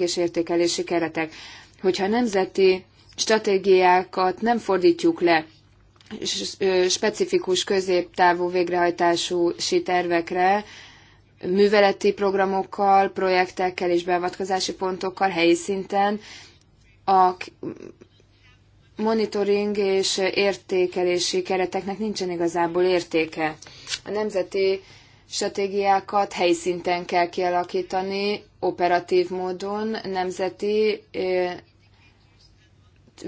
és értékelési keretek. Hogyha nemzeti stratégiákat nem fordítjuk le specifikus középtávú végrehajtású tervekre, műveleti programokkal, projektekkel és beavatkozási pontokkal helyi szinten, a monitoring és értékelési kereteknek nincsen igazából értéke. A nemzeti stratégiákat helyi szinten kell kialakítani, operatív módon nemzeti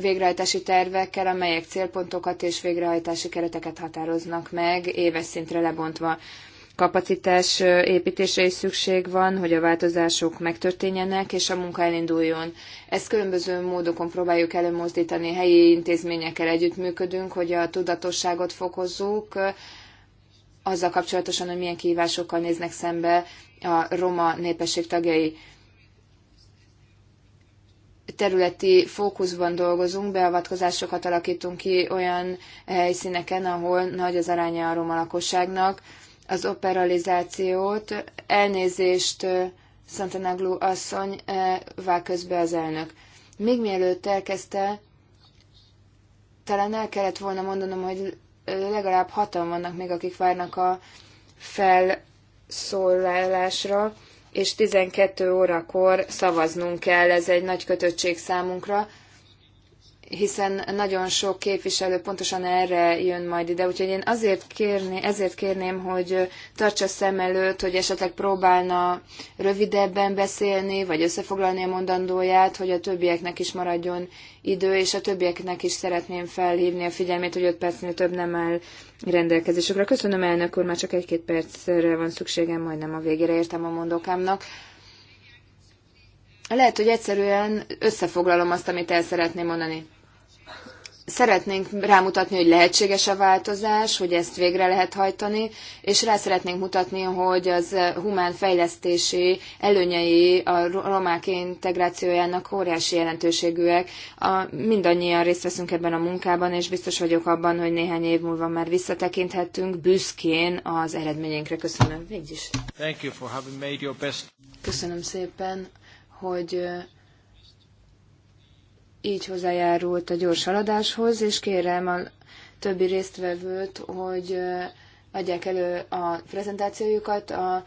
végrehajtási tervekkel, amelyek célpontokat és végrehajtási kereteket határoznak meg, éves szintre lebontva. Kapacitás is szükség van, hogy a változások megtörténjenek, és a munka elinduljon. Ezt különböző módokon próbáljuk előmozdítani, helyi intézményekkel együttműködünk, hogy a tudatosságot fokozzuk, azzal kapcsolatosan, hogy milyen kihívásokkal néznek szembe a roma népesség tagjai. Területi fókuszban dolgozunk, beavatkozásokat alakítunk ki olyan helyszíneken, ahol nagy az aránya a roma lakosságnak. Az operalizációt, elnézést, Szantanaglu asszony, vág közbe az elnök. Még mielőtt elkezdte, talán el kellett volna mondanom, hogy legalább hatan vannak még, akik várnak a fel megszólalásra, és 12 órakor szavaznunk kell, ez egy nagy kötöttség számunkra hiszen nagyon sok képviselő pontosan erre jön majd ide, úgyhogy én azért, kérni, ezért kérném, hogy tartsa szem előtt, hogy esetleg próbálna rövidebben beszélni, vagy összefoglalni a mondandóját, hogy a többieknek is maradjon idő, és a többieknek is szeretném felhívni a figyelmét, hogy 5 percnél több nem áll rendelkezésükre. Köszönöm elnök úr, már csak egy-két percre van szükségem, majdnem a végére értem a mondokámnak. Lehet, hogy egyszerűen összefoglalom azt, amit el szeretném mondani szeretnénk rámutatni, hogy lehetséges a változás, hogy ezt végre lehet hajtani, és rá szeretnénk mutatni, hogy az humán fejlesztési előnyei a romák integrációjának óriási jelentőségűek. A, mindannyian részt veszünk ebben a munkában, és biztos vagyok abban, hogy néhány év múlva már visszatekinthetünk büszkén az eredményeinkre. Köszönöm. Végig is. Köszönöm szépen, hogy így hozzájárult a gyors haladáshoz, és kérem a többi résztvevőt, hogy adják elő a prezentációjukat. A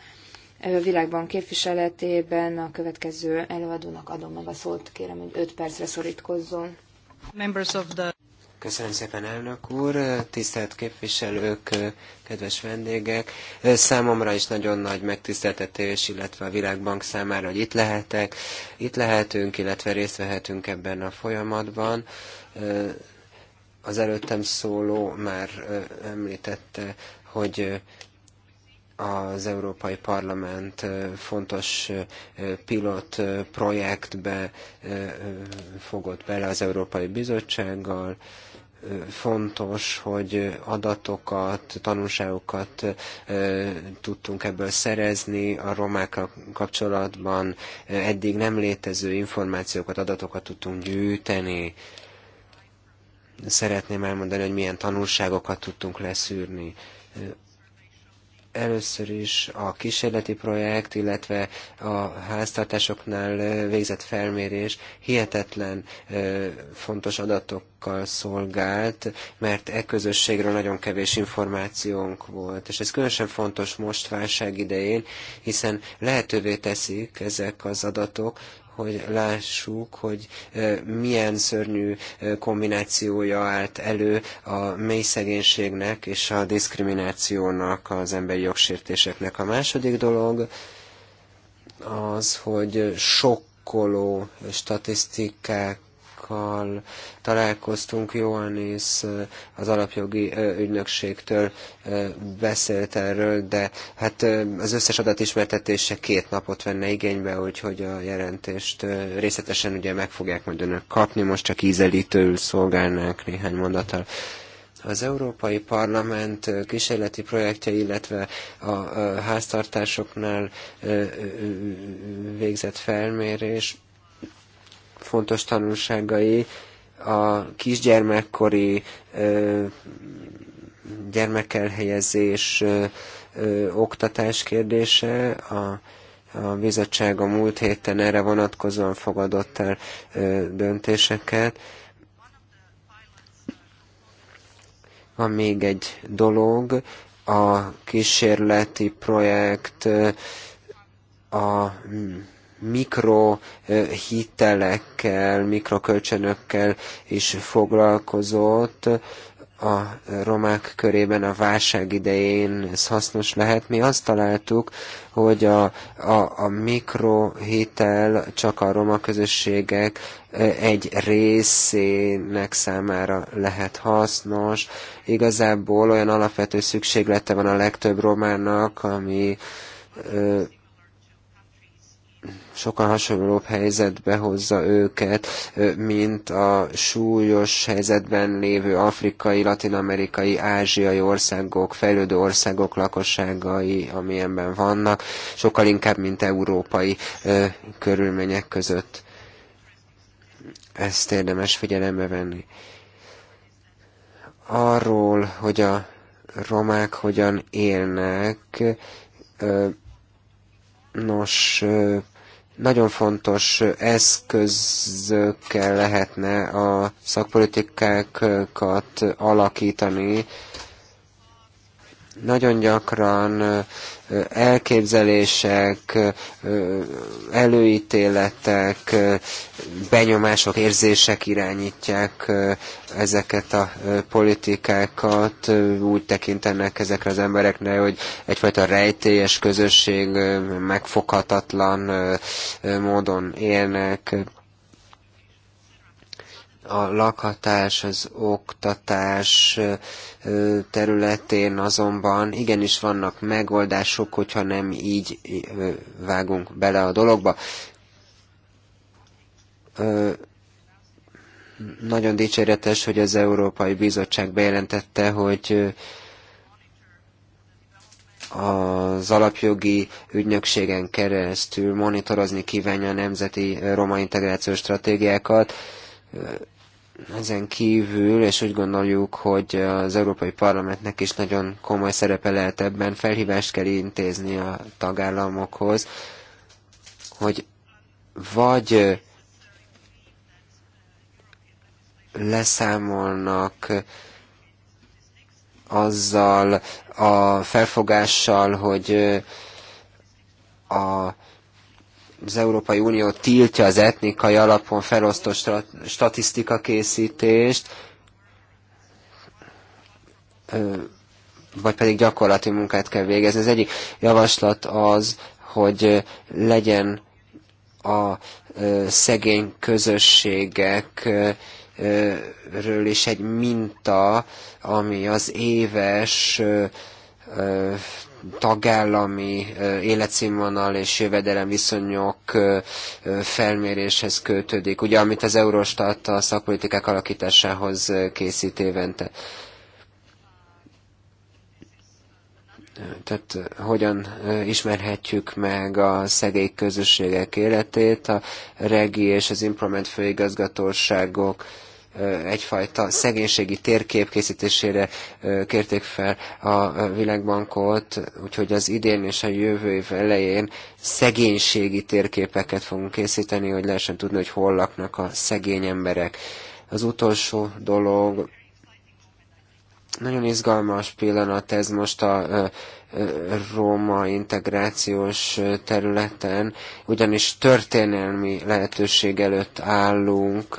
Világban képviseletében a következő előadónak adom meg a szót, kérem, hogy 5 percre szorítkozzon. Köszönöm szépen, elnök úr, tisztelt képviselők, kedves vendégek. Számomra is nagyon nagy megtiszteltetés, illetve a Világbank számára, hogy itt lehetek, itt lehetünk, illetve részt vehetünk ebben a folyamatban. Az előttem szóló már említette, hogy az Európai Parlament fontos pilot projektbe fogott bele az Európai Bizottsággal, fontos, hogy adatokat, tanulságokat tudtunk ebből szerezni a romákkal kapcsolatban. Eddig nem létező információkat, adatokat tudtunk gyűjteni. Szeretném elmondani, hogy milyen tanulságokat tudtunk leszűrni. Először is a kísérleti projekt, illetve a háztartásoknál végzett felmérés hihetetlen fontos adatokkal szolgált, mert e közösségről nagyon kevés információnk volt. És ez különösen fontos most válság idején, hiszen lehetővé teszik ezek az adatok, hogy lássuk, hogy milyen szörnyű kombinációja állt elő a mély szegénységnek és a diszkriminációnak, az emberi jogsértéseknek. A második dolog az, hogy sokkoló statisztikák kollégákkal találkoztunk, Johannes az alapjogi ügynökségtől beszélt erről, de hát az összes adat ismertetése két napot venne igénybe, úgyhogy a jelentést részletesen ugye meg fogják majd önök kapni, most csak ízelítőül szolgálnánk néhány mondattal az Európai Parlament kísérleti projektje, illetve a háztartásoknál végzett felmérés fontos tanulságai a kisgyermekkori gyermekelhelyezés oktatás kérdése, a a bizottság a múlt héten erre vonatkozóan fogadott el döntéseket. Van még egy dolog, a kísérleti projekt a mikrohitelekkel, mikrokölcsönökkel is foglalkozott, a romák körében a válság idején ez hasznos lehet. Mi azt találtuk, hogy a, a, a mikrohitel csak a roma közösségek egy részének számára lehet hasznos. Igazából olyan alapvető szükséglete van a legtöbb romának, ami ö, Sokkal hasonlóbb helyzetbe hozza őket, mint a súlyos helyzetben lévő afrikai, latinamerikai, ázsiai országok, fejlődő országok lakosságai, amilyenben vannak, sokkal inkább, mint európai körülmények között. Ezt érdemes figyelembe venni. Arról, hogy a romák hogyan élnek, nos, nagyon fontos eszközökkel lehetne a szakpolitikákat alakítani. Nagyon gyakran elképzelések, előítéletek, benyomások, érzések irányítják ezeket a politikákat, úgy tekintenek ezekre az embereknek, hogy egyfajta rejtélyes közösség megfoghatatlan módon élnek a lakhatás, az oktatás területén azonban igenis vannak megoldások, hogyha nem így vágunk bele a dologba. Nagyon dicséretes, hogy az Európai Bizottság bejelentette, hogy az alapjogi ügynökségen keresztül monitorozni kívánja a nemzeti roma integrációs stratégiákat ezen kívül, és úgy gondoljuk, hogy az Európai Parlamentnek is nagyon komoly szerepe lehet ebben, felhívást kell intézni a tagállamokhoz, hogy vagy leszámolnak azzal a felfogással, hogy a az Európai Unió tiltja az etnikai alapon felosztó statisztika készítést, vagy pedig gyakorlati munkát kell végezni. Az egyik javaslat az, hogy legyen a szegény közösségekről is egy minta, ami az éves tagállami életszínvonal és jövedelem viszonyok felméréshez kötődik, ugye amit az Eurostat a szakpolitikák alakításához készít évente. tehát hogyan ismerhetjük meg a szegély közösségek életét, a regi és az implement főigazgatóságok egyfajta szegénységi térkép készítésére kérték fel a Világbankot, úgyhogy az idén és a jövő év elején szegénységi térképeket fogunk készíteni, hogy lehessen tudni, hogy hol laknak a szegény emberek. Az utolsó dolog, nagyon izgalmas pillanat ez most a Róma integrációs területen, ugyanis történelmi lehetőség előtt állunk,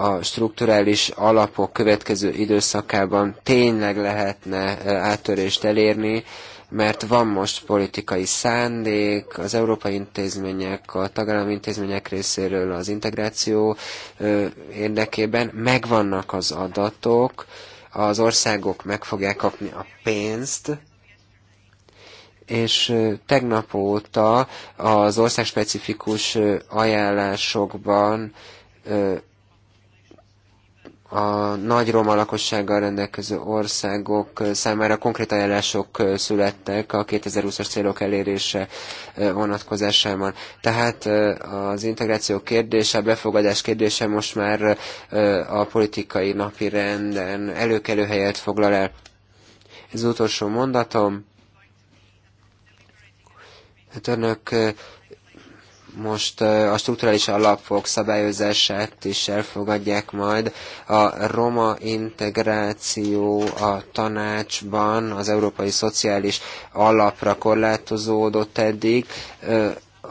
a strukturális alapok következő időszakában tényleg lehetne eh, áttörést elérni, mert van most politikai szándék az európai intézmények, a tagállami intézmények részéről az integráció eh, érdekében, megvannak az adatok, az országok meg fogják kapni a pénzt, és eh, tegnap óta az országspecifikus ajánlásokban a nagy roma lakossággal rendelkező országok számára konkrét ajánlások születtek a 2020-as célok elérése vonatkozásában. Tehát az integráció kérdése, a befogadás kérdése most már a politikai napi renden előkelő helyet foglal el. Ez utolsó mondatom. Hát önök most a strukturális alapok szabályozását is elfogadják majd. A roma integráció a tanácsban az európai szociális alapra korlátozódott eddig.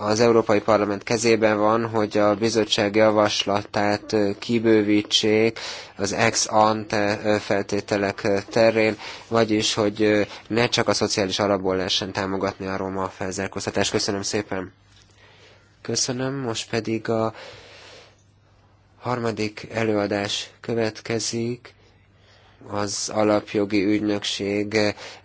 Az Európai Parlament kezében van, hogy a bizottság javaslatát kibővítsék az ex ante feltételek terén, vagyis, hogy ne csak a szociális alapból lehessen támogatni a roma felzárkóztatást. Köszönöm szépen! Köszönöm, most pedig a harmadik előadás következik az alapjogi ügynökség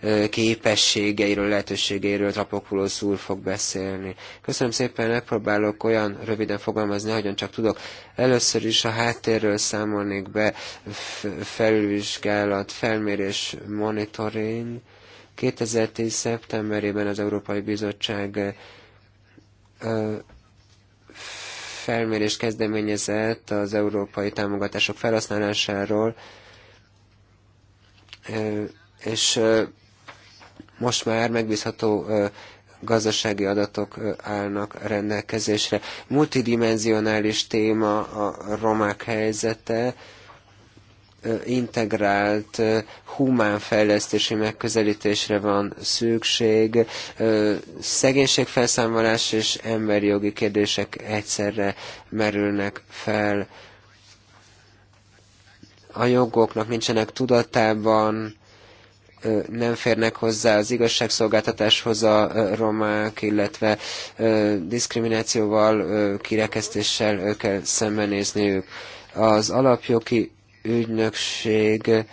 eh, képességeiről, lehetőségeiről Trapopulosz úr fog beszélni. Köszönöm szépen, megpróbálok olyan röviden fogalmazni, ahogyan csak tudok. Először is a háttérről számolnék be, felvizsgálat, felmérés, monitoring. 2010. szeptemberében az Európai Bizottság eh, felmérés kezdeményezett az európai támogatások felhasználásáról, és most már megbízható gazdasági adatok állnak rendelkezésre. Multidimensionális téma a romák helyzete, integrált humán fejlesztési megközelítésre van szükség, szegénységfelszámolás és emberi jogi kérdések egyszerre merülnek fel. A jogoknak nincsenek tudatában, nem férnek hozzá az igazságszolgáltatáshoz a romák, illetve diszkriminációval, kirekesztéssel kell szembenézniük. Az alapjogi ügynökség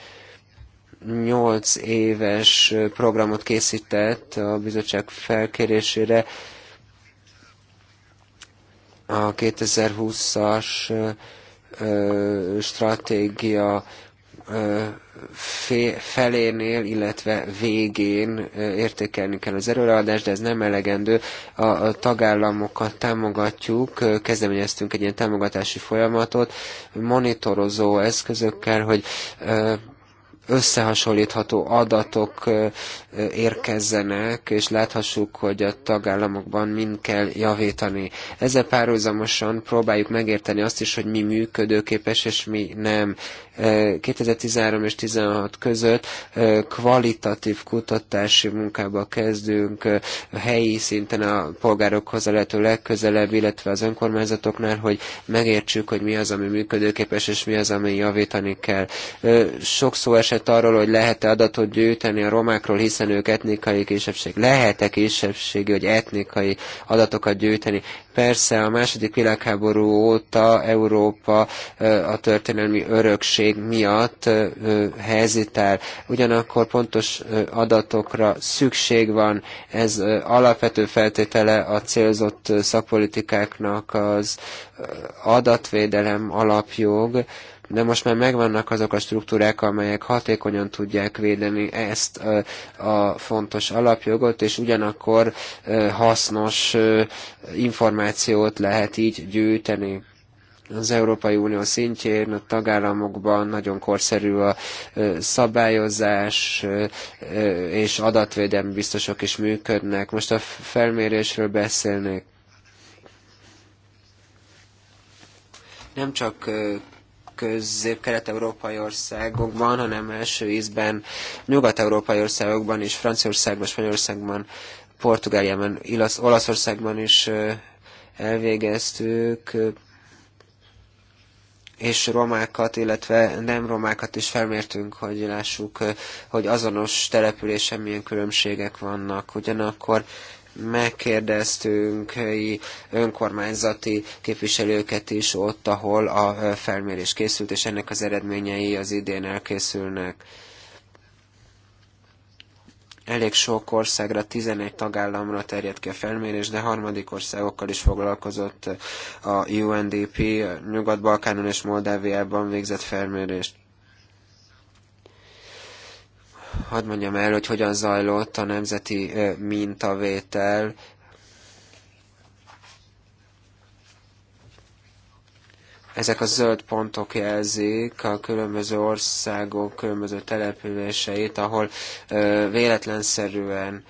nyolc éves programot készített a bizottság felkérésére a 2020-as stratégia felénél, illetve végén értékelni kell az erőleadást, de ez nem elegendő. A, a tagállamokat támogatjuk, kezdeményeztünk egy ilyen támogatási folyamatot, monitorozó eszközökkel, hogy összehasonlítható adatok érkezzenek, és láthassuk, hogy a tagállamokban mind kell javítani. Ezzel párhuzamosan próbáljuk megérteni azt is, hogy mi működőképes és mi nem. 2013 és 2016 között kvalitatív kutatási munkába kezdünk helyi szinten a polgárokhoz a lehető legközelebb, illetve az önkormányzatoknál, hogy megértsük, hogy mi az, ami működőképes, és mi az, ami javítani kell. Sok szó esett esett arról, hogy lehet-e adatot gyűjteni a romákról, hiszen ők etnikai kisebbség. Lehet-e kisebbségi vagy etnikai adatokat gyűjteni? Persze a második világháború óta Európa a történelmi örökség miatt hezitál. Ugyanakkor pontos adatokra szükség van. Ez alapvető feltétele a célzott szakpolitikáknak az adatvédelem alapjog, de most már megvannak azok a struktúrák, amelyek hatékonyan tudják védeni ezt a fontos alapjogot, és ugyanakkor hasznos információt lehet így gyűjteni az Európai Unió szintjén, a tagállamokban nagyon korszerű a szabályozás, és adatvédelmi biztosok is működnek. Most a felmérésről beszélnék. Nem csak közép-kelet-európai országokban, hanem első ízben nyugat-európai országokban is, Franciaországban, Spanyolországban, Portugáliában, Ilasz, Olaszországban is elvégeztük, és romákat, illetve nem romákat is felmértünk, hogy lássuk, hogy azonos településen milyen különbségek vannak. Ugyanakkor megkérdeztünk helyi önkormányzati képviselőket is ott, ahol a felmérés készült, és ennek az eredményei az idén elkészülnek. Elég sok országra, 11 tagállamra terjedt ki a felmérés, de harmadik országokkal is foglalkozott a UNDP, Nyugat-Balkánon és Moldáviában végzett felmérést hadd mondjam el, hogy hogyan zajlott a nemzeti mintavétel. Ezek a zöld pontok jelzik a különböző országok különböző településeit, ahol véletlenszerűen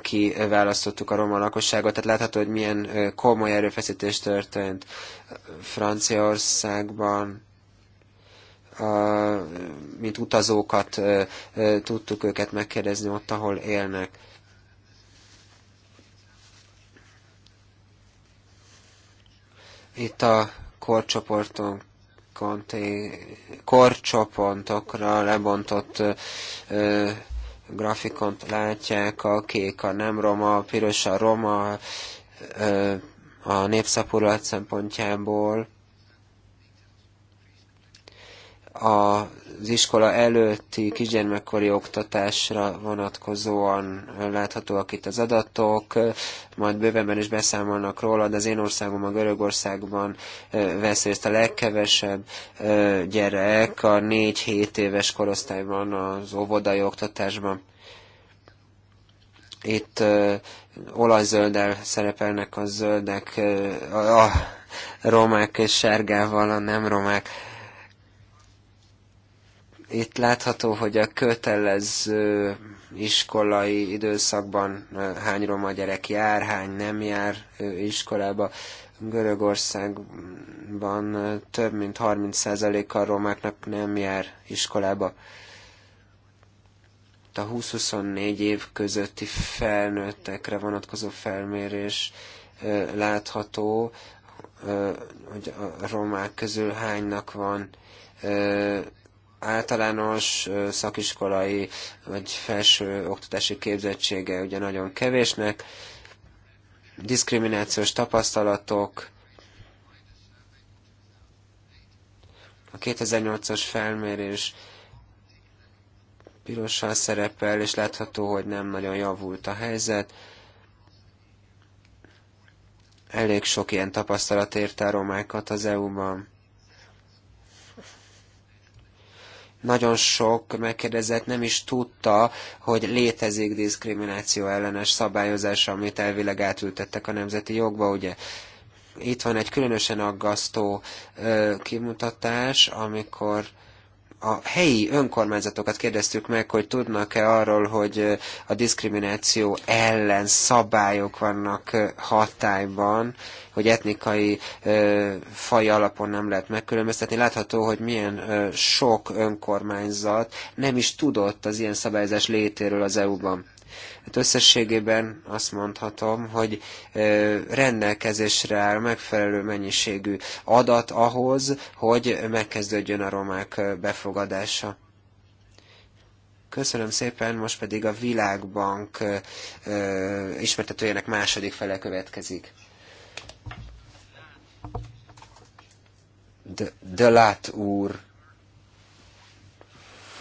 kiválasztottuk a roma lakosságot, tehát látható, hogy milyen komoly erőfeszítés történt Franciaországban, a mint utazókat tudtuk őket megkérdezni ott, ahol élnek. Itt a korcsoportunk korcsopontokra lebontott ö, grafikont látják, a kék a nem roma, a piros a roma, ö, a népszaporulat szempontjából az iskola előtti kisgyermekkori oktatásra vonatkozóan láthatóak itt az adatok, majd bővebben is beszámolnak róla, de az én országom a Görögországban vesz részt a legkevesebb gyerek a 4-7 éves korosztályban az óvodai oktatásban. Itt olajzölddel szerepelnek a zöldek, a romák és sárgával a nem romák itt látható, hogy a kötelező iskolai időszakban hány roma gyerek jár, hány nem jár iskolába. Görögországban több mint 30%-a a romáknak nem jár iskolába. A 20-24 év közötti felnőttekre vonatkozó felmérés látható, hogy a romák közül hánynak van általános szakiskolai vagy felső oktatási képzettsége ugye nagyon kevésnek, diszkriminációs tapasztalatok, a 2008-as felmérés pirossal szerepel, és látható, hogy nem nagyon javult a helyzet. Elég sok ilyen tapasztalat érte a romákat az EU-ban. Nagyon sok megkérdezett nem is tudta, hogy létezik diszkrimináció ellenes szabályozás, amit elvileg átültettek a nemzeti jogba, ugye? Itt van egy különösen aggasztó ö, kimutatás, amikor a helyi önkormányzatokat kérdeztük meg, hogy tudnak-e arról, hogy a diszkrimináció ellen szabályok vannak hatályban, hogy etnikai faj alapon nem lehet megkülönböztetni. Látható, hogy milyen sok önkormányzat nem is tudott az ilyen szabályozás létéről az EU-ban. Hát összességében azt mondhatom, hogy rendelkezésre áll megfelelő mennyiségű adat ahhoz, hogy megkezdődjön a romák befogadása. Köszönöm szépen, most pedig a Világbank ismertetőjének második fele következik. De, de Lát úr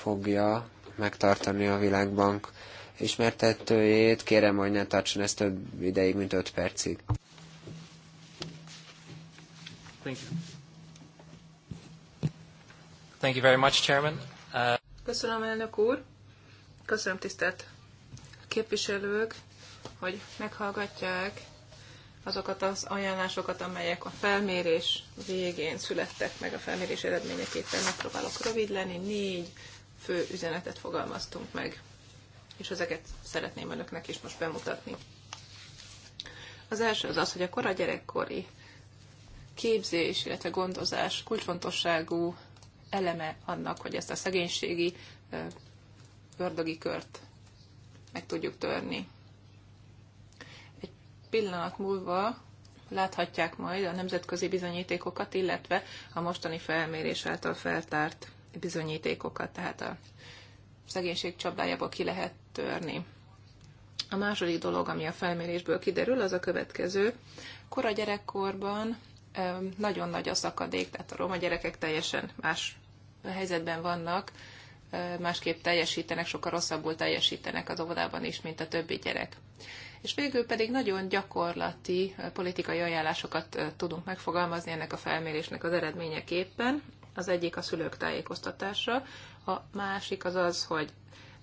fogja megtartani a Világbank ismertetőjét. Kérem, hogy ne tartson ezt több ideig, mint 5 percig. Thank you. Thank you very much, Chairman. Uh... Köszönöm, elnök úr. Köszönöm, tisztelt képviselők, hogy meghallgatják azokat az ajánlásokat, amelyek a felmérés végén születtek meg a felmérés eredményeképpen. Megpróbálok rövid lenni, négy fő üzenetet fogalmaztunk meg és ezeket szeretném önöknek is most bemutatni. Az első az az, hogy a kora gyerekkori képzés, illetve gondozás kulcsfontosságú eleme annak, hogy ezt a szegénységi ördögi kört meg tudjuk törni. Egy pillanat múlva láthatják majd a nemzetközi bizonyítékokat, illetve a mostani felmérés által feltárt bizonyítékokat, tehát a szegénység csapdájából ki lehet törni. A második dolog, ami a felmérésből kiderül, az a következő. Kora gyerekkorban nagyon nagy a szakadék, tehát a roma gyerekek teljesen más helyzetben vannak, másképp teljesítenek, sokkal rosszabbul teljesítenek az óvodában is, mint a többi gyerek. És végül pedig nagyon gyakorlati politikai ajánlásokat tudunk megfogalmazni ennek a felmérésnek az eredményeképpen. Az egyik a szülők tájékoztatása, a másik az az, hogy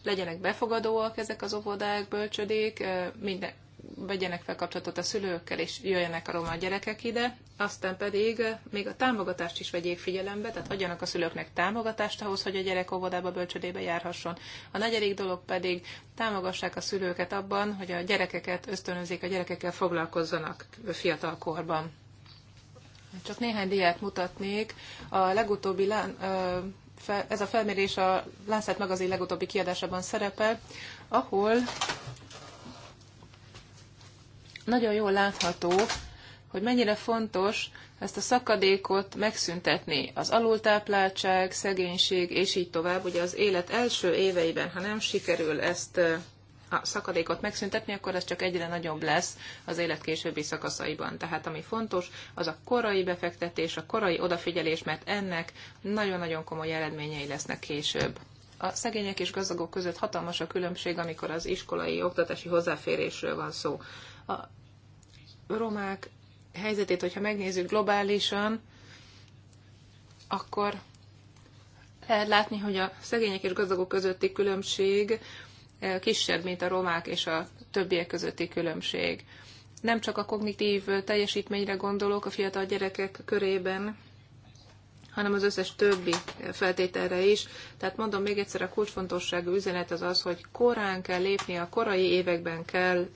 legyenek befogadóak ezek az óvodák, bölcsödék, minden, vegyenek fel kapcsolatot a szülőkkel, és jöjjenek a roma gyerekek ide, aztán pedig még a támogatást is vegyék figyelembe, tehát adjanak a szülőknek támogatást ahhoz, hogy a gyerek óvodába, bölcsödébe járhasson. A negyedik dolog pedig támogassák a szülőket abban, hogy a gyerekeket ösztönözik a gyerekekkel foglalkozzanak fiatal korban. Csak néhány diát mutatnék. A legutóbbi fel, ez a felmérés a Lászát magazin legutóbbi kiadásában szerepel, ahol nagyon jól látható, hogy mennyire fontos ezt a szakadékot megszüntetni. Az alultápláltság, szegénység és így tovább, ugye az élet első éveiben, ha nem sikerül ezt a szakadékot megszüntetni, akkor ez csak egyre nagyobb lesz az élet későbbi szakaszaiban. Tehát ami fontos, az a korai befektetés, a korai odafigyelés, mert ennek nagyon-nagyon komoly eredményei lesznek később. A szegények és gazdagok között hatalmas a különbség, amikor az iskolai oktatási hozzáférésről van szó. A romák helyzetét, hogyha megnézzük globálisan, akkor lehet látni, hogy a szegények és gazdagok közötti különbség kisebb, mint a romák és a többiek közötti különbség. Nem csak a kognitív teljesítményre gondolok a fiatal gyerekek körében, hanem az összes többi feltételre is. Tehát mondom még egyszer, a kulcsfontosságú üzenet az az, hogy korán kell lépni, a korai években kell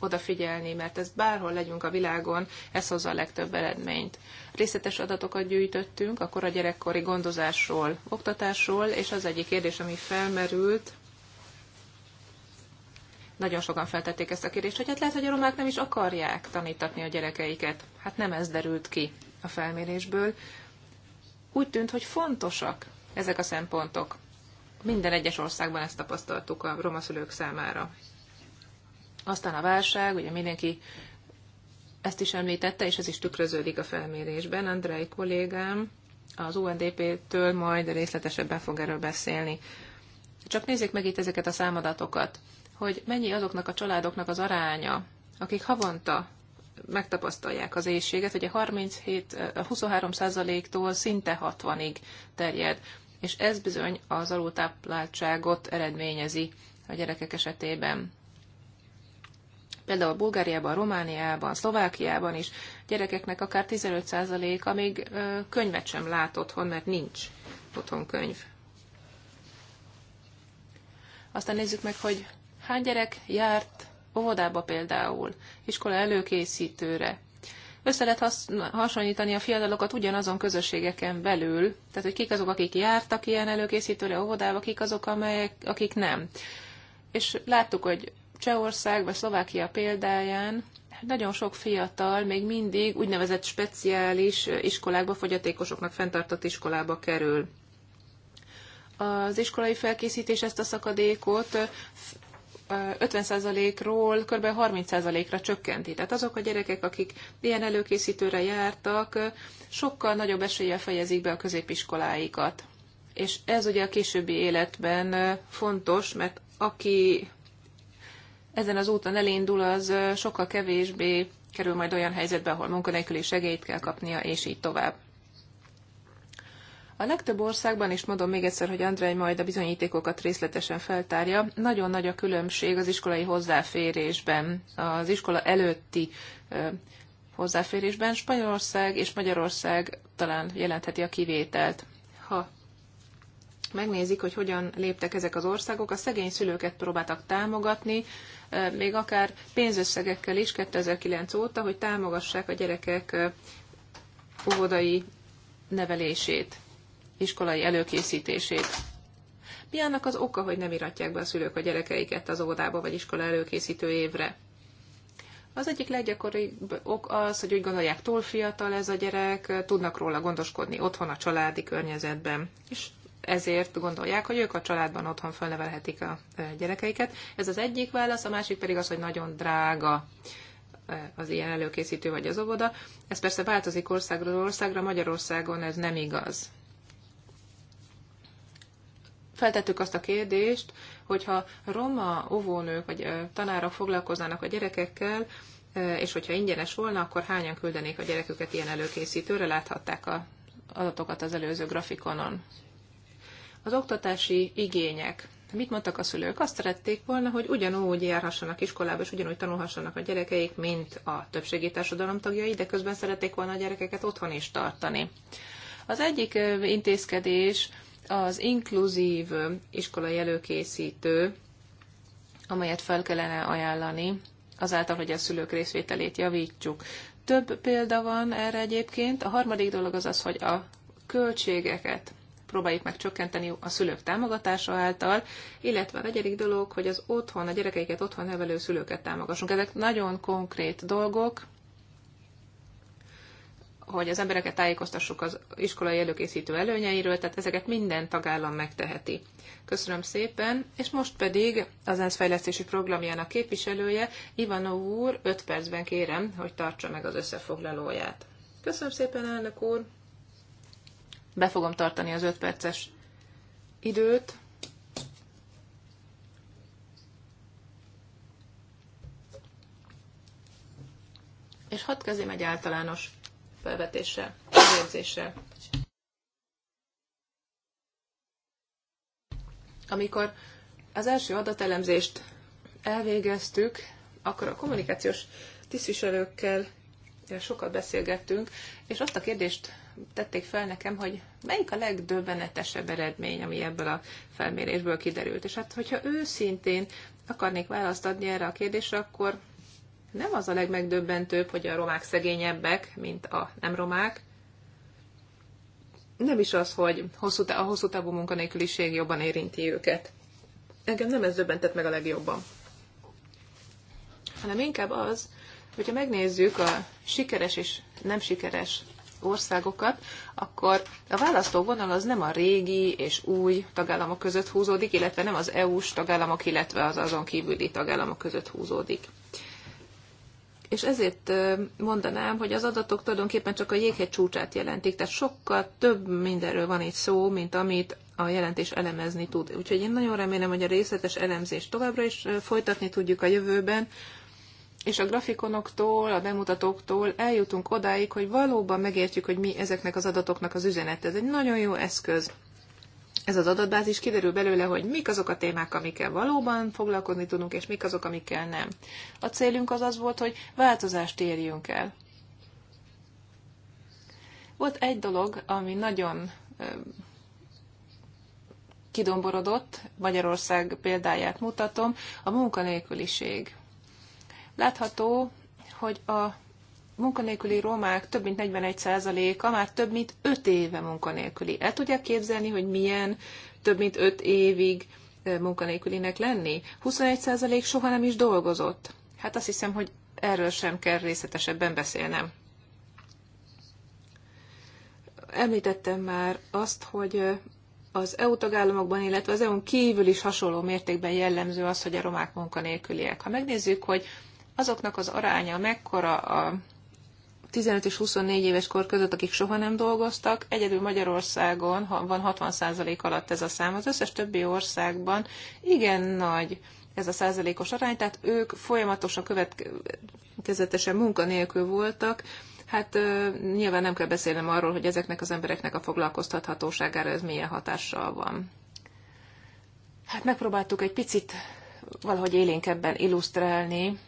odafigyelni, mert ez bárhol legyünk a világon, ez hozza a legtöbb eredményt. Részletes adatokat gyűjtöttünk akkor a gyerekkori gondozásról, oktatásról, és az egyik kérdés, ami felmerült, nagyon sokan feltették ezt a kérdést, hogy hát lehet, hogy a romák nem is akarják tanítatni a gyerekeiket. Hát nem ez derült ki a felmérésből. Úgy tűnt, hogy fontosak ezek a szempontok. Minden egyes országban ezt tapasztaltuk a roma szülők számára. Aztán a válság, ugye mindenki ezt is említette, és ez is tükröződik a felmérésben. Andrei kollégám az UNDP-től majd részletesebben fog erről beszélni. Csak nézzék meg itt ezeket a számadatokat hogy mennyi azoknak a családoknak az aránya, akik havonta megtapasztalják az éjséget, ugye 37, 23%-tól szinte 60-ig terjed, és ez bizony az alultápláltságot eredményezi a gyerekek esetében. Például Bulgáriában, Romániában, Szlovákiában is gyerekeknek akár 15%-a még könyvet sem lát otthon, mert nincs otthon könyv. Aztán nézzük meg, hogy hány gyerek járt óvodába például, iskola előkészítőre. Össze lehet hasonlítani a fiatalokat ugyanazon közösségeken belül, tehát hogy kik azok, akik jártak ilyen előkészítőre, óvodába, kik azok, amelyek, akik nem. És láttuk, hogy Csehország vagy Szlovákia példáján nagyon sok fiatal még mindig úgynevezett speciális iskolákba, fogyatékosoknak fenntartott iskolába kerül. Az iskolai felkészítés ezt a szakadékot 50%-ról kb. 30%-ra csökkenti. Tehát azok a gyerekek, akik ilyen előkészítőre jártak, sokkal nagyobb eséllyel fejezik be a középiskoláikat. És ez ugye a későbbi életben fontos, mert aki ezen az úton elindul, az sokkal kevésbé kerül majd olyan helyzetbe, ahol munkanélküli segélyt kell kapnia, és így tovább. A legtöbb országban, és mondom még egyszer, hogy Andrej majd a bizonyítékokat részletesen feltárja, nagyon nagy a különbség az iskolai hozzáférésben, az iskola előtti hozzáférésben. Spanyolország és Magyarország talán jelentheti a kivételt. Ha megnézik, hogy hogyan léptek ezek az országok, a szegény szülőket próbáltak támogatni, még akár pénzösszegekkel is 2009 óta, hogy támogassák a gyerekek óvodai nevelését iskolai előkészítését. Mi annak az oka, hogy nem iratják be a szülők a gyerekeiket az óvodába vagy iskola előkészítő évre? Az egyik leggyakoribb ok az, hogy úgy gondolják, túl fiatal ez a gyerek, tudnak róla gondoskodni otthon a családi környezetben, és ezért gondolják, hogy ők a családban otthon felnevelhetik a e, gyerekeiket. Ez az egyik válasz, a másik pedig az, hogy nagyon drága e, az ilyen előkészítő vagy az óvoda. Ez persze változik országról országra, Magyarországon ez nem igaz feltettük azt a kérdést, hogyha roma óvónők vagy tanárok foglalkoznának a gyerekekkel, és hogyha ingyenes volna, akkor hányan küldenék a gyereküket ilyen előkészítőre, láthatták a adatokat az előző grafikonon. Az oktatási igények. Mit mondtak a szülők? Azt szerették volna, hogy ugyanúgy járhassanak iskolába, és ugyanúgy tanulhassanak a gyerekeik, mint a többségi társadalom tagjai, de közben szerették volna a gyerekeket otthon is tartani. Az egyik intézkedés, az inkluzív iskolai előkészítő, amelyet fel kellene ajánlani, azáltal, hogy a szülők részvételét javítsuk. Több példa van erre egyébként. A harmadik dolog az az, hogy a költségeket próbáljuk meg csökkenteni a szülők támogatása által, illetve a negyedik dolog, hogy az otthon, a gyerekeiket otthon nevelő szülőket támogassunk. Ezek nagyon konkrét dolgok, hogy az embereket tájékoztassuk az iskolai előkészítő előnyeiről, tehát ezeket minden tagállam megteheti. Köszönöm szépen, és most pedig az ENSZ fejlesztési programjának képviselője, Ivanov úr, 5 percben kérem, hogy tartsa meg az összefoglalóját. Köszönöm szépen, elnök úr! Be fogom tartani az 5 perces időt. És hadd kezdjem egy általános felvetéssel, érzéssel. Amikor az első adatelemzést elvégeztük, akkor a kommunikációs tisztviselőkkel sokat beszélgettünk, és azt a kérdést tették fel nekem, hogy melyik a legdöbbenetesebb eredmény, ami ebből a felmérésből kiderült. És hát, hogyha őszintén akarnék választ adni erre a kérdésre, akkor nem az a legmegdöbbentőbb, hogy a romák szegényebbek, mint a nem romák. Nem is az, hogy hosszú, a hosszú távú munkanélküliség jobban érinti őket. Engem nem ez döbbentett meg a legjobban. Hanem inkább az, hogyha megnézzük a sikeres és nem sikeres országokat, akkor a választóvonal az nem a régi és új tagállamok között húzódik, illetve nem az EU-s tagállamok, illetve az azon kívüli tagállamok között húzódik és ezért mondanám, hogy az adatok tulajdonképpen csak a jéghegy csúcsát jelentik, tehát sokkal több mindenről van itt szó, mint amit a jelentés elemezni tud. Úgyhogy én nagyon remélem, hogy a részletes elemzést továbbra is folytatni tudjuk a jövőben, és a grafikonoktól, a bemutatóktól eljutunk odáig, hogy valóban megértjük, hogy mi ezeknek az adatoknak az üzenete. Ez egy nagyon jó eszköz ez az adatbázis, kiderül belőle, hogy mik azok a témák, amikkel valóban foglalkozni tudunk, és mik azok, amikkel nem. A célunk az az volt, hogy változást érjünk el. Volt egy dolog, ami nagyon kidomborodott, Magyarország példáját mutatom, a munkanélküliség. Látható, hogy a munkanélküli romák több mint 41%-a már több mint 5 éve munkanélküli. El tudják képzelni, hogy milyen több mint 5 évig munkanélkülinek lenni? 21% soha nem is dolgozott. Hát azt hiszem, hogy erről sem kell részletesebben beszélnem. Említettem már azt, hogy az EU tagállamokban, illetve az EU-n kívül is hasonló mértékben jellemző az, hogy a romák munkanélküliek. Ha megnézzük, hogy azoknak az aránya mekkora a 15 és 24 éves kor között, akik soha nem dolgoztak, egyedül Magyarországon van 60% alatt ez a szám, az összes többi országban igen nagy ez a százalékos arány, tehát ők folyamatosan következetesen munkanélkül voltak, Hát nyilván nem kell beszélnem arról, hogy ezeknek az embereknek a foglalkoztathatóságára ez milyen hatással van. Hát megpróbáltuk egy picit valahogy élénkebben illusztrálni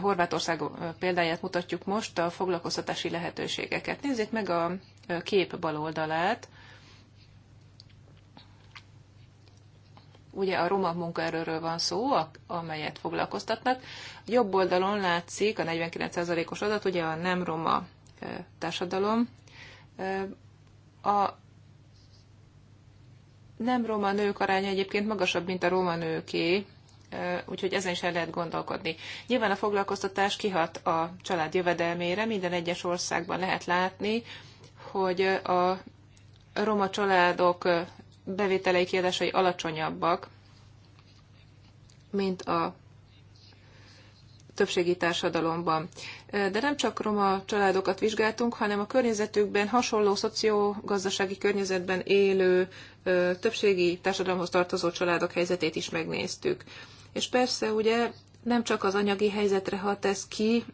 Horvátország példáját mutatjuk most, a foglalkoztatási lehetőségeket. Nézzék meg a kép bal oldalát. Ugye a roma munkaerőről van szó, amelyet foglalkoztatnak. Jobb oldalon látszik a 49%-os adat, ugye a nem roma társadalom. A nem roma nők aránya egyébként magasabb, mint a roma nőké, úgyhogy ezen is el lehet gondolkodni. Nyilván a foglalkoztatás kihat a család jövedelmére, minden egyes országban lehet látni, hogy a roma családok bevételei kiadásai alacsonyabbak, mint a többségi társadalomban. De nem csak roma családokat vizsgáltunk, hanem a környezetükben hasonló szociogazdasági környezetben élő többségi társadalomhoz tartozó családok helyzetét is megnéztük. És persze ugye nem csak az anyagi helyzetre hat ez ki,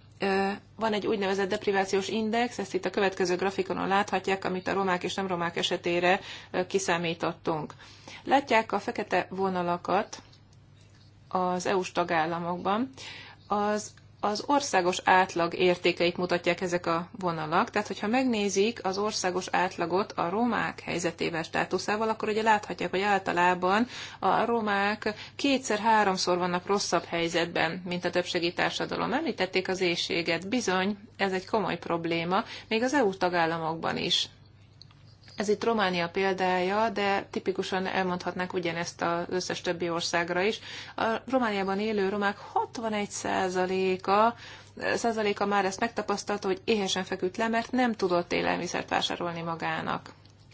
van egy úgynevezett deprivációs index, ezt itt a következő grafikonon láthatják, amit a romák és nem romák esetére kiszámítottunk. Látják a fekete vonalakat az EU-s tagállamokban. Az az országos átlag értékeit mutatják ezek a vonalak, tehát hogyha megnézik az országos átlagot a romák helyzetével, státuszával, akkor ugye láthatják, hogy általában a romák kétszer-háromszor vannak rosszabb helyzetben, mint a többségi társadalom. Említették az éjséget, bizony, ez egy komoly probléma, még az EU tagállamokban is ez itt Románia példája, de tipikusan elmondhatnánk ugyanezt az összes többi országra is. A Romániában élő romák 61%-a százaléka már ezt megtapasztalta, hogy éhesen feküdt le, mert nem tudott élelmiszert vásárolni magának.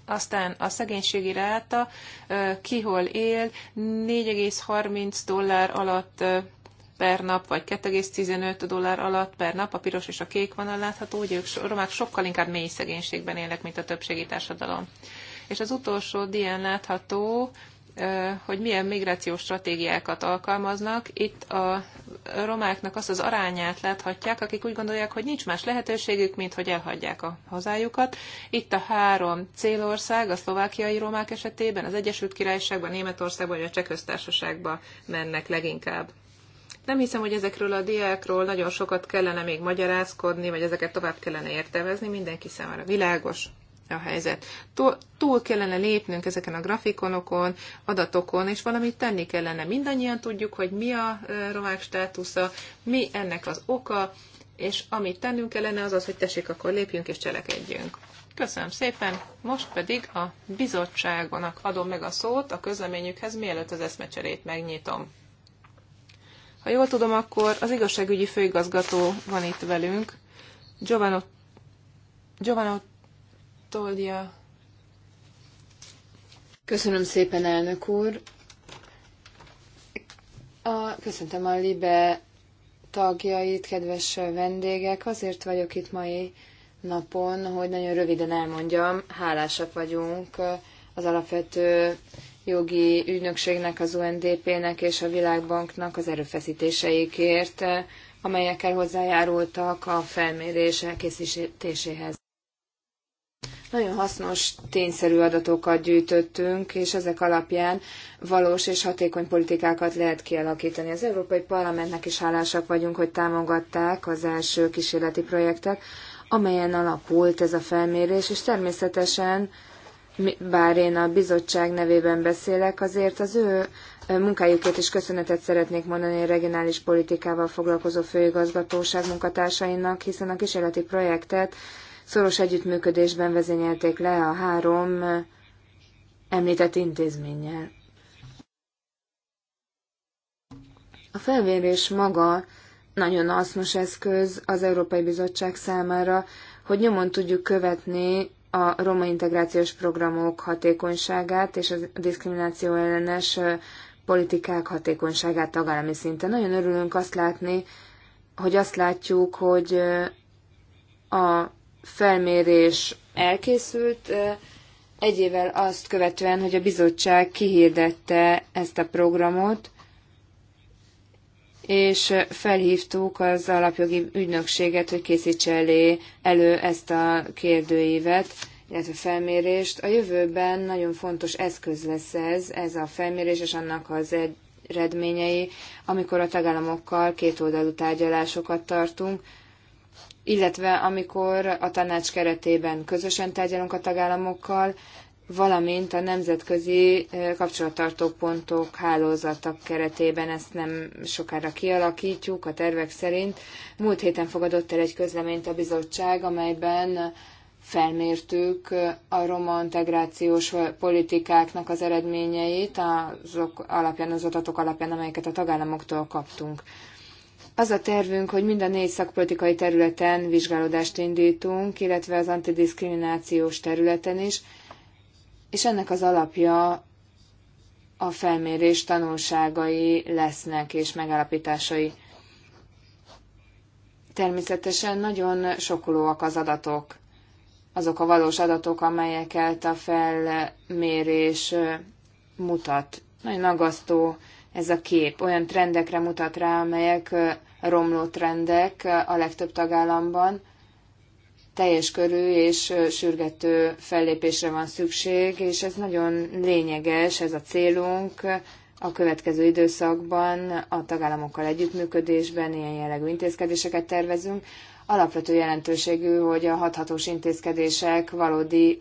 Aztán a szegénységi ráta, ki hol él, 4,30 dollár alatt per nap, vagy 2,15 dollár alatt per nap, a piros és a kék vonal látható, hogy ők romák sokkal inkább mély szegénységben élnek, mint a többségi társadalom. És az utolsó dián látható, hogy milyen migrációs stratégiákat alkalmaznak. Itt a romáknak azt az arányát láthatják, akik úgy gondolják, hogy nincs más lehetőségük, mint hogy elhagyják a hazájukat. Itt a három célország, a szlovákiai romák esetében, az Egyesült Királyságban, Németországban vagy a Csehköztársaságban mennek leginkább. Nem hiszem, hogy ezekről a diákról nagyon sokat kellene még magyarázkodni, vagy ezeket tovább kellene értelmezni, mindenki számára világos a helyzet. Túl, túl kellene lépnünk ezeken a grafikonokon, adatokon, és valamit tenni kellene. Mindannyian tudjuk, hogy mi a romák státusza, mi ennek az oka, és amit tennünk kellene, az az, hogy tessék, akkor lépjünk és cselekedjünk. Köszönöm szépen, most pedig a bizottságonak adom meg a szót a közleményükhez, mielőtt az eszmecserét megnyitom. Ha jól tudom, akkor az igazságügyi főigazgató van itt velünk, Giovanni, Giovanni Toldia. Köszönöm szépen, elnök úr. A, köszöntöm a Libe tagjait, kedves vendégek. Azért vagyok itt mai napon, hogy nagyon röviden elmondjam, hálásak vagyunk az alapvető jogi ügynökségnek, az UNDP-nek és a Világbanknak az erőfeszítéseikért, amelyekkel hozzájárultak a felmérés elkészítéséhez. Nagyon hasznos, tényszerű adatokat gyűjtöttünk, és ezek alapján valós és hatékony politikákat lehet kialakítani. Az Európai Parlamentnek is hálásak vagyunk, hogy támogatták az első kísérleti projektet, amelyen alapult ez a felmérés, és természetesen bár én a bizottság nevében beszélek, azért az ő munkájukért is köszönetet szeretnék mondani a regionális politikával foglalkozó főigazgatóság munkatársainak, hiszen a kísérleti projektet szoros együttműködésben vezényelték le a három említett intézménnyel. A felvérés maga nagyon hasznos eszköz az Európai Bizottság számára, hogy nyomon tudjuk követni a roma integrációs programok hatékonyságát és a diszkrimináció ellenes politikák hatékonyságát tagállami szinten. Nagyon örülünk azt látni, hogy azt látjuk, hogy a felmérés elkészült egy évvel azt követően, hogy a bizottság kihirdette ezt a programot, és felhívtuk az alapjogi ügynökséget, hogy készítse elé elő ezt a kérdőívet, illetve felmérést. A jövőben nagyon fontos eszköz lesz ez, ez a felmérés és annak az eredményei, amikor a tagállamokkal kétoldalú tárgyalásokat tartunk, illetve amikor a tanács keretében közösen tárgyalunk a tagállamokkal, valamint a nemzetközi kapcsolattartó pontok hálózatak keretében ezt nem sokára kialakítjuk a tervek szerint. Múlt héten fogadott el egy közleményt a bizottság, amelyben felmértük a roma integrációs politikáknak az eredményeit azok alapján, az adatok alapján, amelyeket a tagállamoktól kaptunk. Az a tervünk, hogy mind a négy szakpolitikai területen vizsgálódást indítunk, illetve az antidiszkriminációs területen is, és ennek az alapja a felmérés tanulságai lesznek és megállapításai. Természetesen nagyon sokulóak az adatok, azok a valós adatok, amelyeket a felmérés mutat. Nagyon aggasztó ez a kép. Olyan trendekre mutat rá, amelyek romló trendek a legtöbb tagállamban, teljes körű és sürgető fellépésre van szükség, és ez nagyon lényeges, ez a célunk a következő időszakban a tagállamokkal együttműködésben ilyen jellegű intézkedéseket tervezünk. Alapvető jelentőségű, hogy a hathatós intézkedések valódi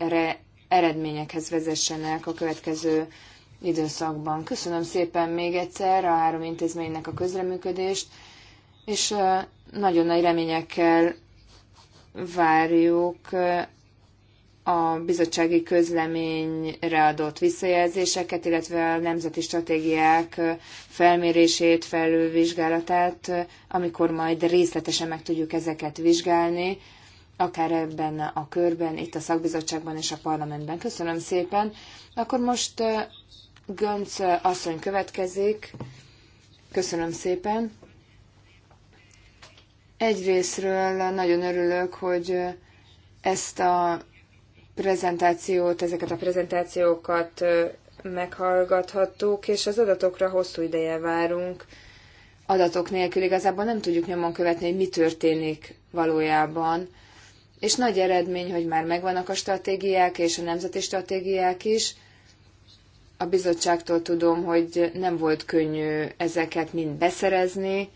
eredményekhez vezessenek a következő időszakban. Köszönöm szépen még egyszer a három intézménynek a közreműködést, és nagyon nagy reményekkel várjuk a bizottsági közleményre adott visszajelzéseket, illetve a nemzeti stratégiák felmérését, felülvizsgálatát, amikor majd részletesen meg tudjuk ezeket vizsgálni, akár ebben a körben, itt a szakbizottságban és a parlamentben. Köszönöm szépen. Akkor most Gönc asszony következik. Köszönöm szépen. Egyrésztről nagyon örülök, hogy ezt a prezentációt, ezeket a prezentációkat meghallgathattuk, és az adatokra hosszú ideje várunk. Adatok nélkül igazából nem tudjuk nyomon követni, hogy mi történik valójában. És nagy eredmény, hogy már megvannak a stratégiák és a nemzeti stratégiák is. A bizottságtól tudom, hogy nem volt könnyű ezeket mind beszerezni,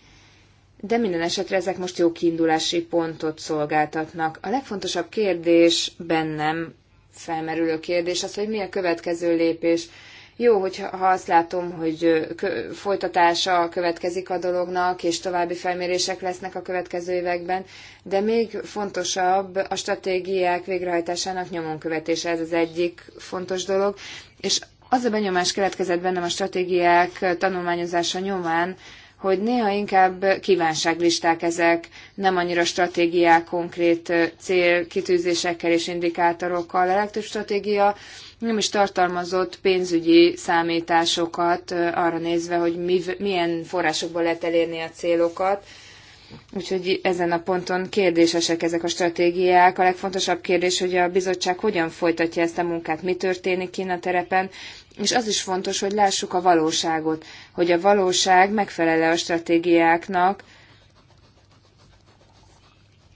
de minden esetre ezek most jó kiindulási pontot szolgáltatnak. A legfontosabb kérdés bennem felmerülő kérdés az, hogy mi a következő lépés. Jó, hogyha ha azt látom, hogy folytatása következik a dolognak, és további felmérések lesznek a következő években, de még fontosabb a stratégiák végrehajtásának nyomon követése, ez az egyik fontos dolog. És az a benyomás keletkezett bennem a stratégiák tanulmányozása nyomán, hogy néha inkább kívánságlisták ezek, nem annyira stratégiák, konkrét célkitűzésekkel és indikátorokkal. A legtöbb stratégia nem is tartalmazott pénzügyi számításokat arra nézve, hogy milyen forrásokból lehet elérni a célokat. Úgyhogy ezen a ponton kérdésesek ezek a stratégiák. A legfontosabb kérdés, hogy a bizottság hogyan folytatja ezt a munkát, mi történik kín a terepen, és az is fontos, hogy lássuk a valóságot, hogy a valóság megfelele a stratégiáknak.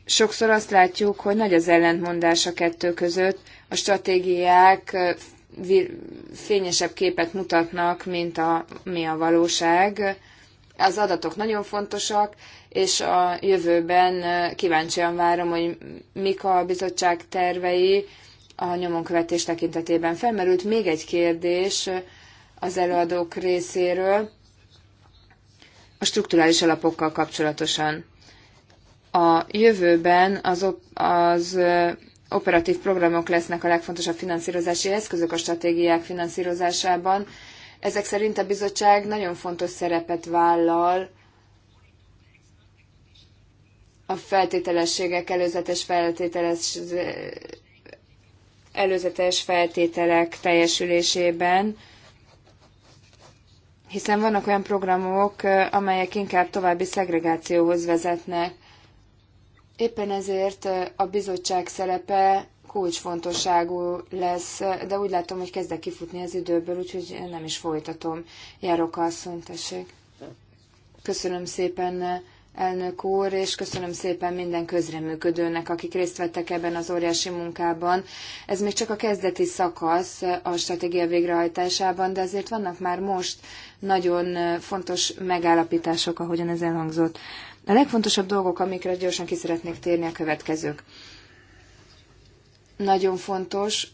Sokszor azt látjuk, hogy nagy az ellentmondás a kettő között, a stratégiák fényesebb képet mutatnak, mint a, mi a valóság. Az adatok nagyon fontosak, és a jövőben kíváncsian várom, hogy mik a bizottság tervei, a nyomonkövetés tekintetében. Felmerült még egy kérdés az előadók részéről a strukturális alapokkal kapcsolatosan. A jövőben az, az operatív programok lesznek a legfontosabb finanszírozási eszközök a stratégiák finanszírozásában. Ezek szerint a bizottság nagyon fontos szerepet vállal a feltételességek, előzetes feltételes előzetes feltételek teljesülésében, hiszen vannak olyan programok, amelyek inkább további szegregációhoz vezetnek. Éppen ezért a bizottság szerepe kulcsfontosságú lesz, de úgy látom, hogy kezdek kifutni az időből, úgyhogy nem is folytatom. Járok a asszony, Köszönöm szépen, elnök úr, és köszönöm szépen minden közreműködőnek, akik részt vettek ebben az óriási munkában. Ez még csak a kezdeti szakasz a stratégia végrehajtásában, de azért vannak már most nagyon fontos megállapítások, ahogyan ez elhangzott. A legfontosabb dolgok, amikre gyorsan ki szeretnék térni, a következők. Nagyon fontos,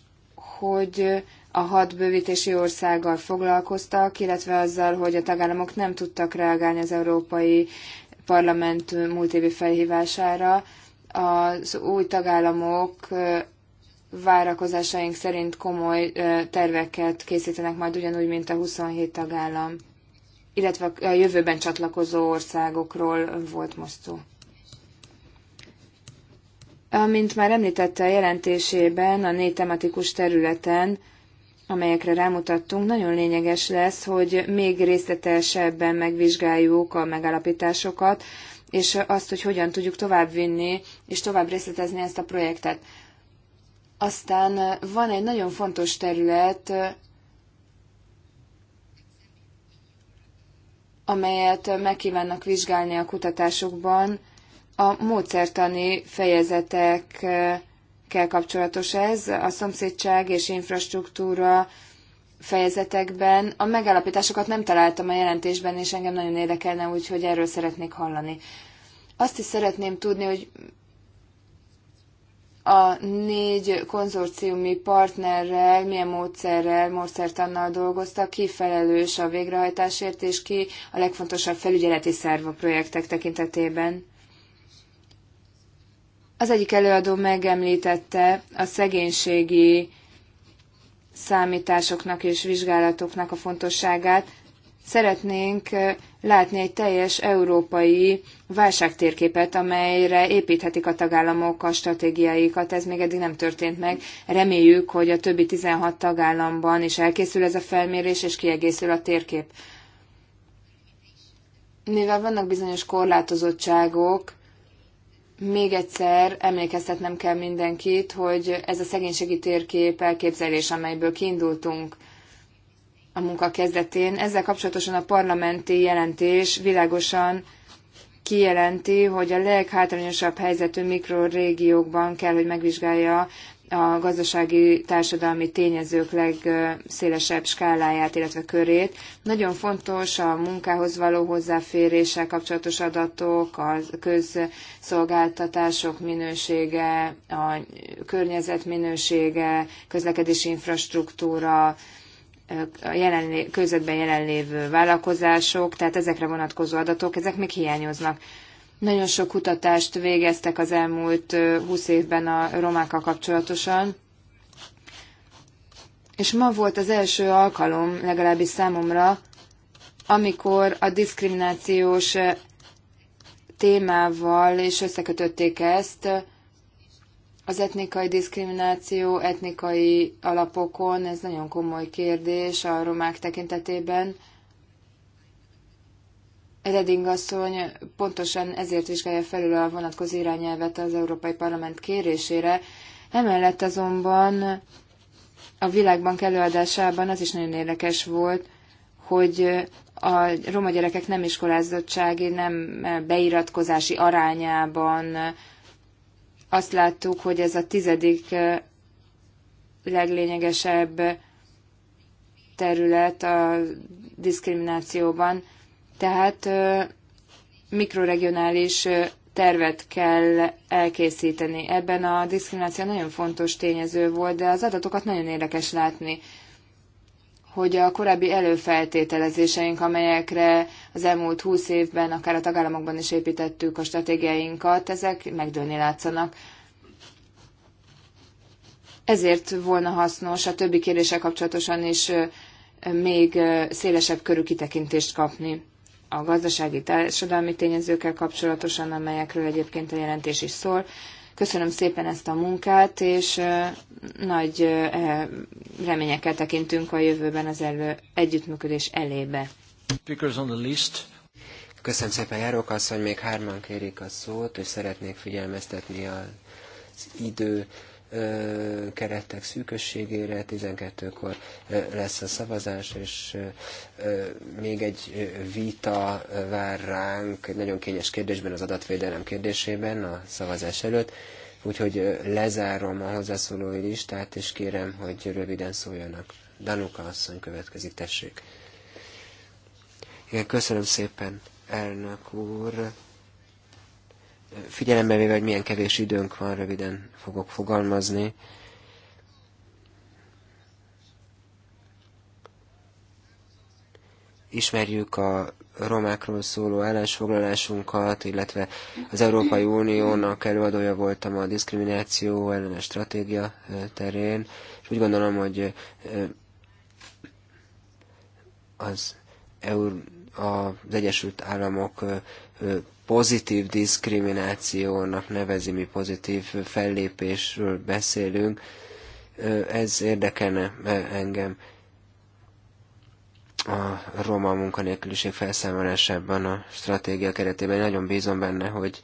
hogy a hat bővítési országgal foglalkoztak, illetve azzal, hogy a tagállamok nem tudtak reagálni az európai parlament múlt évi felhívására az új tagállamok várakozásaink szerint komoly terveket készítenek majd ugyanúgy, mint a 27 tagállam, illetve a jövőben csatlakozó országokról volt most szó. Amint már említette a jelentésében, a négy tematikus területen amelyekre rámutattunk, nagyon lényeges lesz, hogy még részletesebben megvizsgáljuk a megállapításokat, és azt, hogy hogyan tudjuk továbbvinni és tovább részletezni ezt a projektet. Aztán van egy nagyon fontos terület, amelyet megkívánnak vizsgálni a kutatásokban, a módszertani fejezetek kell kapcsolatos ez, a szomszédság és infrastruktúra fejezetekben. A megállapításokat nem találtam a jelentésben, és engem nagyon érdekelne, úgyhogy erről szeretnék hallani. Azt is szeretném tudni, hogy a négy konzorciumi partnerrel, milyen módszerrel, módszertannal dolgoztak, ki felelős a végrehajtásért, és ki a legfontosabb felügyeleti szerv a projektek tekintetében. Az egyik előadó megemlítette a szegénységi számításoknak és vizsgálatoknak a fontosságát. Szeretnénk látni egy teljes európai válságtérképet, amelyre építhetik a tagállamok a stratégiáikat. Ez még eddig nem történt meg. Reméljük, hogy a többi 16 tagállamban is elkészül ez a felmérés, és kiegészül a térkép. Mivel vannak bizonyos korlátozottságok, még egyszer emlékeztetnem kell mindenkit, hogy ez a szegénységi térkép elképzelés, amelyből kiindultunk a munka kezdetén, ezzel kapcsolatosan a parlamenti jelentés világosan kijelenti, hogy a leghátrányosabb helyzetű mikrorégiókban kell, hogy megvizsgálja a gazdasági, társadalmi tényezők legszélesebb skáláját, illetve körét. Nagyon fontos a munkához való hozzáféréssel kapcsolatos adatok, a közszolgáltatások minősége, a környezet minősége, közlekedési infrastruktúra, a jelenlé- közvetben jelenlévő vállalkozások, tehát ezekre vonatkozó adatok, ezek még hiányoznak. Nagyon sok kutatást végeztek az elmúlt 20 évben a romákkal kapcsolatosan, és ma volt az első alkalom, legalábbis számomra, amikor a diszkriminációs témával és összekötötték ezt, az etnikai diszkrimináció etnikai alapokon, ez nagyon komoly kérdés a romák tekintetében. Reding asszony pontosan ezért vizsgálja felül a vonatkozó irányelvet az Európai Parlament kérésére. Emellett azonban a Világbank előadásában az is nagyon érdekes volt, hogy a roma gyerekek nem iskolázottsági, nem beiratkozási arányában azt láttuk, hogy ez a tizedik leglényegesebb terület a diszkriminációban. Tehát mikroregionális tervet kell elkészíteni. Ebben a diszkrimináció nagyon fontos tényező volt, de az adatokat nagyon érdekes látni hogy a korábbi előfeltételezéseink, amelyekre az elmúlt húsz évben akár a tagállamokban is építettük a stratégiáinkat, ezek megdőlni látszanak. Ezért volna hasznos a többi kérdéssel kapcsolatosan is még szélesebb körű kitekintést kapni a gazdasági társadalmi tényezőkkel kapcsolatosan, amelyekről egyébként a jelentés is szól. Köszönöm szépen ezt a munkát, és nagy e, reményekkel tekintünk a jövőben az elő együttműködés elébe. Köszönöm szépen, Járók asszony, még hárman kérik a szót, és szeretnék figyelmeztetni az idő keretek szűkösségére, 12-kor lesz a szavazás, és még egy vita vár ránk egy nagyon kényes kérdésben, az adatvédelem kérdésében a szavazás előtt. Úgyhogy lezárom a hozzászólói listát, és kérem, hogy röviden szóljanak. Danuka asszony következik, tessék. Igen, köszönöm szépen, elnök úr figyelembe véve, hogy milyen kevés időnk van, röviden fogok fogalmazni. Ismerjük a romákról szóló állásfoglalásunkat, illetve az Európai Uniónak előadója voltam a diszkrimináció ellenes stratégia terén, és úgy gondolom, hogy az, EU, az Egyesült Államok pozitív diszkriminációnak nevezi, mi pozitív fellépésről beszélünk, ez érdekelne engem a roma munkanélküliség felszámolásában a stratégia keretében. Nagyon bízom benne, hogy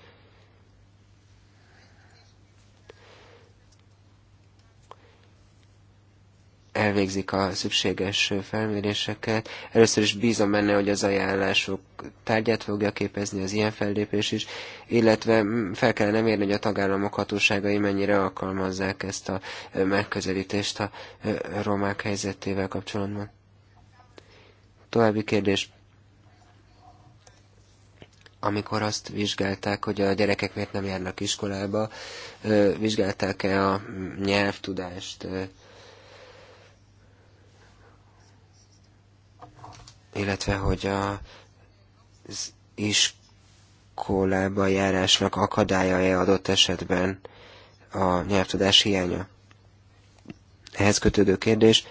elvégzik a szükséges felméréseket. Először is bízom benne, hogy az ajánlások tárgyát fogja képezni az ilyen fellépés is, illetve fel kellene mérni, hogy a tagállamok hatóságai mennyire alkalmazzák ezt a megközelítést a romák helyzetével kapcsolatban. További kérdés. Amikor azt vizsgálták, hogy a gyerekek miért nem járnak iskolába, vizsgálták-e a nyelvtudást, illetve hogy az iskolába járásnak akadálya-e adott esetben a nyelvtudás hiánya. Ehhez kötődő kérdés,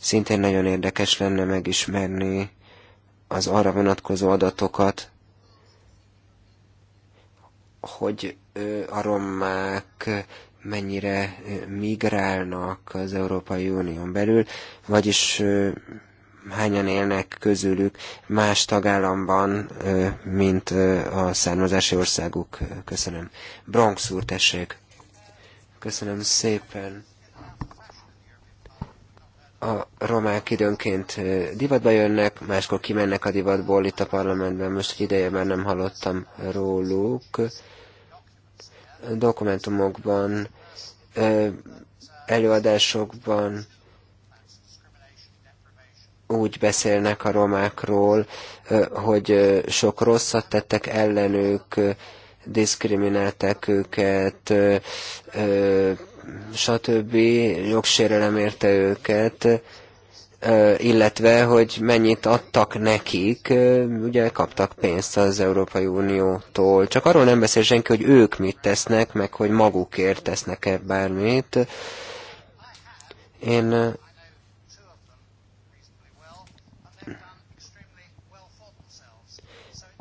szintén nagyon érdekes lenne megismerni az arra vonatkozó adatokat, hogy a romák mennyire migrálnak az Európai Unión belül, vagyis hányan élnek közülük más tagállamban, mint a származási országuk. Köszönöm. Bronx úr, tessék. Köszönöm szépen. A romák időnként divatba jönnek, máskor kimennek a divatból itt a parlamentben. Most egy ideje már nem hallottam róluk. Dokumentumokban, előadásokban, úgy beszélnek a romákról, hogy sok rosszat tettek ellenük, diszkriminálták őket, stb. jogsérelem érte őket, illetve, hogy mennyit adtak nekik, ugye kaptak pénzt az Európai Uniótól. Csak arról nem beszél senki, hogy ők mit tesznek, meg hogy magukért tesznek-e bármit. Én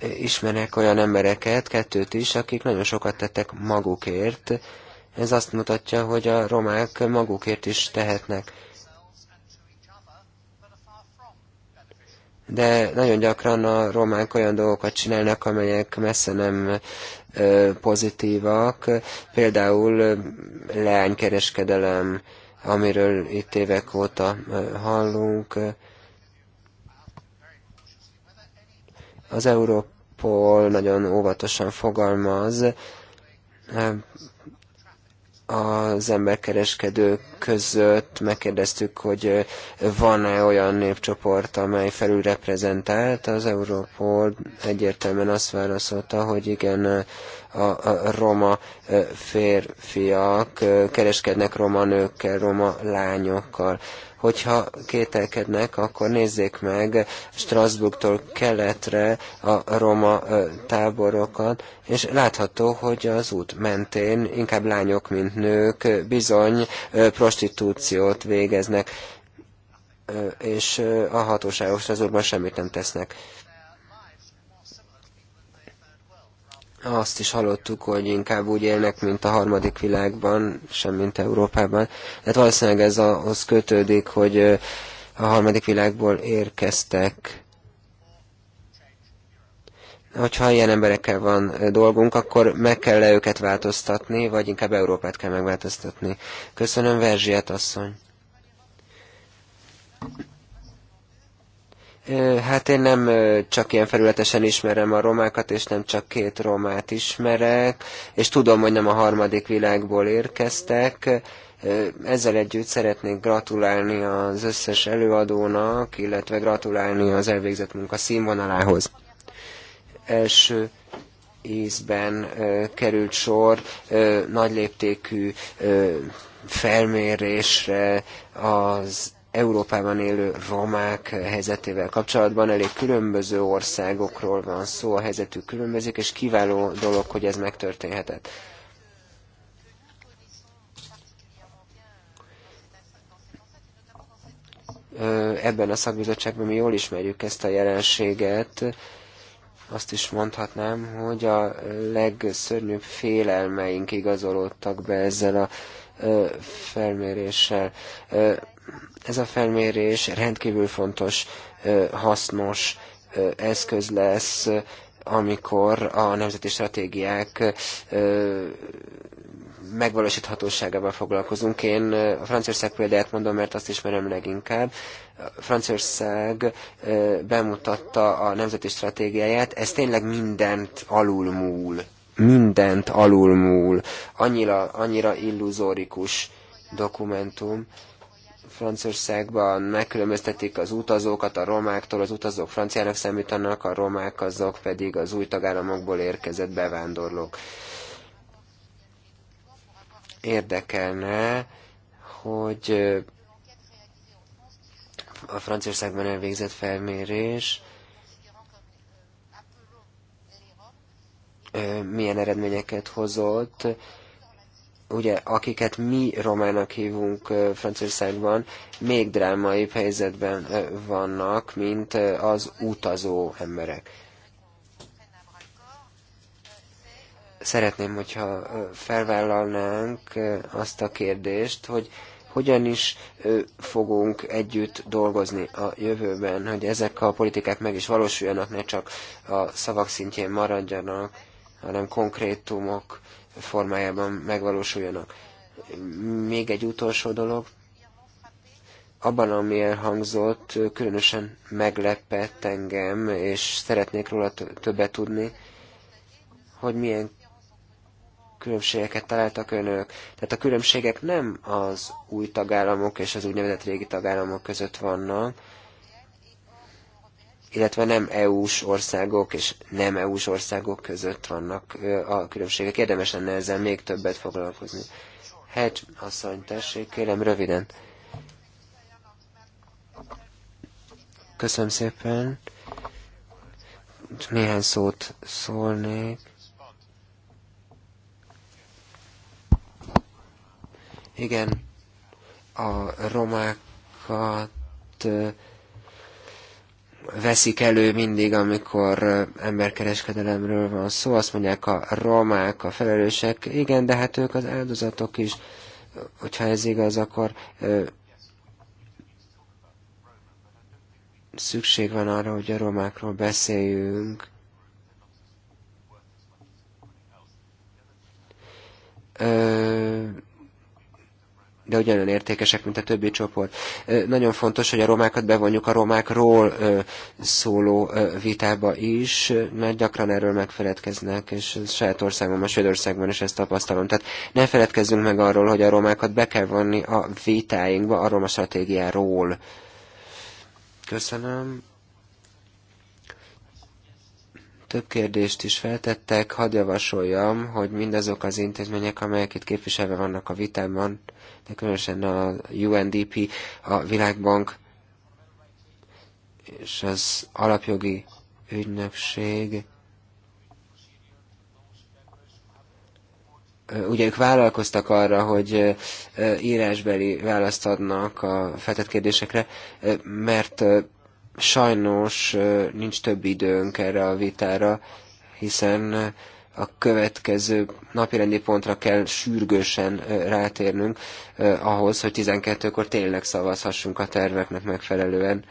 ismerek olyan embereket, kettőt is, akik nagyon sokat tettek magukért. Ez azt mutatja, hogy a romák magukért is tehetnek. De nagyon gyakran a romák olyan dolgokat csinálnak, amelyek messze nem pozitívak. Például leánykereskedelem, amiről itt évek óta hallunk Az Európol nagyon óvatosan fogalmaz, eh, az emberkereskedők között megkérdeztük, hogy eh, van-e olyan népcsoport, amely felülreprezentált. Az Európol egyértelműen azt válaszolta, hogy igen, eh, a, a roma férfiak kereskednek roma nőkkel, roma lányokkal. Hogyha kételkednek, akkor nézzék meg Strasbourgtól keletre a roma táborokat, és látható, hogy az út mentén inkább lányok, mint nők bizony prostitúciót végeznek, és a hatóságok Strasbourgban semmit nem tesznek azt is hallottuk, hogy inkább úgy élnek, mint a harmadik világban, sem mint Európában. Tehát valószínűleg ez ahhoz kötődik, hogy a harmadik világból érkeztek. Hogyha ilyen emberekkel van dolgunk, akkor meg kell le őket változtatni, vagy inkább Európát kell megváltoztatni. Köszönöm, Verzsiet asszony! Hát én nem csak ilyen felületesen ismerem a romákat, és nem csak két romát ismerek, és tudom, hogy nem a harmadik világból érkeztek. Ezzel együtt szeretnék gratulálni az összes előadónak, illetve gratulálni az elvégzett munka színvonalához. Első ízben került sor nagyléptékű felmérésre az Európában élő romák helyzetével kapcsolatban elég különböző országokról van szó, a helyzetük különbözik, és kiváló dolog, hogy ez megtörténhetett. Ebben a szakbizottságban mi jól ismerjük ezt a jelenséget, azt is mondhatnám, hogy a legszörnyűbb félelmeink igazolódtak be ezzel a felméréssel. Ez a felmérés rendkívül fontos, hasznos eszköz lesz, amikor a nemzeti stratégiák megvalósíthatóságával foglalkozunk. Én a Franciaország példáját mondom, mert azt ismerem leginkább. Franciaország bemutatta a nemzeti stratégiáját, ez tényleg mindent alulmúl. Mindent alulmúl. Annyira, annyira illuzórikus dokumentum. Franciaországban megkülönböztetik az utazókat a romáktól, az utazók franciának számítanak, a romák azok pedig az új tagállamokból érkezett bevándorlók. Érdekelne, hogy a Franciaországban elvégzett felmérés milyen eredményeket hozott, ugye, akiket mi romának hívunk Franciaországban, még drámaibb helyzetben vannak, mint az utazó emberek. Szeretném, hogyha felvállalnánk azt a kérdést, hogy hogyan is fogunk együtt dolgozni a jövőben, hogy ezek a politikák meg is valósuljanak, ne csak a szavak szintjén maradjanak, hanem konkrétumok formájában megvalósuljanak. Még egy utolsó dolog, abban, ami elhangzott, különösen meglepett engem, és szeretnék róla többet tudni, hogy milyen különbségeket találtak önök. Tehát a különbségek nem az új tagállamok és az úgynevezett régi tagállamok között vannak, illetve nem EU-s országok és nem EU-s országok között vannak a különbségek. Érdemes lenne ezzel még többet foglalkozni. Hedge hát, asszony, tessék, kérem röviden. Köszönöm szépen. Néhány szót szólnék. Igen, a romákat veszik elő mindig, amikor emberkereskedelemről van szó. Azt mondják a romák, a felelősek, igen, de hát ők az áldozatok is. Hogyha ez igaz, akkor szükség van arra, hogy a romákról beszéljünk. Ö, de ugyanolyan értékesek, mint a többi csoport. Nagyon fontos, hogy a romákat bevonjuk a romákról szóló vitába is, mert gyakran erről megfeledkeznek, és saját országom, a Svédországban is ezt tapasztalom. Tehát ne feledkezzünk meg arról, hogy a romákat be kell vonni a vitáinkba a roma stratégiáról. Köszönöm. Több kérdést is feltettek, hadd javasoljam, hogy mindazok az intézmények, amelyek itt képviselve vannak a vitában, de különösen a UNDP, a Világbank és az alapjogi ügynökség. Ugye ők vállalkoztak arra, hogy írásbeli választ adnak a feltett kérdésekre, mert sajnos nincs több időnk erre a vitára, hiszen a következő napirendi pontra kell sürgősen rátérnünk ahhoz, hogy 12-kor tényleg szavazhassunk a terveknek megfelelően.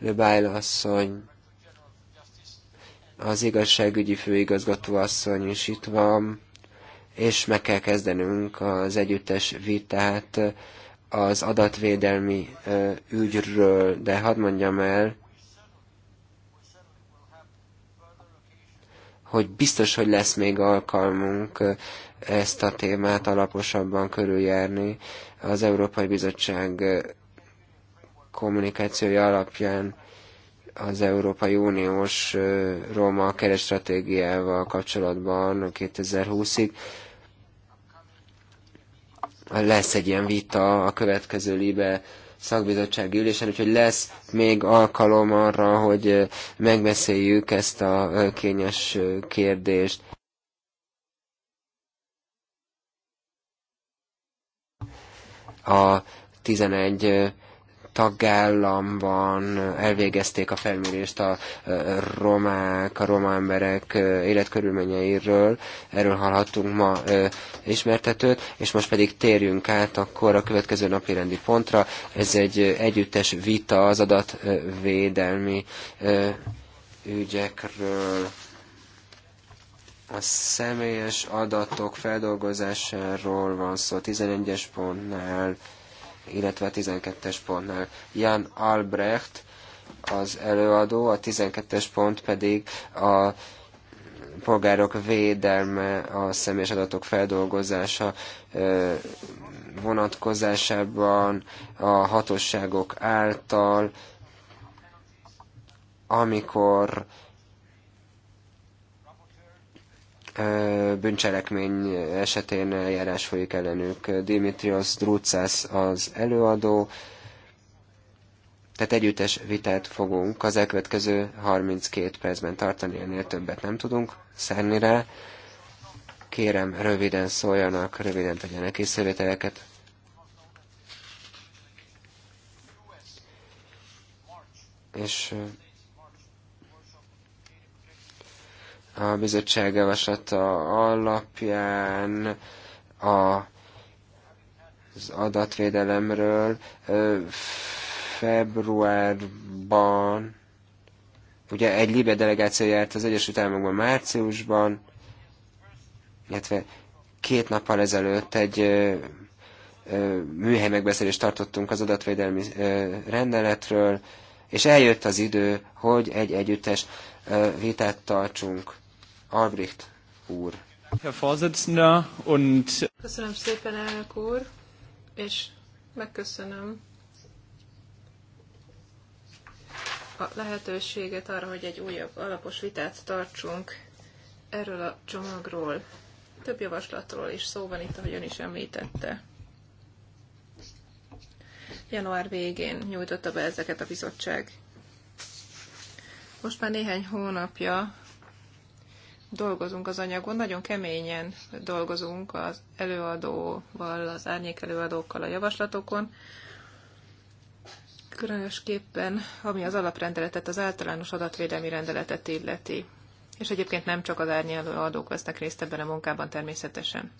Löbájl asszony, az igazságügyi főigazgató asszony is itt van, és meg kell kezdenünk az együttes vitát az adatvédelmi ügyről, de hadd mondjam el, hogy biztos, hogy lesz még alkalmunk ezt a témát alaposabban körüljárni az Európai Bizottság kommunikációja alapján az Európai Uniós Róma keresztratégiával kapcsolatban 2020-ig. Lesz egy ilyen vita a következő Libe szakbizottsági ülésen, úgyhogy lesz még alkalom arra, hogy megbeszéljük ezt a kényes kérdést. A 11 tagállamban elvégezték a felmérést a romák, a roma emberek életkörülményeiről. Erről hallhattunk ma ismertetőt, és most pedig térjünk át akkor a következő napi rendi pontra. Ez egy együttes vita az adatvédelmi ügyekről a személyes adatok feldolgozásáról van szó 11-es pontnál illetve a 12-es pontnál. Jan Albrecht az előadó, a 12-es pont pedig a polgárok védelme, a személyes adatok feldolgozása vonatkozásában a hatóságok által, amikor bűncselekmény esetén eljárás folyik ellenük. Dimitrios Drucász az előadó, tehát együttes vitát fogunk az elkövetkező 32 percben tartani, ennél többet nem tudunk szerni rá. Kérem, röviden szóljanak, röviden tegyenek észrevételeket. És a bizottság javaslata alapján a az adatvédelemről februárban, ugye egy Libe delegáció járt az Egyesült Államokban márciusban, illetve két nappal ezelőtt egy műhely megbeszélést tartottunk az adatvédelmi rendeletről, és eljött az idő, hogy egy együttes vitát tartsunk Albrecht úr. Köszönöm szépen, elnök úr, és megköszönöm a lehetőséget arra, hogy egy újabb alapos vitát tartsunk erről a csomagról. Több javaslatról is szó van itt, ahogy ön is említette. Január végén nyújtotta be ezeket a bizottság. Most már néhány hónapja dolgozunk az anyagon, nagyon keményen dolgozunk az előadóval, az árnyék előadókkal a javaslatokon, különösképpen ami az alaprendeletet, az általános adatvédelmi rendeletet illeti. És egyébként nem csak az árnyék adók vesznek részt ebben a munkában természetesen.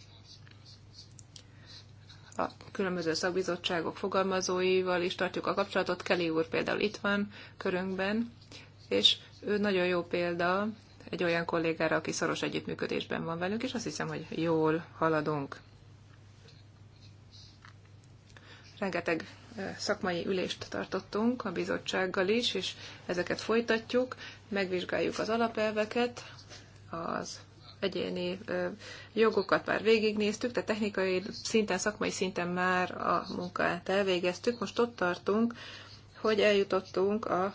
A különböző szakbizottságok fogalmazóival is tartjuk a kapcsolatot. Kelly úr például itt van körünkben, és ő nagyon jó példa egy olyan kollégára, aki szoros együttműködésben van velünk, és azt hiszem, hogy jól haladunk. Rengeteg szakmai ülést tartottunk a bizottsággal is, és ezeket folytatjuk, megvizsgáljuk az alapelveket, az egyéni jogokat már végignéztük, de technikai szinten, szakmai szinten már a munkát elvégeztük. Most ott tartunk, hogy eljutottunk a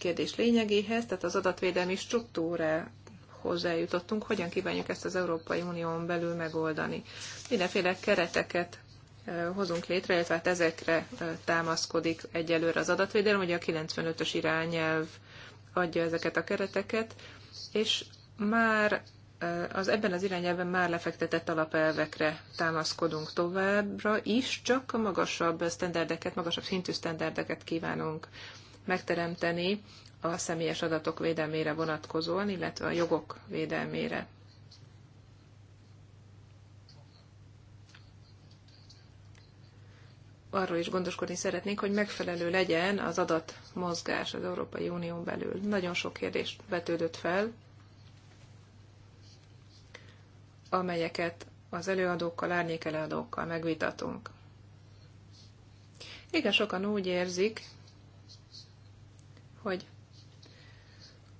kérdés lényegéhez, tehát az adatvédelmi struktúra hozzájutottunk, hogyan kívánjuk ezt az Európai Unión belül megoldani. Mindenféle kereteket e, hozunk létre, illetve hát ezekre e, támaszkodik egyelőre az adatvédelem, ugye a 95-ös irányelv adja ezeket a kereteket, és már e, az ebben az irányelven már lefektetett alapelvekre támaszkodunk továbbra is, csak magasabb sztenderdeket, magasabb szintű sztenderdeket kívánunk megteremteni a személyes adatok védelmére vonatkozóan, illetve a jogok védelmére. Arról is gondoskodni szeretnénk, hogy megfelelő legyen az adatmozgás az Európai Unión belül. Nagyon sok kérdést vetődött fel, amelyeket az előadókkal, árnyékeleadókkal megvitatunk. Igen, sokan úgy érzik, hogy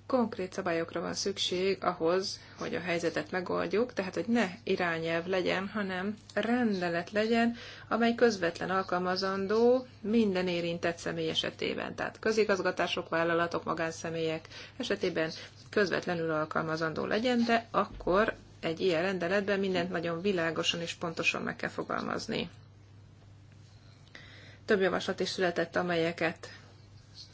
konkrét szabályokra van szükség ahhoz, hogy a helyzetet megoldjuk, tehát hogy ne irányelv legyen, hanem rendelet legyen, amely közvetlen alkalmazandó minden érintett személy esetében. Tehát közigazgatások, vállalatok, magánszemélyek esetében közvetlenül alkalmazandó legyen, de akkor egy ilyen rendeletben mindent nagyon világosan és pontosan meg kell fogalmazni. Több javaslat is született, amelyeket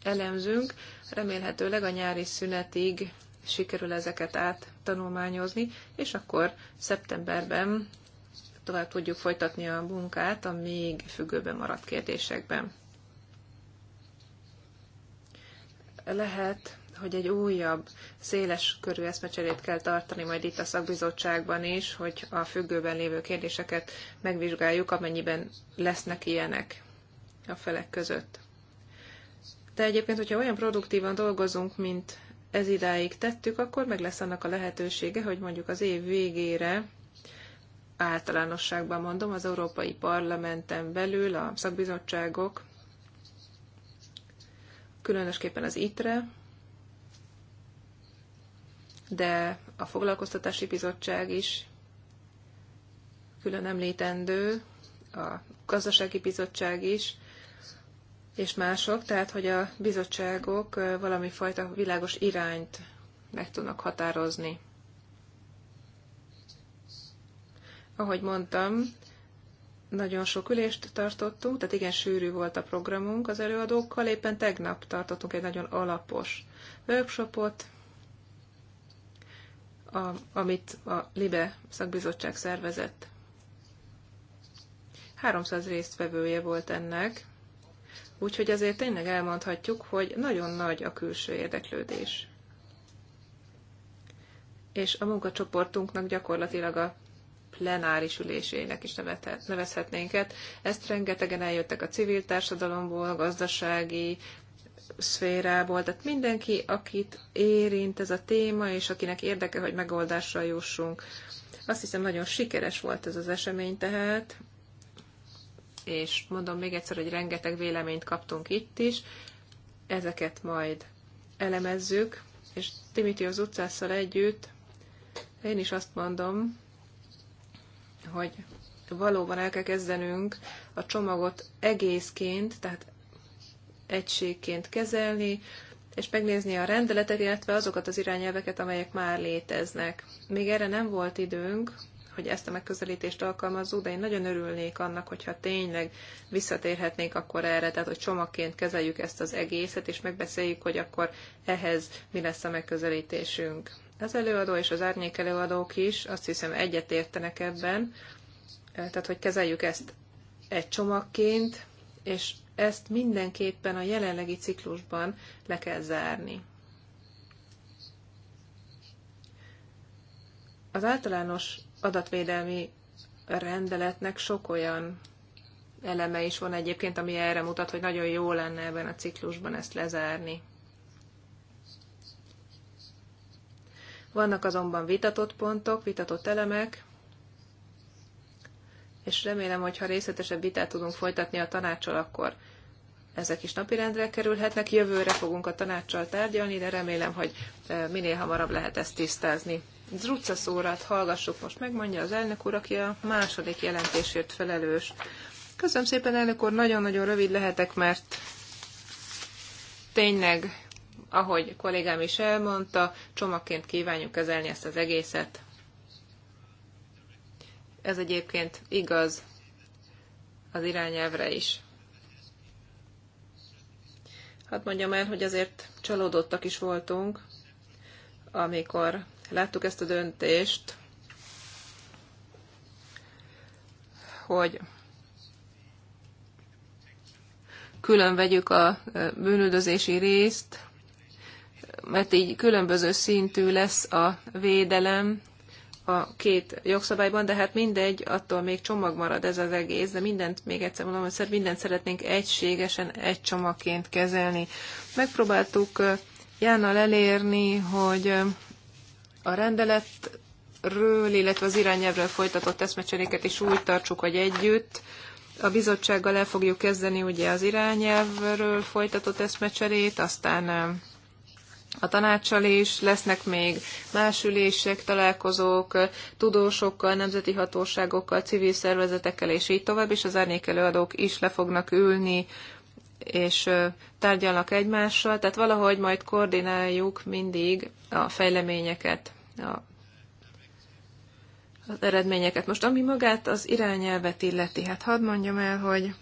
elemzünk. Remélhetőleg a nyári szünetig sikerül ezeket áttanulmányozni, és akkor szeptemberben tovább tudjuk folytatni a munkát a még függőben maradt kérdésekben. Lehet, hogy egy újabb, széles körű eszmecserét kell tartani majd itt a szakbizottságban is, hogy a függőben lévő kérdéseket megvizsgáljuk, amennyiben lesznek ilyenek a felek között de egyébként, hogyha olyan produktívan dolgozunk, mint ez idáig tettük, akkor meg lesz annak a lehetősége, hogy mondjuk az év végére általánosságban mondom, az Európai Parlamenten belül a szakbizottságok, különösképpen az ITRE, de a Foglalkoztatási Bizottság is külön említendő, a Gazdasági Bizottság is és mások, tehát hogy a bizottságok valami fajta világos irányt meg tudnak határozni. Ahogy mondtam, nagyon sok ülést tartottunk, tehát igen sűrű volt a programunk az előadókkal. Éppen tegnap tartottunk egy nagyon alapos workshopot, a, amit a LIBE szakbizottság szervezett. 300 résztvevője volt ennek, Úgyhogy azért tényleg elmondhatjuk, hogy nagyon nagy a külső érdeklődés. És a munkacsoportunknak gyakorlatilag a plenáris ülésének is nevezhetnénket. Ezt rengetegen eljöttek a civil társadalomból, a gazdasági szférából, tehát mindenki, akit érint ez a téma, és akinek érdeke, hogy megoldásra jussunk. Azt hiszem, nagyon sikeres volt ez az esemény tehát, és mondom még egyszer, hogy rengeteg véleményt kaptunk itt is, ezeket majd elemezzük, és Timothy az utcásszal együtt én is azt mondom, hogy valóban el kell kezdenünk a csomagot egészként, tehát egységként kezelni, és megnézni a rendeletet, illetve azokat az irányelveket, amelyek már léteznek. Még erre nem volt időnk, hogy ezt a megközelítést alkalmazzuk, de én nagyon örülnék annak, hogyha tényleg visszatérhetnénk akkor erre, tehát hogy csomagként kezeljük ezt az egészet, és megbeszéljük, hogy akkor ehhez mi lesz a megközelítésünk. Az előadó és az árnyék előadók is azt hiszem egyetértenek ebben, e, tehát hogy kezeljük ezt egy csomagként, és ezt mindenképpen a jelenlegi ciklusban le kell zárni. Az általános adatvédelmi rendeletnek sok olyan eleme is van egyébként, ami erre mutat, hogy nagyon jó lenne ebben a ciklusban ezt lezárni. Vannak azonban vitatott pontok, vitatott elemek, és remélem, hogy ha részletesebb vitát tudunk folytatni a tanácsal, akkor ezek is napirendre kerülhetnek. Jövőre fogunk a tanácsal tárgyalni, de remélem, hogy eh, minél hamarabb lehet ezt tisztázni. Zruca szórát hallgassuk most meg, mondja az elnök úr, aki a második jelentésért felelős. Köszönöm szépen, elnök úr, nagyon-nagyon rövid lehetek, mert tényleg, ahogy kollégám is elmondta, csomagként kívánjuk kezelni ezt az egészet. Ez egyébként igaz az irányelvre is. Hát mondjam el, hogy azért csalódottak is voltunk, amikor Láttuk ezt a döntést, hogy külön vegyük a bűnüldözési részt, mert így különböző szintű lesz a védelem a két jogszabályban, de hát mindegy, attól még csomag marad ez az egész, de mindent, még egyszer mondom, hogy mindent szeretnénk egységesen, egy csomagként kezelni. Megpróbáltuk Jánnal elérni, hogy a rendeletről, illetve az irányelvről folytatott eszmecseréket is úgy tartsuk, hogy együtt. A bizottsággal el fogjuk kezdeni ugye az irányelvről folytatott eszmecserét, aztán eh, a tanácssal is, lesznek még más ülések, találkozók, tudósokkal, nemzeti hatóságokkal, civil szervezetekkel, és így tovább, és az árnyékelőadók is le fognak ülni, és eh, tárgyalnak egymással, tehát valahogy majd koordináljuk mindig a fejleményeket a az eredményeket. Most ami magát az irányelvet illeti, hát hadd mondjam el, hogy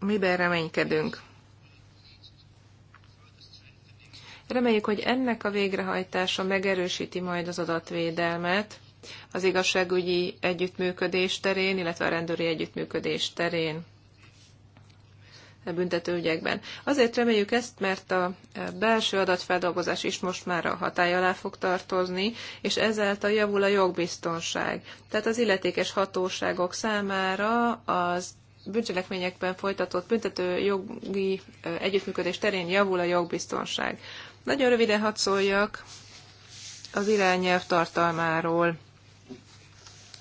miben reménykedünk. Reméljük, hogy ennek a végrehajtása megerősíti majd az adatvédelmet az igazságügyi együttműködés terén, illetve a rendőri együttműködés terén büntetőügyekben. Azért reméljük ezt, mert a belső adatfeldolgozás is most már a hatály alá fog tartozni, és ezáltal javul a jogbiztonság. Tehát az illetékes hatóságok számára az bűncselekményekben folytatott büntető jogi együttműködés terén javul a jogbiztonság. Nagyon röviden hadd szóljak az irányelv tartalmáról.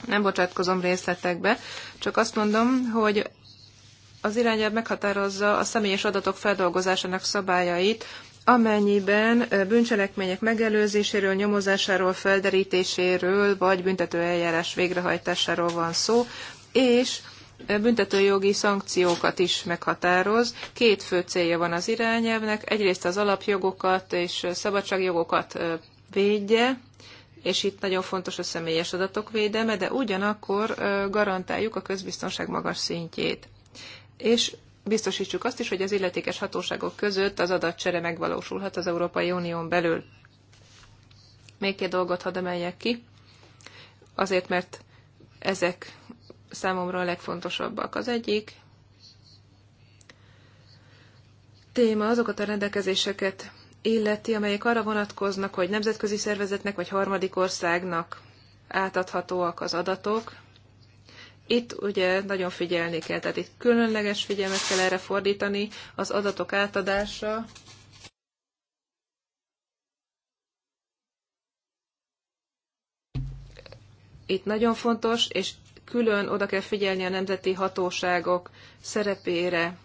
Nem bocsátkozom részletekbe, csak azt mondom, hogy az irányelv meghatározza a személyes adatok feldolgozásának szabályait, amennyiben bűncselekmények megelőzéséről, nyomozásáról, felderítéséről vagy büntetőeljárás végrehajtásáról van szó, és büntetőjogi szankciókat is meghatároz. Két fő célja van az irányelvnek. Egyrészt az alapjogokat és szabadságjogokat védje, és itt nagyon fontos a személyes adatok védelme, de ugyanakkor garantáljuk a közbiztonság magas szintjét és biztosítsuk azt is, hogy az illetékes hatóságok között az adatcsere megvalósulhat az Európai Unión belül. Még két dolgot hadd emeljek ki, azért mert ezek számomra a legfontosabbak. Az egyik téma azokat a rendelkezéseket illeti, amelyek arra vonatkoznak, hogy nemzetközi szervezetnek vagy harmadik országnak átadhatóak az adatok, itt ugye nagyon figyelni kell, tehát itt különleges figyelmet kell erre fordítani, az adatok átadása, itt nagyon fontos, és külön oda kell figyelni a nemzeti hatóságok szerepére,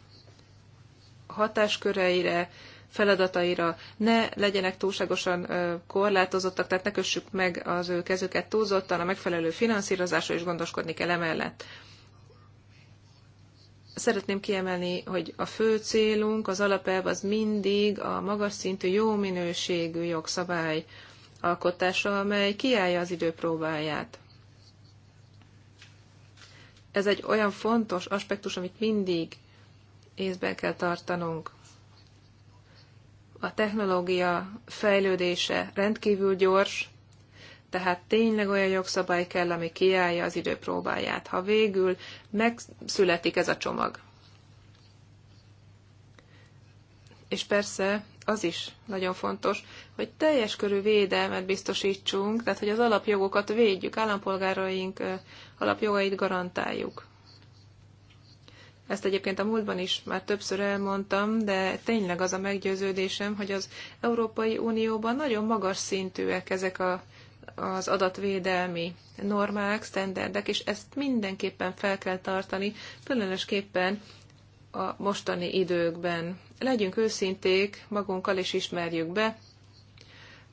hatásköreire, feladataira ne legyenek túlságosan korlátozottak, tehát ne kössük meg az ő kezüket túlzottan, a megfelelő finanszírozásra is gondoskodni kell emellett. Szeretném kiemelni, hogy a fő célunk, az alapelv az mindig a magas szintű, jó minőségű jogszabály alkotása, amely kiállja az időpróbáját ez egy olyan fontos aspektus, amit mindig észben kell tartanunk a technológia fejlődése rendkívül gyors, tehát tényleg olyan jogszabály kell, ami kiállja az idő próbáját, ha végül megszületik ez a csomag. És persze az is nagyon fontos, hogy teljes körű védelmet biztosítsunk, tehát hogy az alapjogokat védjük, állampolgáraink alapjogait garantáljuk ezt egyébként a múltban is már többször elmondtam, de tényleg az a meggyőződésem, hogy az Európai Unióban nagyon magas szintűek ezek a, az adatvédelmi normák, standardek, és ezt mindenképpen fel kell tartani, különösképpen a mostani időkben. Legyünk őszinték magunkkal, és ismerjük be,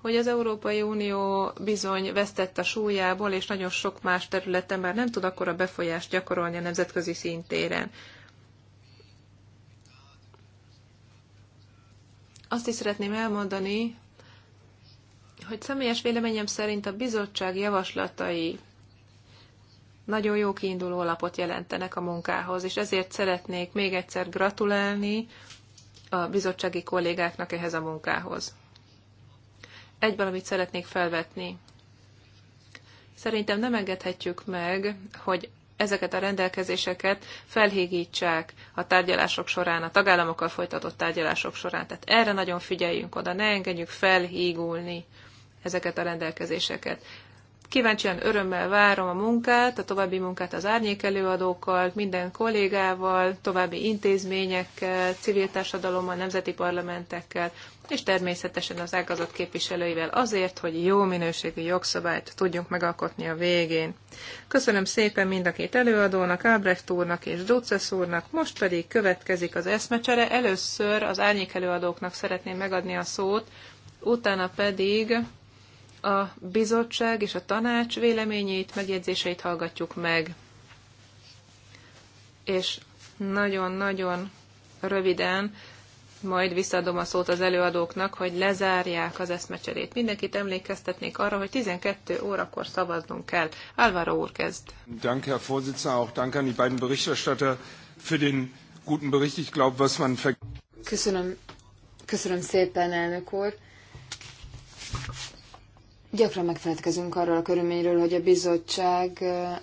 hogy az Európai Unió bizony vesztett a súlyából, és nagyon sok más területen már nem tud akkora befolyást gyakorolni a nemzetközi szintéren. Azt is szeretném elmondani, hogy személyes véleményem szerint a bizottság javaslatai nagyon jó kiinduló alapot jelentenek a munkához, és ezért szeretnék még egyszer gratulálni a bizottsági kollégáknak ehhez a munkához. Egy valamit szeretnék felvetni. Szerintem nem engedhetjük meg, hogy ezeket a rendelkezéseket felhígítsák a tárgyalások során, a tagállamokkal folytatott tárgyalások során. Tehát erre nagyon figyeljünk oda, ne engedjük felhígulni ezeket a rendelkezéseket. Kíváncsian örömmel várom a munkát, a további munkát az árnyék előadókkal, minden kollégával, további intézményekkel, civil társadalommal, nemzeti parlamentekkel, és természetesen az ágazat képviselőivel azért, hogy jó minőségű jogszabályt tudjunk megalkotni a végén. Köszönöm szépen mind a két előadónak, Ábrecht úrnak és Ducesz úrnak, most pedig következik az eszmecsere. Először az árnyék előadóknak szeretném megadni a szót, utána pedig a bizottság és a tanács véleményét, megjegyzéseit hallgatjuk meg. És nagyon-nagyon röviden majd visszaadom a szót az előadóknak, hogy lezárják az eszmecserét. Mindenkit emlékeztetnék arra, hogy 12 órakor szavaznunk kell. Álvaro úr kezd. Danke, Herr Vorsitzender, auch danke an die beiden Berichterstatter für den guten Bericht. Ich glaube, was man... Köszönöm, köszönöm szépen, elnök úr. Gyakran megfeledkezünk arról a körülményről, hogy a bizottság eh,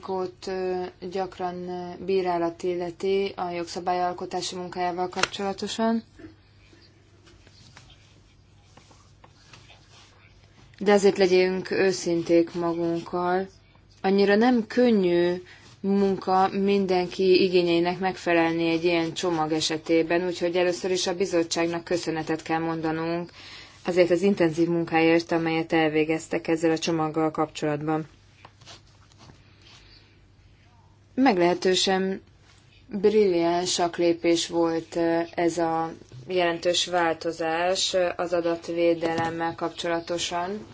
gót eh, gyakran eh, bírálat illeti a jogszabályalkotási munkájával kapcsolatosan. De azért legyünk őszinték magunkkal. Annyira nem könnyű munka mindenki igényeinek megfelelni egy ilyen csomag esetében, úgyhogy először is a bizottságnak köszönetet kell mondanunk azért az intenzív munkáért, amelyet elvégeztek ezzel a csomaggal kapcsolatban. Meglehetősen brilliánsak lépés volt ez a jelentős változás az adatvédelemmel kapcsolatosan.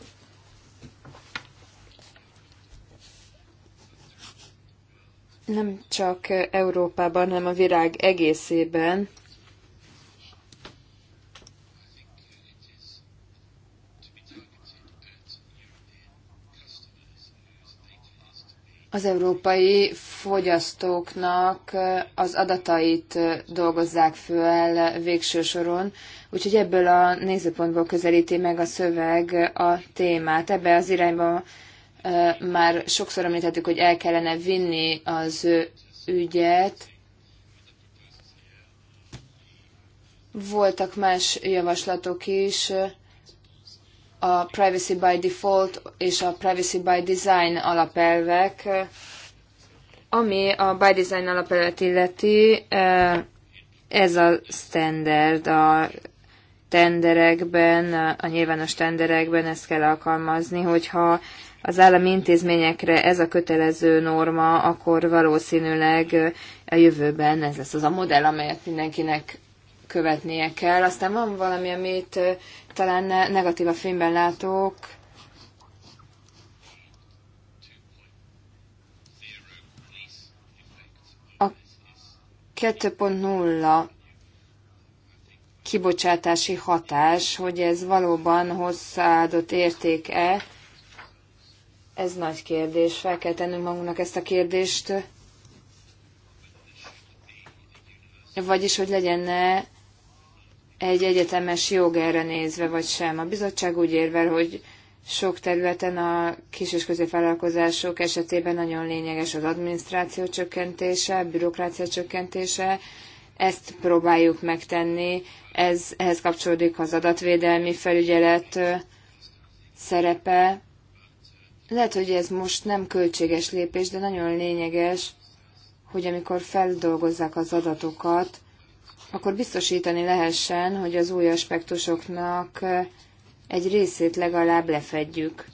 nem csak Európában, hanem a virág egészében az európai fogyasztóknak az adatait dolgozzák föl végső soron, úgyhogy ebből a nézőpontból közelíti meg a szöveg a témát. Ebbe az irányba már sokszor említettük, hogy el kellene vinni az ügyet. Voltak más javaslatok is, a Privacy by Default és a Privacy by Design alapelvek, ami a by design alapelvet illeti, ez a standard a tenderekben, a nyilvános tenderekben ezt kell alkalmazni, hogyha az állami intézményekre ez a kötelező norma, akkor valószínűleg a jövőben ez lesz az a modell, amelyet mindenkinek követnie kell. Aztán van valami, amit talán negatív a filmben látok, a 2.0 kibocsátási hatás, hogy ez valóban hozzáadott érték-e, ez nagy kérdés. Fel kell tennünk magunknak ezt a kérdést. Vagyis, hogy legyen -e egy egyetemes jog erre nézve, vagy sem. A bizottság úgy érvel, hogy sok területen a kis- és középvállalkozások esetében nagyon lényeges az adminisztráció csökkentése, bürokrácia csökkentése. Ezt próbáljuk megtenni. Ez, ehhez kapcsolódik az adatvédelmi felügyelet szerepe, lehet, hogy ez most nem költséges lépés, de nagyon lényeges, hogy amikor feldolgozzák az adatokat, akkor biztosítani lehessen, hogy az új aspektusoknak egy részét legalább lefedjük.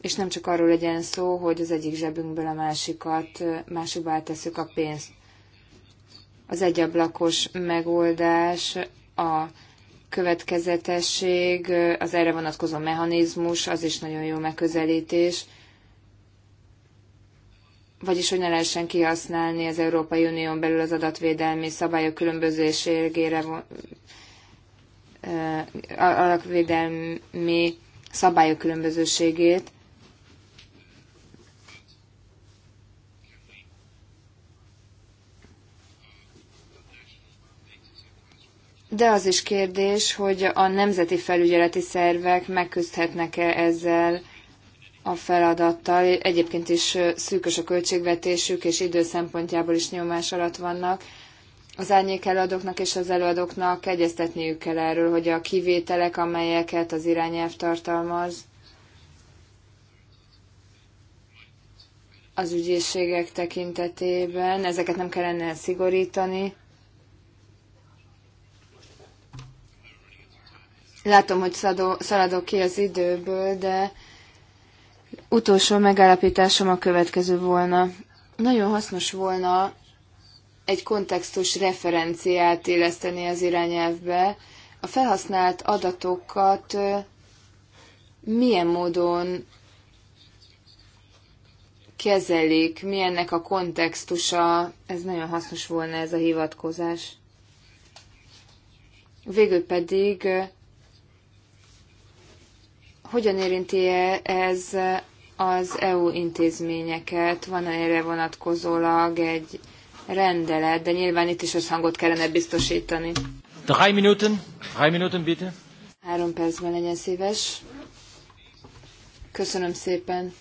És nem csak arról legyen szó, hogy az egyik zsebünkből a másikat, másikba tesszük a pénzt. Az egyablakos megoldás a következetesség, az erre vonatkozó mechanizmus, az is nagyon jó megközelítés. Vagyis, hogy ne lehessen kihasználni az Európai Unión belül az adatvédelmi szabályok különbözőségére, alakvédelmi szabályok különbözőségét. De az is kérdés, hogy a nemzeti felügyeleti szervek megküzdhetnek-e ezzel a feladattal. Egyébként is szűkös a költségvetésük, és idő szempontjából is nyomás alatt vannak. Az árnyék és az előadóknak egyeztetniük kell erről, hogy a kivételek, amelyeket az irányelv tartalmaz, az ügyészségek tekintetében, ezeket nem kellene szigorítani, Látom, hogy szaladok ki az időből, de utolsó megállapításom a következő volna. Nagyon hasznos volna egy kontextus referenciát éleszteni az irányelvbe. A felhasznált adatokat milyen módon kezelik, milyennek a kontextusa, ez nagyon hasznos volna ez a hivatkozás. Végül pedig hogyan érinti -e ez az EU intézményeket? Van erre vonatkozólag egy rendelet, de nyilván itt is összhangot kellene biztosítani. Drei Minuten, drei Minuten bitte. Három percben legyen szíves. Köszönöm szépen.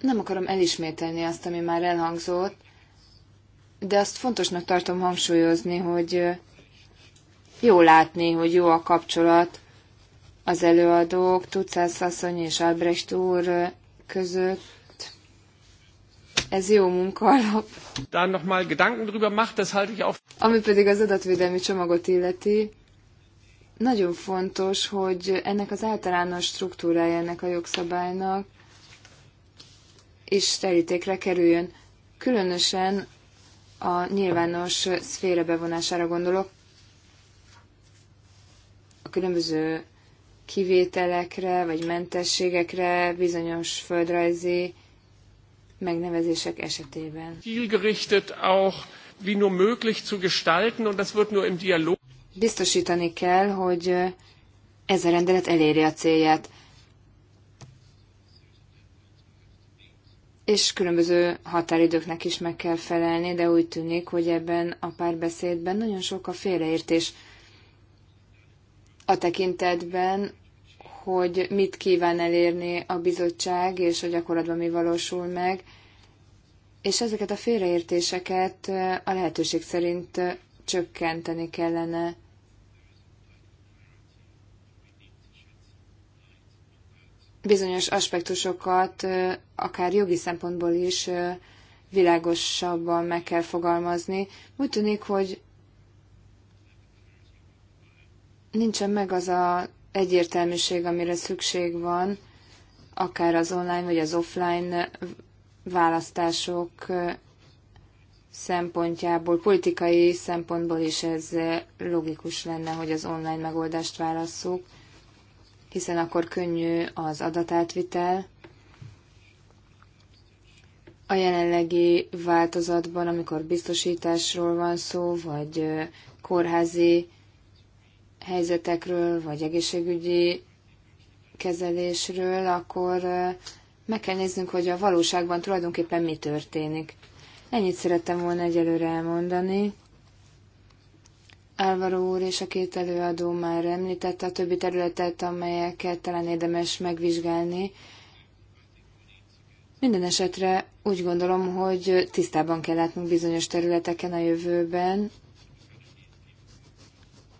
Nem akarom elismételni azt, ami már elhangzott, de azt fontosnak tartom hangsúlyozni, hogy jó látni, hogy jó a kapcsolat az előadók, Tucász Szaszony és Albrecht úr között. Ez jó munkaalap. Da mal Gedanken drüber macht, das halte ich auch. Ami pedig az adatvédelmi csomagot illeti, nagyon fontos, hogy ennek az általános struktúrája ennek a jogszabálynak is terítékre kerüljön. Különösen a nyilvános szféra bevonására gondolok, a különböző kivételekre vagy mentességekre bizonyos földrajzi megnevezések esetében. Biztosítani kell, hogy ez a rendelet eléri a célját. És különböző határidőknek is meg kell felelni, de úgy tűnik, hogy ebben a párbeszédben nagyon sok a félreértés a tekintetben, hogy mit kíván elérni a bizottság, és a gyakorlatban mi valósul meg, és ezeket a félreértéseket a lehetőség szerint csökkenteni kellene. Bizonyos aspektusokat akár jogi szempontból is világosabban meg kell fogalmazni. Úgy tűnik, hogy nincsen meg az a egyértelműség, amire szükség van, akár az online vagy az offline választások szempontjából, politikai szempontból is ez logikus lenne, hogy az online megoldást válasszuk, hiszen akkor könnyű az adatátvitel. A jelenlegi változatban, amikor biztosításról van szó, vagy kórházi helyzetekről, vagy egészségügyi kezelésről, akkor meg kell néznünk, hogy a valóságban tulajdonképpen mi történik. Ennyit szerettem volna egyelőre elmondani. Álvaro úr és a két előadó már említette a többi területet, amelyeket talán érdemes megvizsgálni. Minden esetre úgy gondolom, hogy tisztában kell látnunk bizonyos területeken a jövőben,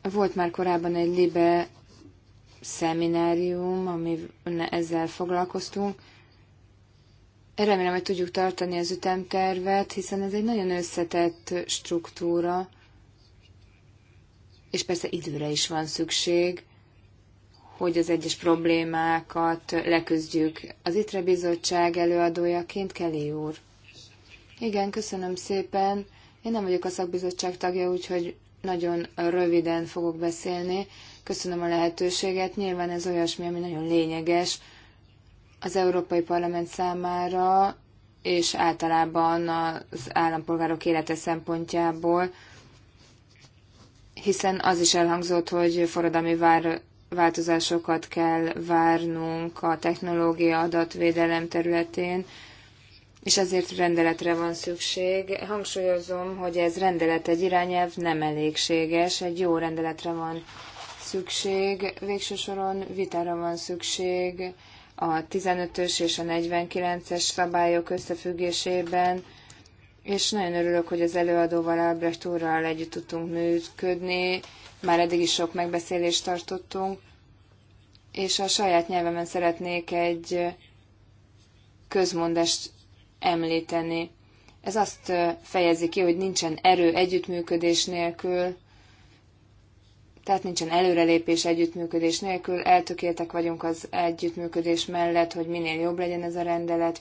volt már korábban egy libe szeminárium, ami ezzel foglalkoztunk. Remélem, hogy tudjuk tartani az ütemtervet, hiszen ez egy nagyon összetett struktúra, és persze időre is van szükség, hogy az egyes problémákat leküzdjük. Az ITRE bizottság előadójaként Kelly úr. Igen, köszönöm szépen. Én nem vagyok a szakbizottság tagja, úgyhogy nagyon röviden fogok beszélni. Köszönöm a lehetőséget. Nyilván ez olyasmi, ami nagyon lényeges az Európai Parlament számára, és általában az állampolgárok élete szempontjából, hiszen az is elhangzott, hogy forradalmi vár, változásokat kell várnunk a technológia adatvédelem területén, és ezért rendeletre van szükség. Hangsúlyozom, hogy ez rendelet egy irányelv nem elégséges, egy jó rendeletre van szükség. Végső soron vitára van szükség a 15-ös és a 49-es szabályok összefüggésében, és nagyon örülök, hogy az előadóval, Albrecht úrral együtt tudtunk működni, már eddig is sok megbeszélést tartottunk, és a saját nyelvemen szeretnék egy közmondást említeni. Ez azt fejezi ki, hogy nincsen erő együttműködés nélkül, tehát nincsen előrelépés együttműködés nélkül, eltökéltek vagyunk az együttműködés mellett, hogy minél jobb legyen ez a rendelet,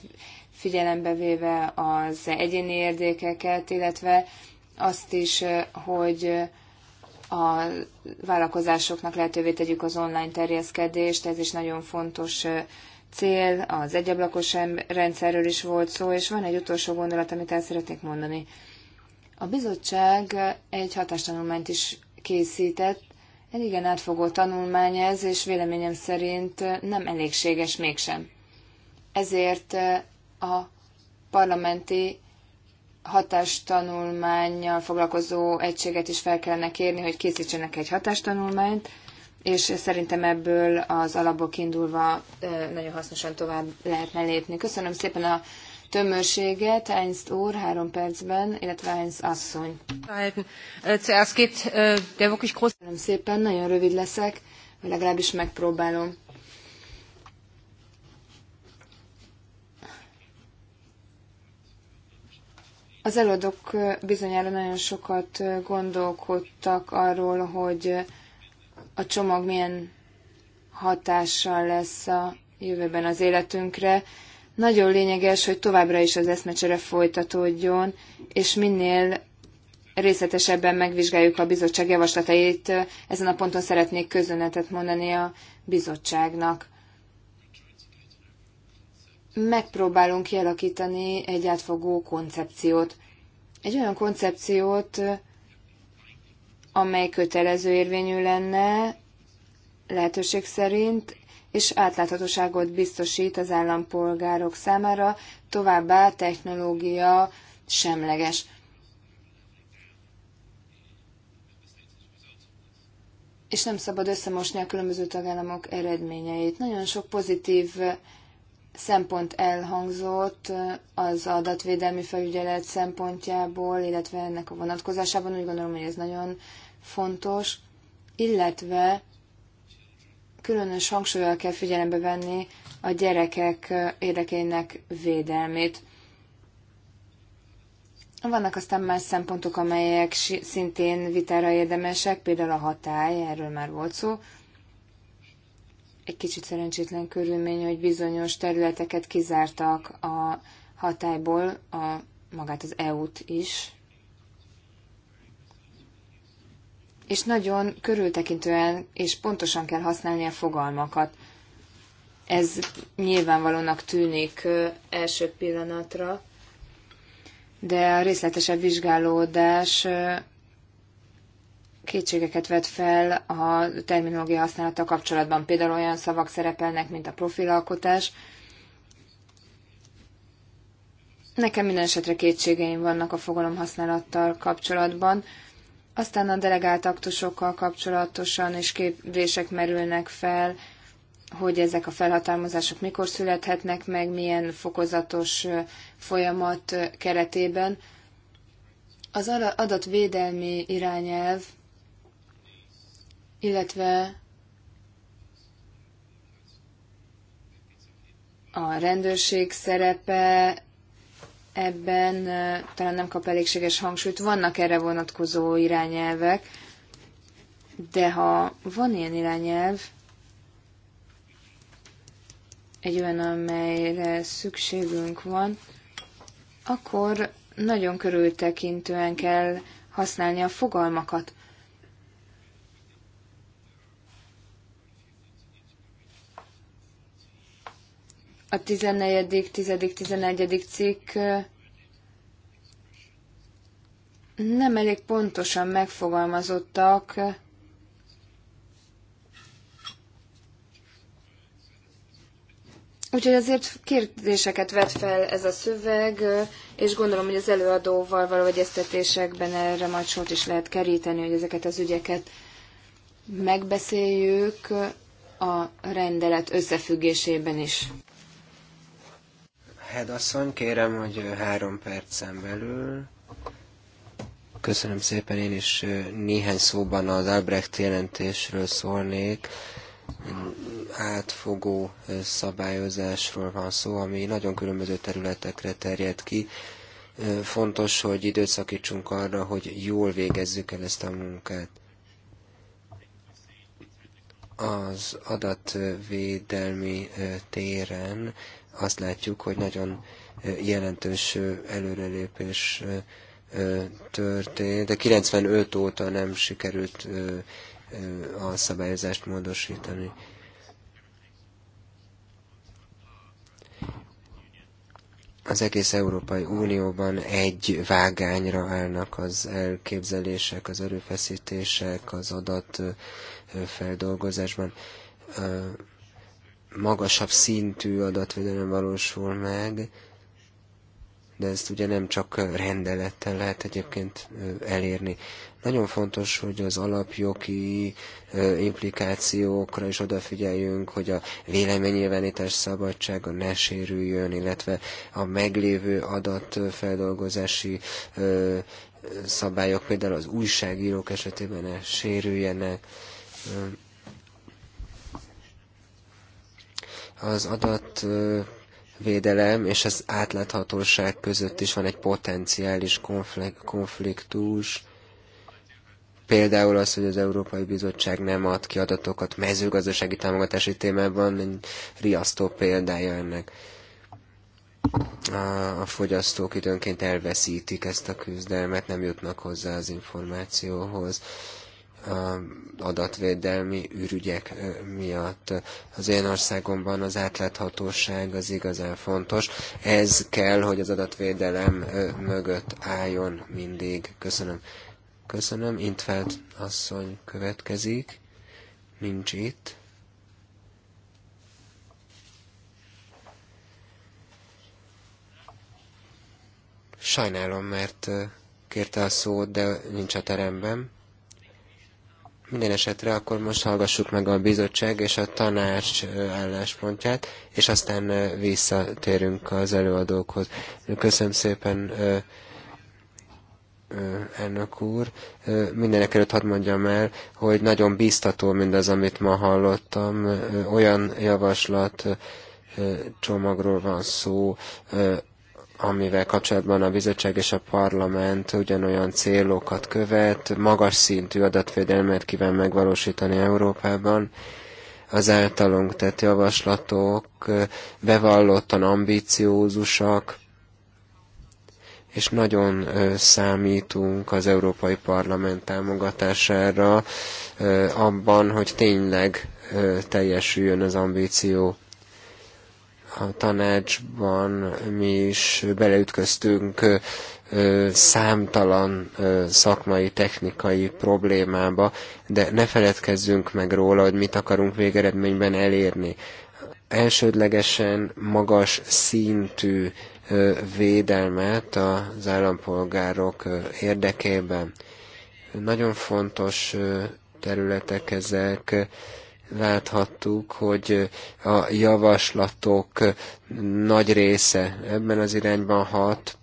figyelembe véve az egyéni érdékeket, illetve azt is, hogy a vállalkozásoknak lehetővé tegyük az online terjeszkedést, ez is nagyon fontos cél, az egyablakos rendszerről is volt szó, és van egy utolsó gondolat, amit el szeretnék mondani. A bizottság egy hatástanulmányt is készített, egy igen átfogó tanulmány ez, és véleményem szerint nem elégséges mégsem. Ezért a parlamenti hatástanulmányjal foglalkozó egységet is fel kellene kérni, hogy készítsenek egy hatástanulmányt, és szerintem ebből az alapból kiindulva nagyon hasznosan tovább lehetne lépni. Köszönöm szépen a tömörséget, Heinz úr három percben, illetve Heinz asszony. Äh, äh, Köszönöm szépen, nagyon rövid leszek, vagy legalábbis megpróbálom. Az előadók bizonyára nagyon sokat gondolkodtak arról, hogy a csomag milyen hatással lesz a jövőben az életünkre. Nagyon lényeges, hogy továbbra is az eszmecsere folytatódjon, és minél részletesebben megvizsgáljuk a bizottság javaslatait. Ezen a ponton szeretnék közönetet mondani a bizottságnak. Megpróbálunk kialakítani egy átfogó koncepciót. Egy olyan koncepciót, amely kötelező érvényű lenne lehetőség szerint, és átláthatóságot biztosít az állampolgárok számára, továbbá technológia semleges. És nem szabad összemosni a különböző tagállamok eredményeit. Nagyon sok pozitív szempont elhangzott az adatvédelmi felügyelet szempontjából, illetve ennek a vonatkozásában. Úgy gondolom, hogy ez nagyon fontos, illetve különös hangsúlyal kell figyelembe venni a gyerekek érdekeinek védelmét. Vannak aztán más szempontok, amelyek szintén vitára érdemesek, például a hatály, erről már volt szó. Egy kicsit szerencsétlen körülmény, hogy bizonyos területeket kizártak a hatályból, a, magát az EU-t is. és nagyon körültekintően és pontosan kell használni a fogalmakat. Ez nyilvánvalónak tűnik első pillanatra, de a részletesebb vizsgálódás kétségeket vet fel a terminológia használata kapcsolatban. Például olyan szavak szerepelnek, mint a profilalkotás. Nekem minden esetre kétségeim vannak a fogalom használattal kapcsolatban. Aztán a delegált aktusokkal kapcsolatosan is kérdések merülnek fel, hogy ezek a felhatalmazások mikor születhetnek meg, milyen fokozatos folyamat keretében. Az adatvédelmi irányelv, illetve a rendőrség szerepe ebben talán nem kap elégséges hangsúlyt. Vannak erre vonatkozó irányelvek, de ha van ilyen irányelv, egy olyan, amelyre szükségünk van, akkor nagyon körültekintően kell használni a fogalmakat. a 14., 10., 11. cikk nem elég pontosan megfogalmazottak, Úgyhogy azért kérdéseket vet fel ez a szöveg, és gondolom, hogy az előadóval való egyeztetésekben erre majd sort is lehet keríteni, hogy ezeket az ügyeket megbeszéljük a rendelet összefüggésében is. Hedasszony, kérem, hogy három percen belül. Köszönöm szépen, én is néhány szóban az Albrecht jelentésről szólnék. Átfogó szabályozásról van szó, ami nagyon különböző területekre terjed ki. Fontos, hogy időszakítsunk arra, hogy jól végezzük el ezt a munkát az adatvédelmi téren azt látjuk, hogy nagyon jelentős előrelépés történt, de 95 óta nem sikerült a szabályozást módosítani. az egész Európai Unióban egy vágányra állnak az elképzelések, az erőfeszítések, az adatfeldolgozásban magasabb szintű adatvédelem valósul meg, de ezt ugye nem csak rendelettel lehet egyébként elérni. Nagyon fontos, hogy az alapjogi implikációkra is odafigyeljünk, hogy a véleménynyilvánítás szabadsága ne sérüljön, illetve a meglévő adatfeldolgozási szabályok például az újságírók esetében ne sérüljenek az adatvédelem és az átláthatóság között is van egy potenciális konfliktus. Például az, hogy az Európai Bizottság nem ad ki adatokat mezőgazdasági támogatási témában, egy riasztó példája ennek. A fogyasztók időnként elveszítik ezt a küzdelmet, nem jutnak hozzá az információhoz adatvédelmi ürügyek miatt. Az én országomban az átláthatóság az igazán fontos. Ez kell, hogy az adatvédelem mögött álljon mindig. Köszönöm. Köszönöm. Intfeld asszony következik. Nincs itt. Sajnálom, mert kérte a szót, de nincs a teremben. Minden esetre akkor most hallgassuk meg a bizottság és a tanács álláspontját, és aztán visszatérünk az előadókhoz. Köszönöm szépen, elnök úr. Mindenek előtt hadd mondjam el, hogy nagyon biztató mindaz, amit ma hallottam. Olyan javaslat csomagról van szó, amivel kapcsolatban a bizottság és a parlament ugyanolyan célokat követ, magas szintű adatvédelmet kíván megvalósítani Európában. Az általunk tett javaslatok bevallottan ambiciózusak, és nagyon számítunk az Európai Parlament támogatására abban, hogy tényleg teljesüljön az ambíció a tanácsban mi is beleütköztünk számtalan szakmai, technikai problémába, de ne feledkezzünk meg róla, hogy mit akarunk végeredményben elérni. Elsődlegesen magas szintű védelmet az állampolgárok érdekében. Nagyon fontos területek ezek, láthattuk, hogy a javaslatok nagy része ebben az irányban hat.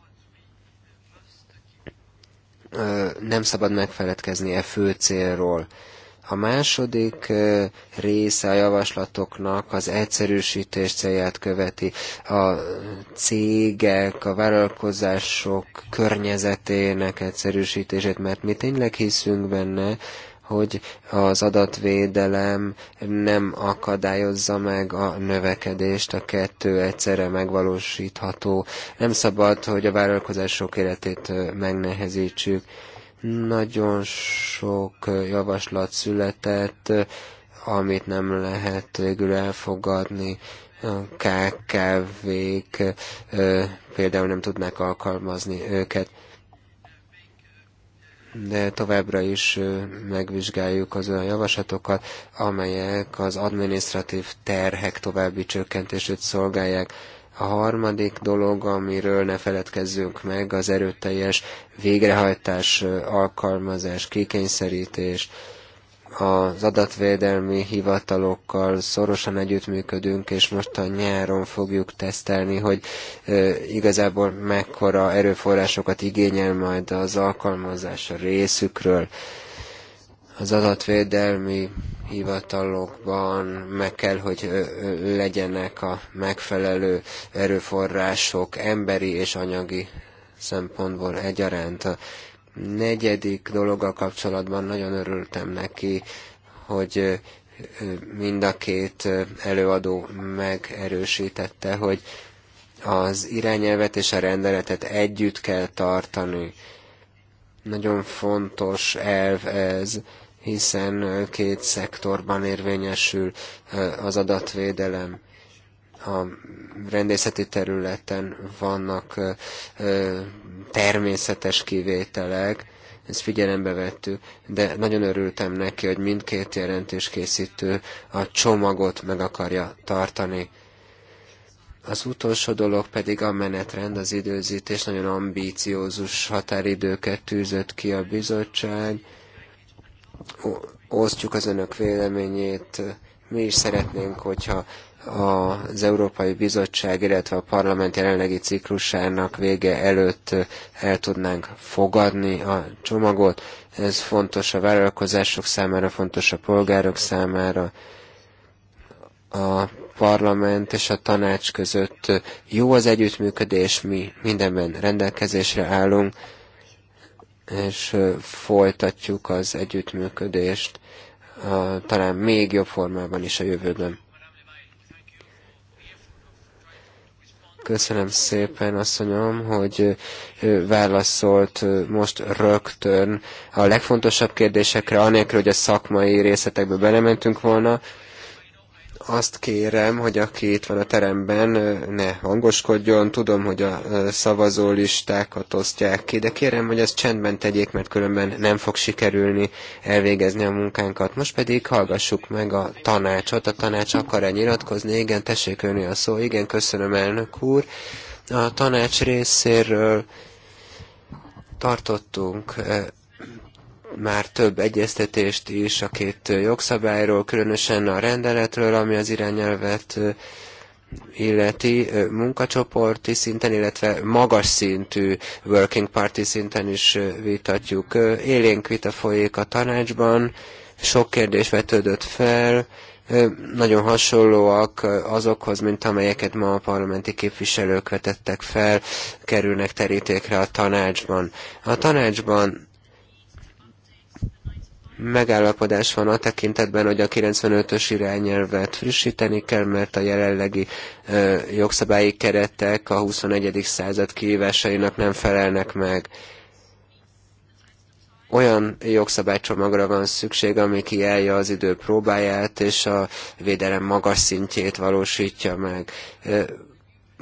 Nem szabad megfeledkezni e fő célról. A második része a javaslatoknak az egyszerűsítés célját követi. A cégek, a vállalkozások környezetének egyszerűsítését, mert mi tényleg hiszünk benne, hogy az adatvédelem nem akadályozza meg a növekedést, a kettő egyszerre megvalósítható. Nem szabad, hogy a vállalkozások életét megnehezítsük. Nagyon sok javaslat született, amit nem lehet végül elfogadni. KKV-k például nem tudnák alkalmazni őket de továbbra is megvizsgáljuk az olyan javaslatokat, amelyek az administratív terhek további csökkentését szolgálják. A harmadik dolog, amiről ne feledkezzünk meg, az erőteljes végrehajtás, alkalmazás, kikényszerítés, az adatvédelmi hivatalokkal szorosan együttműködünk, és most a nyáron fogjuk tesztelni, hogy igazából mekkora erőforrásokat igényel majd az alkalmazás a részükről. Az adatvédelmi hivatalokban meg kell, hogy legyenek a megfelelő erőforrások emberi és anyagi szempontból egyaránt. A negyedik dologgal kapcsolatban nagyon örültem neki, hogy mind a két előadó megerősítette, hogy az irányelvet és a rendeletet együtt kell tartani. Nagyon fontos elv ez, hiszen két szektorban érvényesül az adatvédelem a rendészeti területen vannak természetes kivételek, ezt figyelembe vettük, de nagyon örültem neki, hogy mindkét jelentéskészítő a csomagot meg akarja tartani. Az utolsó dolog pedig a menetrend, az időzítés, nagyon ambíciózus határidőket tűzött ki a bizottság. Osztjuk az önök véleményét, mi is szeretnénk, hogyha az Európai Bizottság, illetve a parlament jelenlegi ciklusának vége előtt el tudnánk fogadni a csomagot. Ez fontos a vállalkozások számára, fontos a polgárok számára. A parlament és a tanács között jó az együttműködés, mi mindenben rendelkezésre állunk, és folytatjuk az együttműködést talán még jobb formában is a jövőben. Köszönöm szépen, asszonyom, hogy válaszolt most rögtön a legfontosabb kérdésekre, anélkül, hogy a szakmai részletekbe belementünk volna azt kérem, hogy aki itt van a teremben, ne hangoskodjon. Tudom, hogy a szavazólistákat osztják ki, de kérem, hogy ezt csendben tegyék, mert különben nem fog sikerülni elvégezni a munkánkat. Most pedig hallgassuk meg a tanácsot. A tanács akar-e nyilatkozni? Igen, tessék önni a szó. Igen, köszönöm, elnök úr. A tanács részéről tartottunk már több egyeztetést is a két jogszabályról, különösen a rendeletről, ami az irányelvet illeti munkacsoporti szinten, illetve magas szintű working party szinten is vitatjuk. Élénk vita folyik a tanácsban, sok kérdés vetődött fel, nagyon hasonlóak azokhoz, mint amelyeket ma a parlamenti képviselők vetettek fel, kerülnek terítékre a tanácsban. A tanácsban megállapodás van a tekintetben, hogy a 95-ös irányelvet frissíteni kell, mert a jelenlegi ö, jogszabályi keretek a 21. század kihívásainak nem felelnek meg. Olyan jogszabálycsomagra van szükség, ami kiállja az idő próbáját, és a védelem magas szintjét valósítja meg.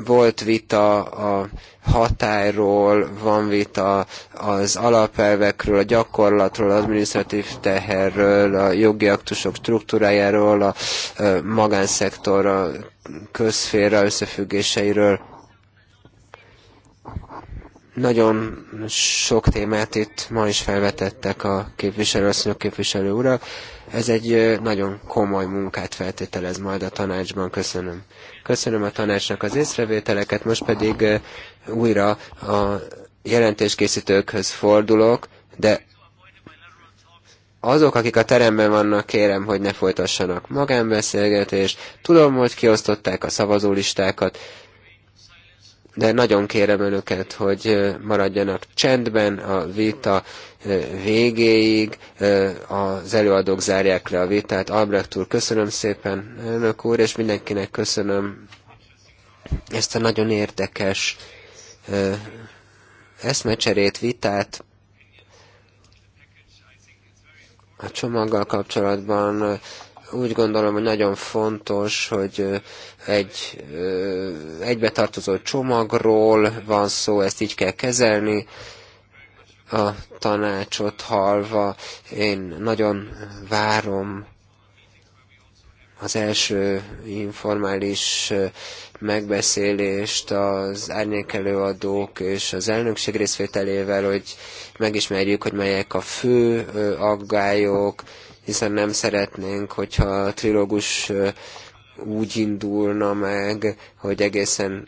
Volt vita a határól, van vita az alapelvekről, a gyakorlatról, az administratív teherről, a jogi aktusok struktúrájáról, a magánszektor, a közféra összefüggéseiről nagyon sok témát itt ma is felvetettek a képviselőasszonyok képviselő urak. Ez egy nagyon komoly munkát feltételez majd a tanácsban. Köszönöm. Köszönöm a tanácsnak az észrevételeket, most pedig újra a jelentéskészítőkhöz fordulok, de azok, akik a teremben vannak, kérem, hogy ne folytassanak magánbeszélgetést. Tudom, hogy kiosztották a szavazólistákat, de nagyon kérem önöket, hogy maradjanak csendben a vita végéig. Az előadók zárják le a vitát. Albrecht úr, köszönöm szépen, önök úr, és mindenkinek köszönöm ezt a nagyon érdekes eszmecserét, vitát. A csomaggal kapcsolatban úgy gondolom, hogy nagyon fontos, hogy egy egybetartozó csomagról van szó, ezt így kell kezelni. A tanácsot halva én nagyon várom az első informális megbeszélést az árnyékelőadók és az elnökség részvételével, hogy megismerjük, hogy melyek a fő aggályok, hiszen nem szeretnénk, hogyha a trilógus úgy indulna meg, hogy egészen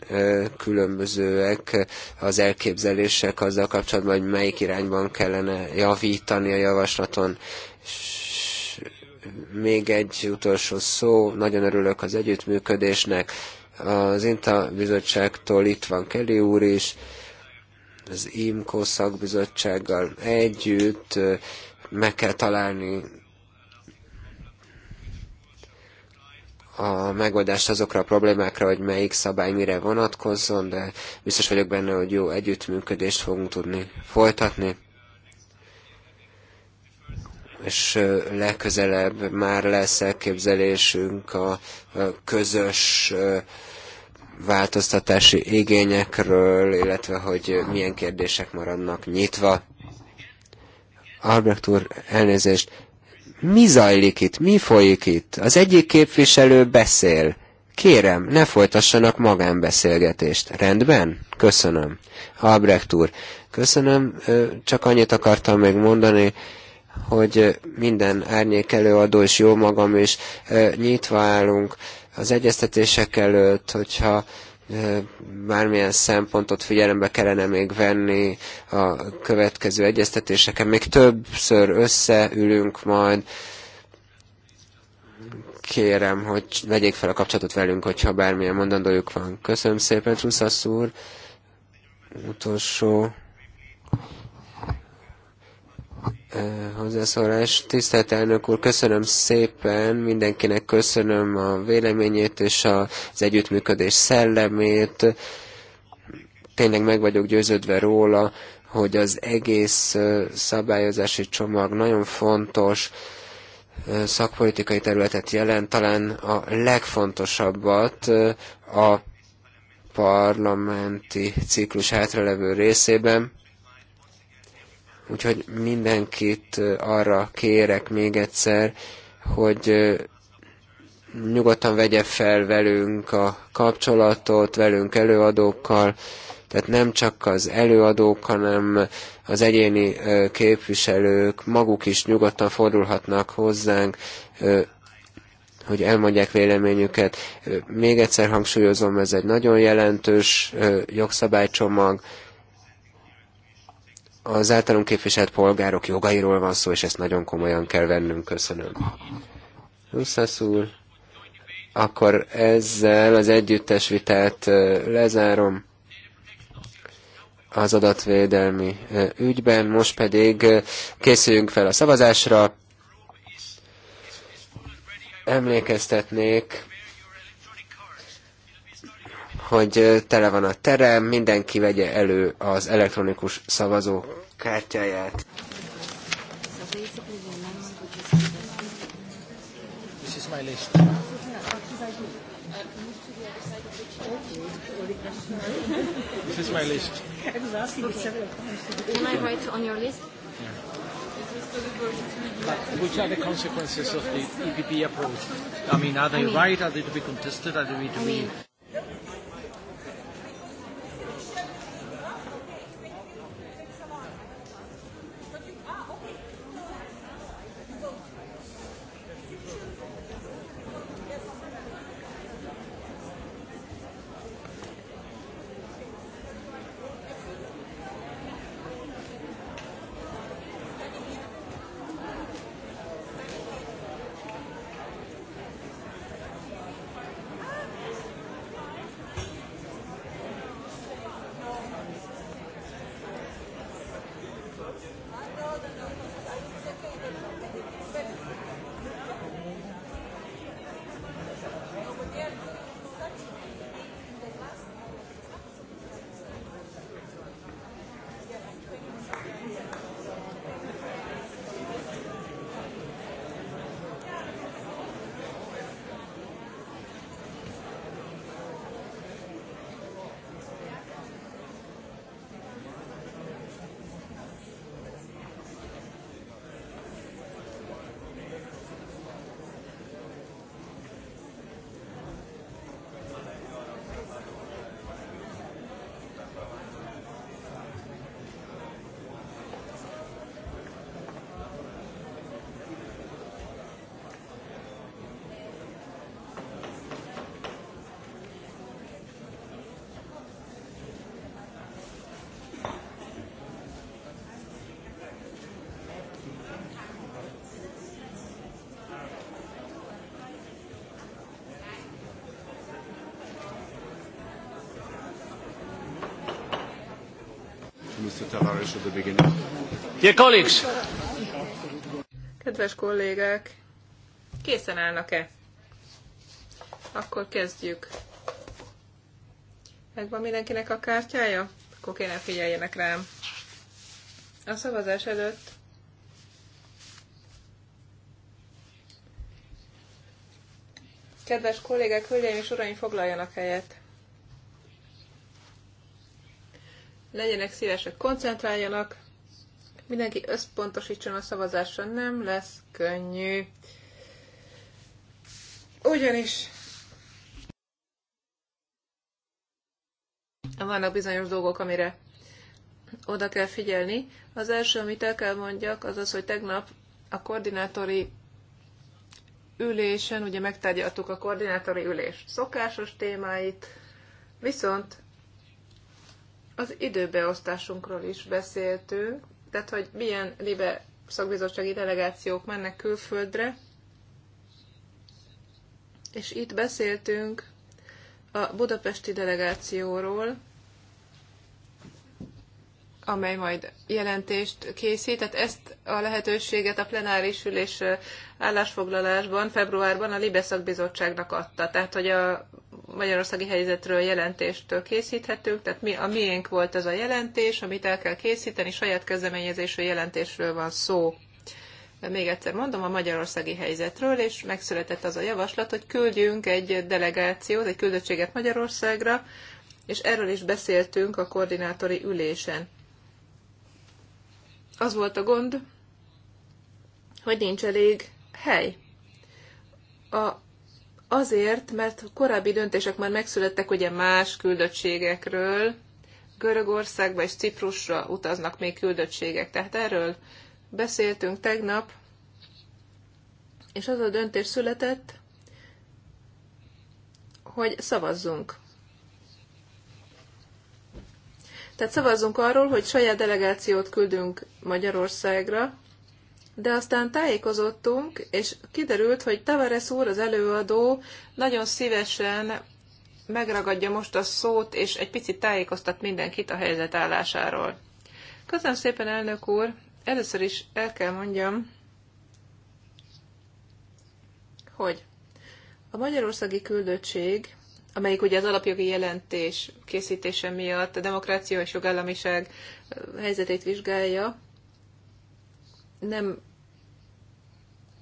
különbözőek az elképzelések azzal kapcsolatban, hogy melyik irányban kellene javítani a javaslaton. S még egy utolsó szó, nagyon örülök az együttműködésnek. Az INTA bizottságtól itt van Kelly úr is, az IMCO szakbizottsággal együtt meg kell találni a megoldást azokra a problémákra, hogy melyik szabály mire vonatkozzon, de biztos vagyok benne, hogy jó együttműködést fogunk tudni folytatni. És legközelebb már lesz elképzelésünk a közös változtatási igényekről, illetve hogy milyen kérdések maradnak nyitva. Albrecht úr, elnézést, mi zajlik itt, mi folyik itt? Az egyik képviselő beszél. Kérem, ne folytassanak magánbeszélgetést. Rendben? Köszönöm. Albrecht úr, köszönöm. Csak annyit akartam még mondani, hogy minden árnyék előadó is jó magam is nyitva állunk az egyeztetések előtt, hogyha bármilyen szempontot figyelembe kellene még venni a következő egyeztetéseken. Még többször összeülünk majd. Kérem, hogy vegyék fel a kapcsolatot velünk, hogyha bármilyen mondandójuk van. Köszönöm szépen, Truszasz úr. Utolsó hozzászólás. Tisztelt elnök úr, köszönöm szépen, mindenkinek köszönöm a véleményét és az együttműködés szellemét. Tényleg meg vagyok győződve róla, hogy az egész szabályozási csomag nagyon fontos szakpolitikai területet jelent, talán a legfontosabbat a parlamenti ciklus hátralevő részében Úgyhogy mindenkit arra kérek még egyszer, hogy nyugodtan vegye fel velünk a kapcsolatot, velünk előadókkal, tehát nem csak az előadók, hanem az egyéni képviselők maguk is nyugodtan fordulhatnak hozzánk, hogy elmondják véleményüket. Még egyszer hangsúlyozom, ez egy nagyon jelentős jogszabálycsomag, az általunk képviselt polgárok jogairól van szó, és ezt nagyon komolyan kell vennünk. Köszönöm. Huszasz úr, akkor ezzel az együttes vitát lezárom az adatvédelmi ügyben, most pedig készüljünk fel a szavazásra. Emlékeztetnék hogy tele van a terem, mindenki vegye elő az elektronikus szavazó kártyáját. This is my list. This is my list. Can I write on your list? Yeah. which are the consequences of the EPP approach? I mean, are they I mean, right? Are they to be contested? Are they to be? I mean, Dear colleagues! Kedves kollégák, készen állnak-e? Akkor kezdjük. Megvan mindenkinek a kártyája? Akkor kéne figyeljenek rám. A szavazás előtt Kedves kollégák, hölgyeim és uraim, foglaljanak helyet! legyenek szívesek, koncentráljanak, mindenki összpontosítson a szavazásra, nem lesz könnyű. Ugyanis vannak bizonyos dolgok, amire oda kell figyelni. Az első, amit el kell mondjak, az az, hogy tegnap a koordinátori ülésen, ugye megtárgyaltuk a koordinátori ülés szokásos témáit, viszont az időbeosztásunkról is beszéltünk, tehát hogy milyen libe szakbizottsági delegációk mennek külföldre, és itt beszéltünk a budapesti delegációról, amely majd jelentést készít. Tehát ezt a lehetőséget a plenáris ülés állásfoglalásban, februárban a Libeszak Bizottságnak adta. Tehát, hogy a magyarországi helyzetről jelentést készíthetünk, tehát mi, a miénk volt ez a jelentés, amit el kell készíteni, saját kezdeményezésű jelentésről van szó. De még egyszer mondom, a magyarországi helyzetről, és megszületett az a javaslat, hogy küldjünk egy delegációt, egy küldöttséget Magyarországra, és erről is beszéltünk a koordinátori ülésen az volt a gond, hogy nincs elég hely. A, azért, mert korábbi döntések már megszülettek ugye más küldöttségekről, Görögországba és Ciprusra utaznak még küldöttségek. Tehát erről beszéltünk tegnap, és az a döntés született, hogy szavazzunk. Tehát szavazzunk arról, hogy saját delegációt küldünk Magyarországra, de aztán tájékozottunk, és kiderült, hogy Tavares úr, az előadó, nagyon szívesen megragadja most a szót, és egy picit tájékoztat mindenkit a helyzet állásáról. Köszönöm szépen, elnök úr! Először is el kell mondjam, hogy a magyarországi küldöttség amelyik ugye az alapjogi jelentés készítése miatt a demokrácia és jogállamiság helyzetét vizsgálja, nem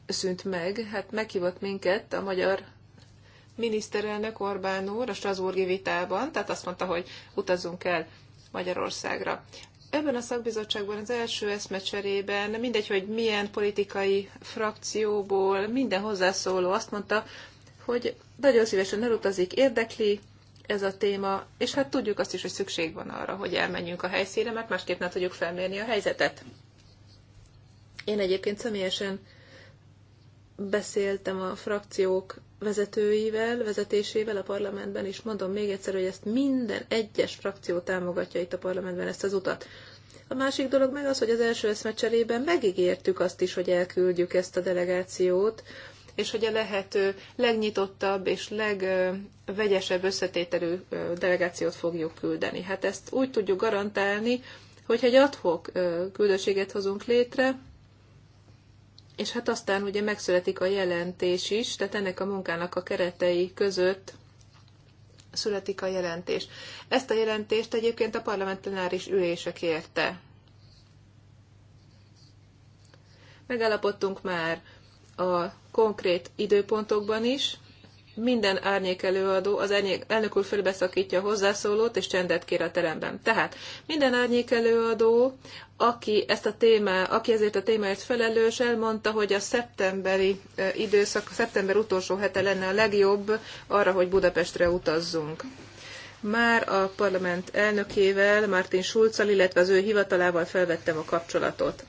szűnt meg. Hát meghívott minket a magyar miniszterelnök Orbán úr a Strasburgi vitában, tehát azt mondta, hogy utazunk el Magyarországra. Ebben a szakbizottságban az első eszmecserében, mindegy, hogy milyen politikai frakcióból, minden hozzászóló azt mondta, hogy nagyon szívesen elutazik, érdekli ez a téma, és hát tudjuk azt is, hogy szükség van arra, hogy elmenjünk a helyszínre, mert másképp nem tudjuk felmérni a helyzetet. Én egyébként személyesen beszéltem a frakciók vezetőivel, vezetésével a parlamentben, és mondom még egyszer, hogy ezt minden egyes frakció támogatja itt a parlamentben ezt az utat. A másik dolog meg az, hogy az első eszmecserében megígértük azt is, hogy elküldjük ezt a delegációt, és hogy a lehető legnyitottabb és legvegyesebb összetételű delegációt fogjuk küldeni. Hát ezt úgy tudjuk garantálni, hogy egy adhok küldöséget hozunk létre, és hát aztán ugye megszületik a jelentés is, tehát ennek a munkának a keretei között születik a jelentés. Ezt a jelentést egyébként a parlament plenáris ülése kérte. Megállapodtunk már a konkrét időpontokban is. Minden árnyék előadó, az árnyék, elnök úr fölbeszakítja a hozzászólót, és csendet kér a teremben. Tehát minden árnyék előadó, aki, ezt a témá, aki ezért a témáért felelős, elmondta, hogy a szeptemberi eh, időszak, a szeptember utolsó hete lenne a legjobb arra, hogy Budapestre utazzunk már a parlament elnökével, Martin Schulzal, illetve az ő hivatalával felvettem a kapcsolatot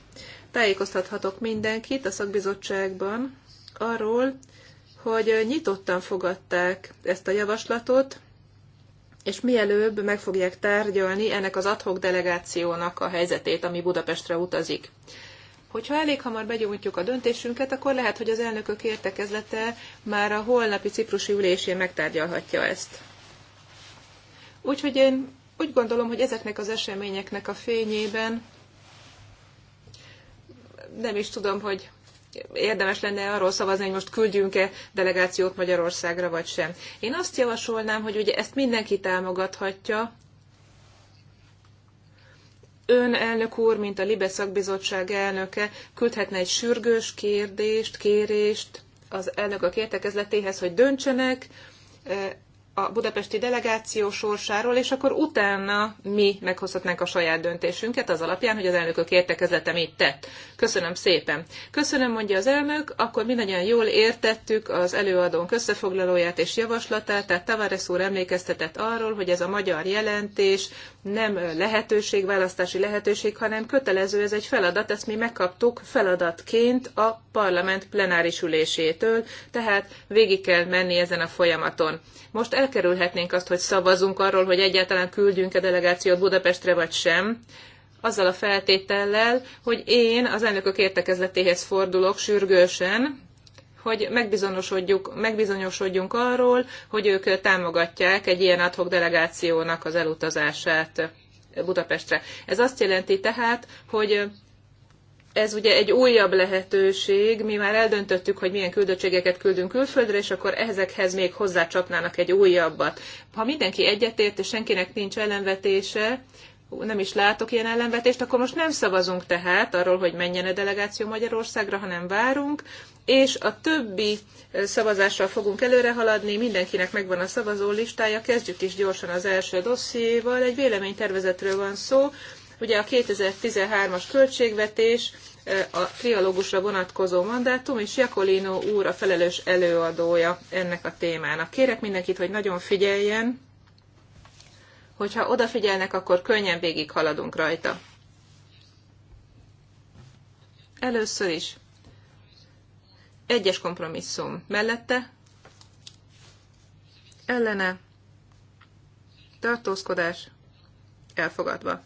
tájékoztathatok mindenkit a szakbizottságban arról, hogy nyitottan fogadták ezt a javaslatot, és mielőbb meg fogják tárgyalni ennek az adhok delegációnak a helyzetét, ami Budapestre utazik. Hogyha elég hamar begyújtjuk a döntésünket, akkor lehet, hogy az elnökök értekezlete már a holnapi ciprusi ülésén megtárgyalhatja ezt. Úgyhogy én úgy gondolom, hogy ezeknek az eseményeknek a fényében nem is tudom, hogy érdemes lenne arról szavazni, hogy most küldjünk-e delegációt Magyarországra, vagy sem. Én azt javasolnám, hogy ugye ezt mindenki támogathatja, Ön elnök úr, mint a Libe szakbizottság elnöke, küldhetne egy sürgős kérdést, kérést az a kértekezletéhez, hogy döntsenek, a budapesti delegáció sorsáról, és akkor utána mi meghozhatnánk a saját döntésünket az alapján, hogy az elnökök értekezete mit tett. Köszönöm szépen. Köszönöm, mondja az elnök, akkor mi nagyon jól értettük az előadónk összefoglalóját és javaslatát, tehát Tavares úr emlékeztetett arról, hogy ez a magyar jelentés nem lehetőség, választási lehetőség, hanem kötelező, ez egy feladat, ezt mi megkaptuk feladatként a parlament plenáris ülésétől, tehát végig kell menni ezen a folyamaton. Most elkerülhetnénk azt, hogy szavazunk arról, hogy egyáltalán küldjünk-e delegációt Budapestre vagy sem, azzal a feltétellel, hogy én az elnökök értekezletéhez fordulok sürgősen, hogy megbizonyosodjuk, megbizonyosodjunk arról, hogy ők támogatják egy ilyen adhok delegációnak az elutazását Budapestre. Ez azt jelenti tehát, hogy ez ugye egy újabb lehetőség, mi már eldöntöttük, hogy milyen küldöttségeket küldünk külföldre, és akkor ezekhez még hozzácsapnának egy újabbat. Ha mindenki egyetért, és senkinek nincs ellenvetése, nem is látok ilyen ellenvetést, akkor most nem szavazunk tehát arról, hogy menjen a delegáció Magyarországra, hanem várunk, és a többi szavazással fogunk előre haladni, mindenkinek megvan a szavazó listája, kezdjük is gyorsan az első dossziéval, egy véleménytervezetről van szó, ugye a 2013-as költségvetés, a trialógusra vonatkozó mandátum, és Jakolino úr a felelős előadója ennek a témának. Kérek mindenkit, hogy nagyon figyeljen, hogyha odafigyelnek, akkor könnyen végig haladunk rajta. Először is egyes kompromisszum mellette, ellene, tartózkodás, elfogadva.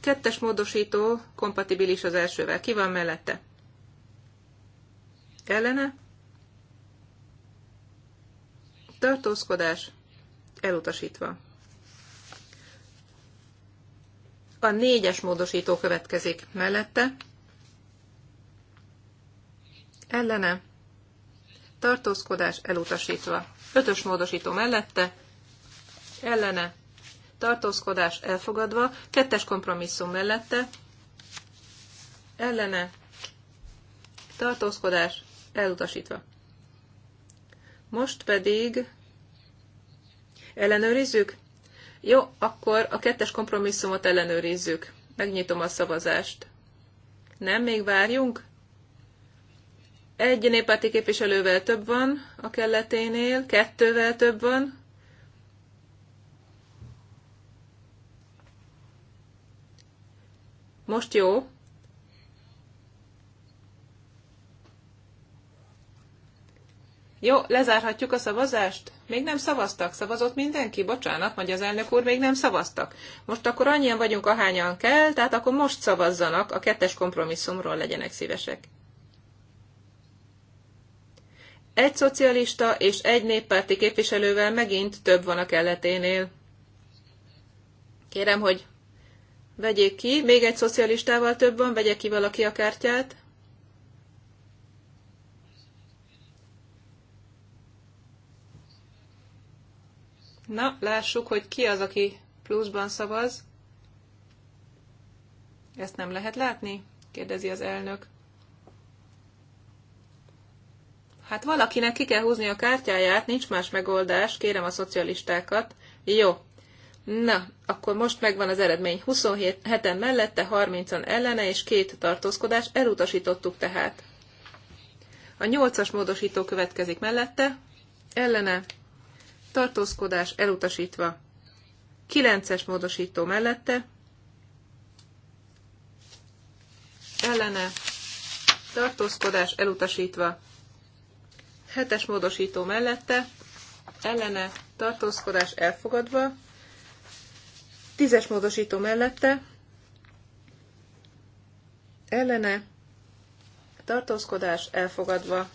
Kettes módosító kompatibilis az elsővel. Ki van mellette? Ellene? Tartózkodás elutasítva. A négyes módosító következik mellette ellene, tartózkodás elutasítva. Ötös módosító mellette, ellene, tartózkodás elfogadva, kettes kompromisszum mellette, ellene, tartózkodás elutasítva. Most pedig ellenőrizzük? Jó, akkor a kettes kompromisszumot ellenőrizzük. Megnyitom a szavazást. Nem, még várjunk? Egy néppárti képviselővel több van a kelleténél, kettővel több van. Most jó. Jó, lezárhatjuk a szavazást? Még nem szavaztak, szavazott mindenki, bocsánat, mondja az elnök úr, még nem szavaztak. Most akkor annyian vagyunk, ahányan kell, tehát akkor most szavazzanak, a kettes kompromisszumról legyenek szívesek. Egy szocialista és egy néppárti képviselővel megint több van a kelleténél. Kérem, hogy vegyék ki, még egy szocialistával több van, vegye ki valaki a kártyát. Na, lássuk, hogy ki az, aki pluszban szavaz. Ezt nem lehet látni? kérdezi az elnök. Hát valakinek ki kell húzni a kártyáját, nincs más megoldás, kérem a szocialistákat. Jó. Na, akkor most megvan az eredmény. 27 heten mellette, 30-an ellene és két tartózkodás. Elutasítottuk tehát. A 8-as módosító következik mellette, ellene, tartózkodás elutasítva. 9-es módosító mellette, ellene, tartózkodás elutasítva. Hetes módosító mellette, ellene tartózkodás elfogadva, tízes módosító mellette, ellene tartózkodás elfogadva,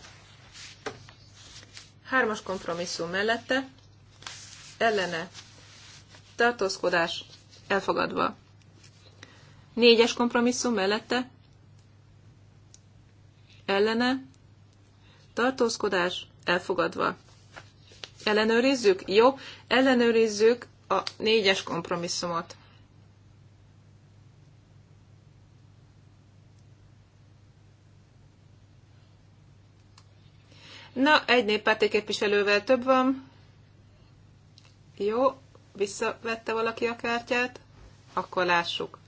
hármas kompromisszum mellette, ellene tartózkodás elfogadva, négyes kompromisszum mellette, ellene tartózkodás elfogadva. Ellenőrizzük? Jó, ellenőrizzük a négyes kompromisszumot. Na, egy néppárti képviselővel több van. Jó, visszavette valaki a kártyát. Akkor lássuk.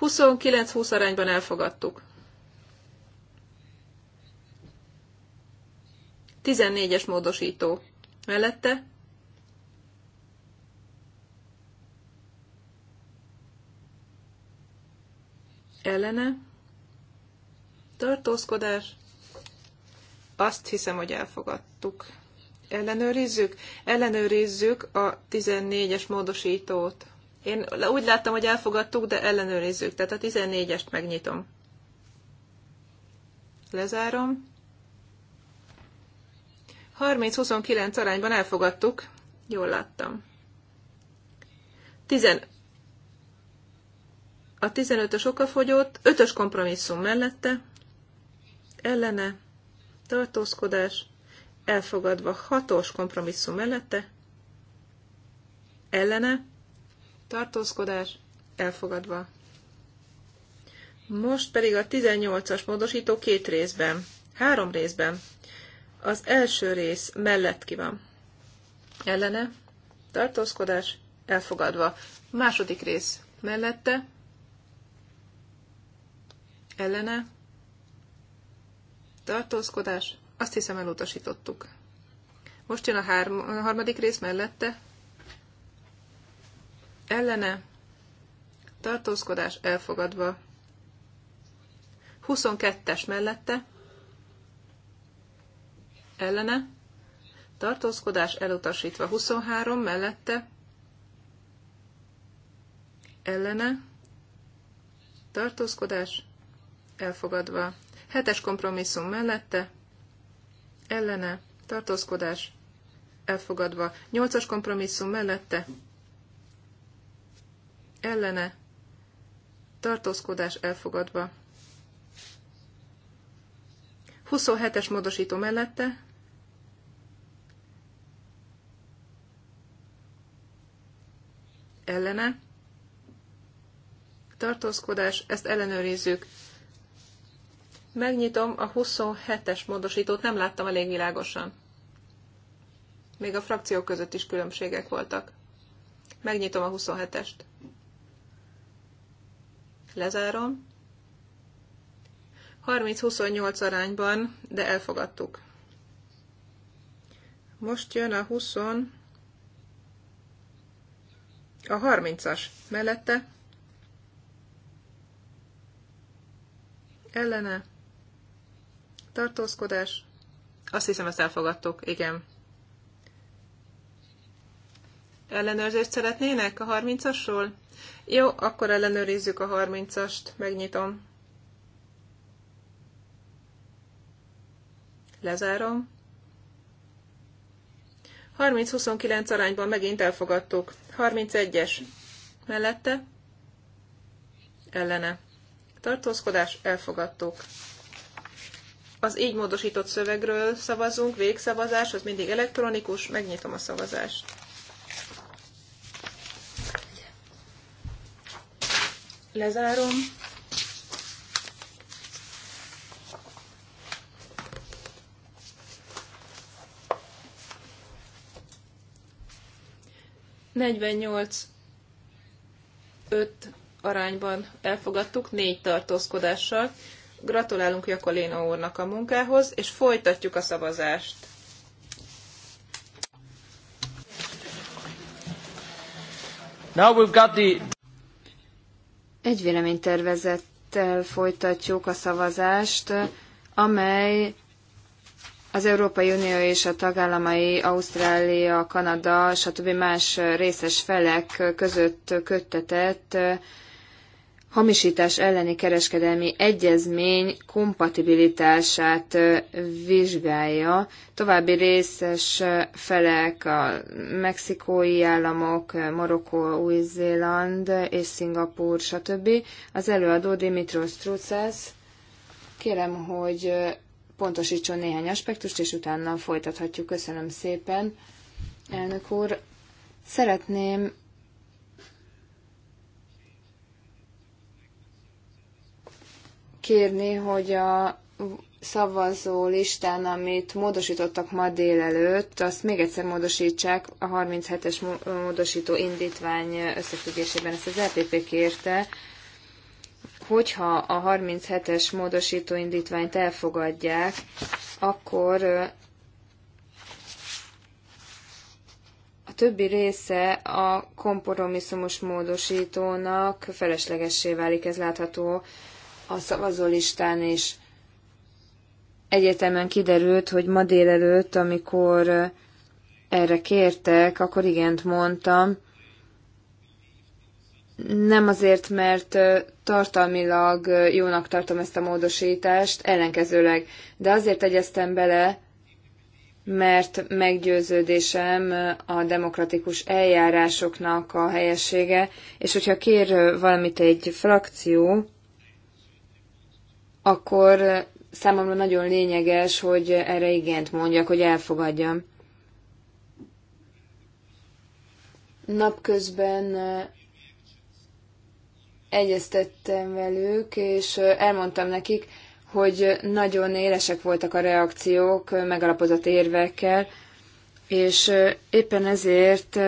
29-20 arányban elfogadtuk. 14-es módosító. Mellette ellene tartózkodás. Azt hiszem, hogy elfogadtuk. Ellenőrizzük? Ellenőrizzük a 14-es módosítót. Én úgy láttam, hogy elfogadtuk, de ellenőrizzük. Tehát a 14-est megnyitom. Lezárom. 30-29 arányban elfogadtuk. Jól láttam. 10, a 15-ös fogyott, 5-ös kompromisszum mellette, ellene, tartózkodás, elfogadva 6-os kompromisszum mellette, ellene, tartózkodás, elfogadva. Most pedig a 18-as módosító két részben, három részben. Az első rész mellett ki van. Ellene. Tartózkodás. Elfogadva. Második rész mellette. Ellene. Tartózkodás. Azt hiszem elutasítottuk. Most jön a, három, a harmadik rész mellette. Ellene. Tartózkodás elfogadva. 22-es mellette ellene, tartózkodás elutasítva 23 mellette, ellene, tartózkodás elfogadva, hetes kompromisszum mellette, ellene, tartózkodás elfogadva, nyolcas kompromisszum mellette, ellene, tartózkodás elfogadva, 27-es módosító mellette, ellene, tartózkodás, ezt ellenőrizzük. Megnyitom a 27-es módosítót, nem láttam elég világosan. Még a frakciók között is különbségek voltak. Megnyitom a 27-est. Lezárom. 30-28 arányban, de elfogadtuk. Most jön a 20, a 30-as mellette, ellene, tartózkodás, azt hiszem ezt elfogadtuk, igen. Ellenőrzést szeretnének a 30-asról? Jó, akkor ellenőrizzük a 30-ast, megnyitom. Lezárom. 30-29 arányban megint elfogadtuk. 31-es mellette, ellene. Tartózkodás, elfogadtuk. Az így módosított szövegről szavazunk, végszavazás, az mindig elektronikus, megnyitom a szavazást. Lezárom. 48 5 arányban elfogadtuk, négy tartózkodással. Gratulálunk Jakolina úrnak a munkához, és folytatjuk a szavazást. Now we've got the... Egy véleménytervezettel folytatjuk a szavazást, amely az Európai Unió és a tagállamai, Ausztrália, Kanada, stb. más részes felek között köttetett hamisítás elleni kereskedelmi egyezmény kompatibilitását vizsgálja. További részes felek a mexikói államok, Marokkó, Új-Zéland és Szingapúr, stb. Az előadó Dimitros Trucász. Kérem, hogy pontosítson néhány aspektust, és utána folytathatjuk. Köszönöm szépen, elnök úr. Szeretném kérni, hogy a szavazó listán, amit módosítottak ma délelőtt, azt még egyszer módosítsák a 37-es módosító indítvány összefüggésében. Ezt az LPP e kérte, hogyha a 37-es módosító indítványt elfogadják, akkor a többi része a kompromisszumos módosítónak feleslegessé válik, ez látható a szavazólistán is. Egyetemen kiderült, hogy ma délelőtt, amikor erre kértek, akkor igent mondtam. Nem azért, mert tartalmilag jónak tartom ezt a módosítást, ellenkezőleg. De azért egyeztem bele, mert meggyőződésem a demokratikus eljárásoknak a helyessége, és hogyha kér valamit egy frakció, akkor számomra nagyon lényeges, hogy erre igent mondjak, hogy elfogadjam. Napközben egyeztettem velük, és elmondtam nekik, hogy nagyon élesek voltak a reakciók, megalapozott érvekkel, és éppen ezért